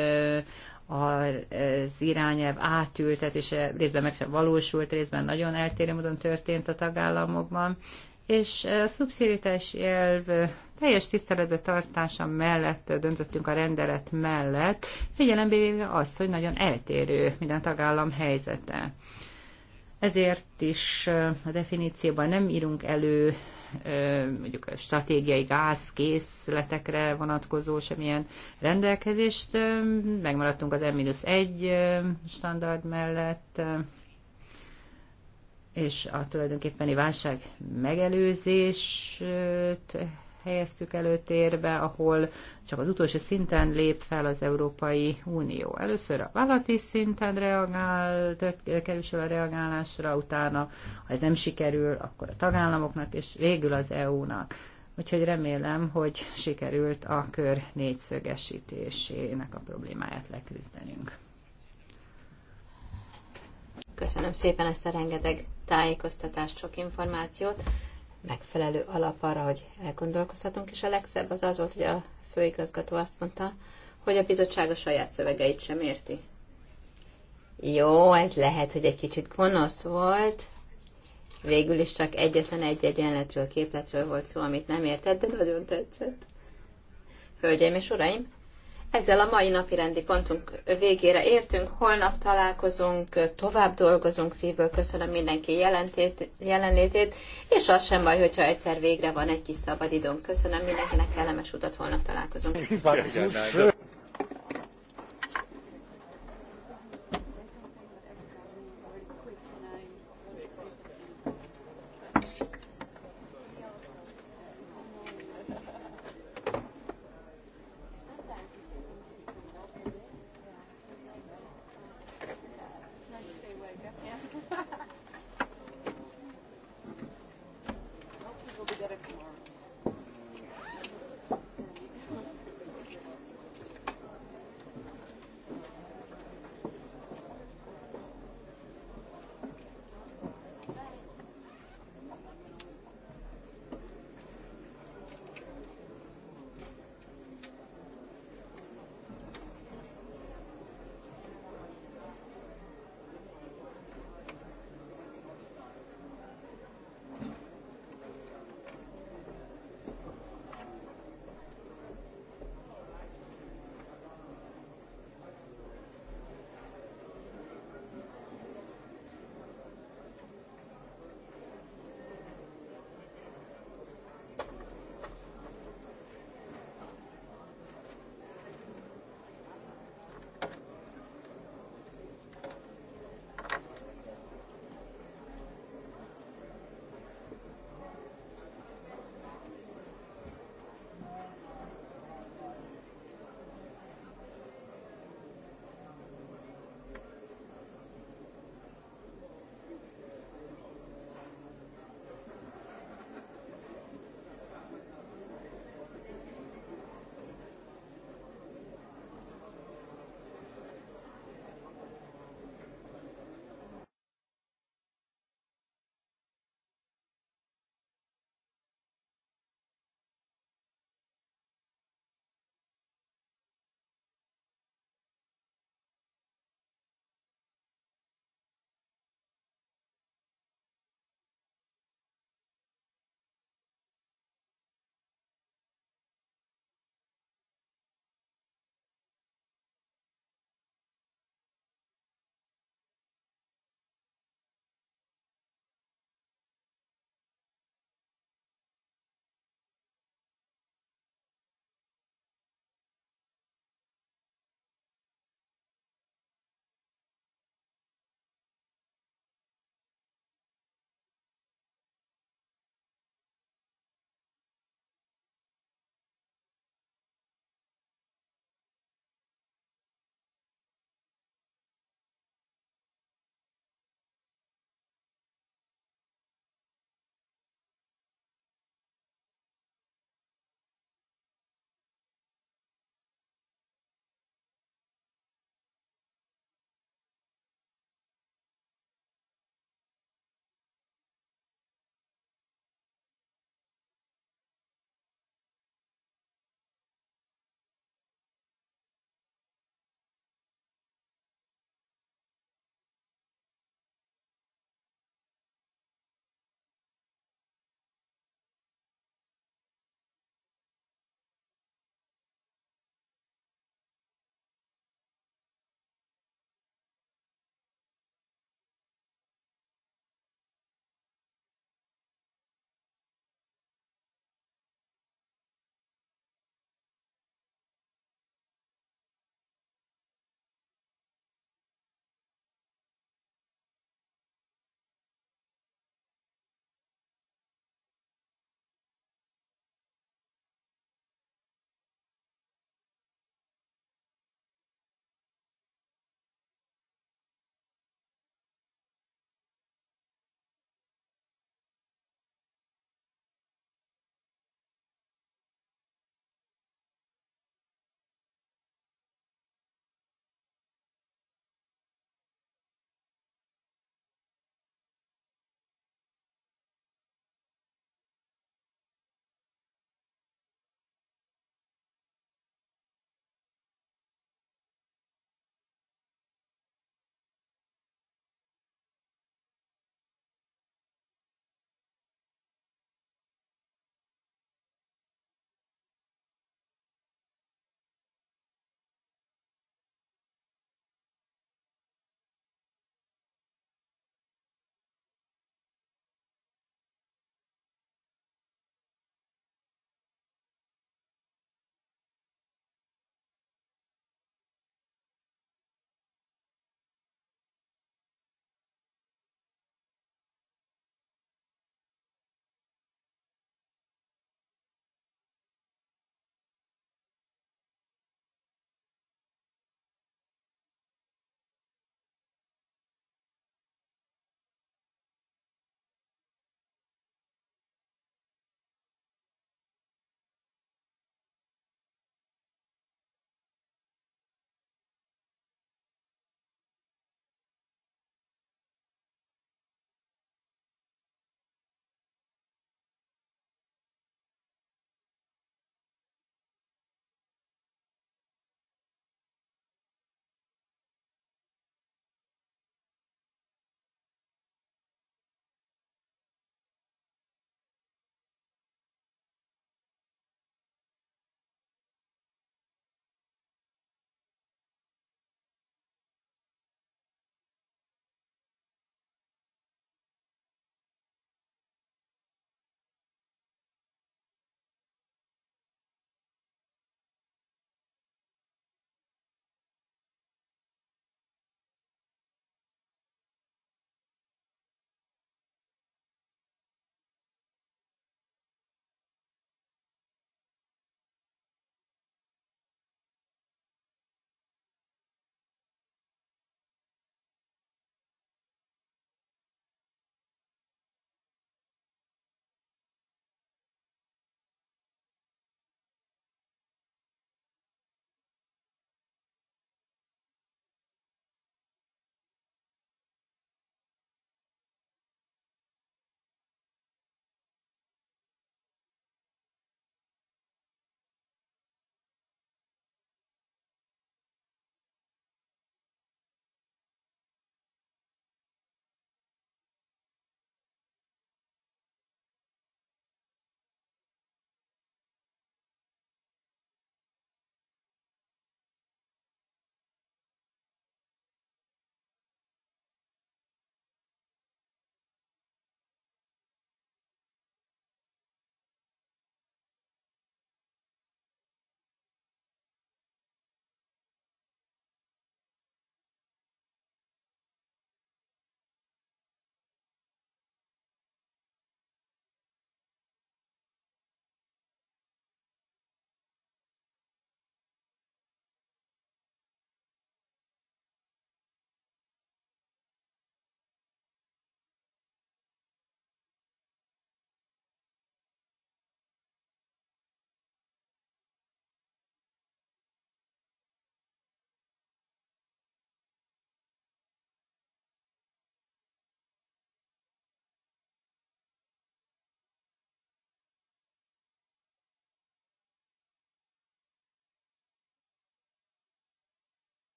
az irányelv és részben meg sem valósult, részben nagyon eltérő módon történt a tagállamokban, és a szubszidiaritás elv teljes tiszteletbe tartása mellett döntöttünk a rendelet mellett, figyelembe véve az, hogy nagyon eltérő minden tagállam helyzete. Ezért is a definícióban nem írunk elő mondjuk a stratégiai gázkészletekre vonatkozó semmilyen rendelkezést. Megmaradtunk az M-1 standard mellett, és a tulajdonképpeni válság megelőzést helyeztük előtérbe, ahol csak az utolsó szinten lép fel az Európai Unió. Először a vállalati szinten reagál, kerül a reagálásra, utána, ha ez nem sikerül, akkor a tagállamoknak, és végül az EU-nak. Úgyhogy remélem, hogy sikerült a kör négyszögesítésének a problémáját leküzdenünk. Köszönöm szépen ezt a rengeteg tájékoztatást, sok információt megfelelő alap arra, hogy elgondolkozhatunk, és a legszebb az az volt, hogy a főigazgató azt mondta, hogy a bizottság a saját szövegeit sem érti. Jó, ez lehet, hogy egy kicsit gonosz volt, végül is csak egyetlen egy egyenletről, képletről volt szó, amit nem értett, de nagyon tetszett. Hölgyeim és uraim, ezzel a mai napi rendi pontunk végére értünk, holnap találkozunk, tovább dolgozunk, szívből köszönöm mindenki jelentét, jelenlétét, és az sem baj, hogyha egyszer végre van egy kis szabadidőnk. Köszönöm mindenkinek, kellemes utat, holnap találkozunk.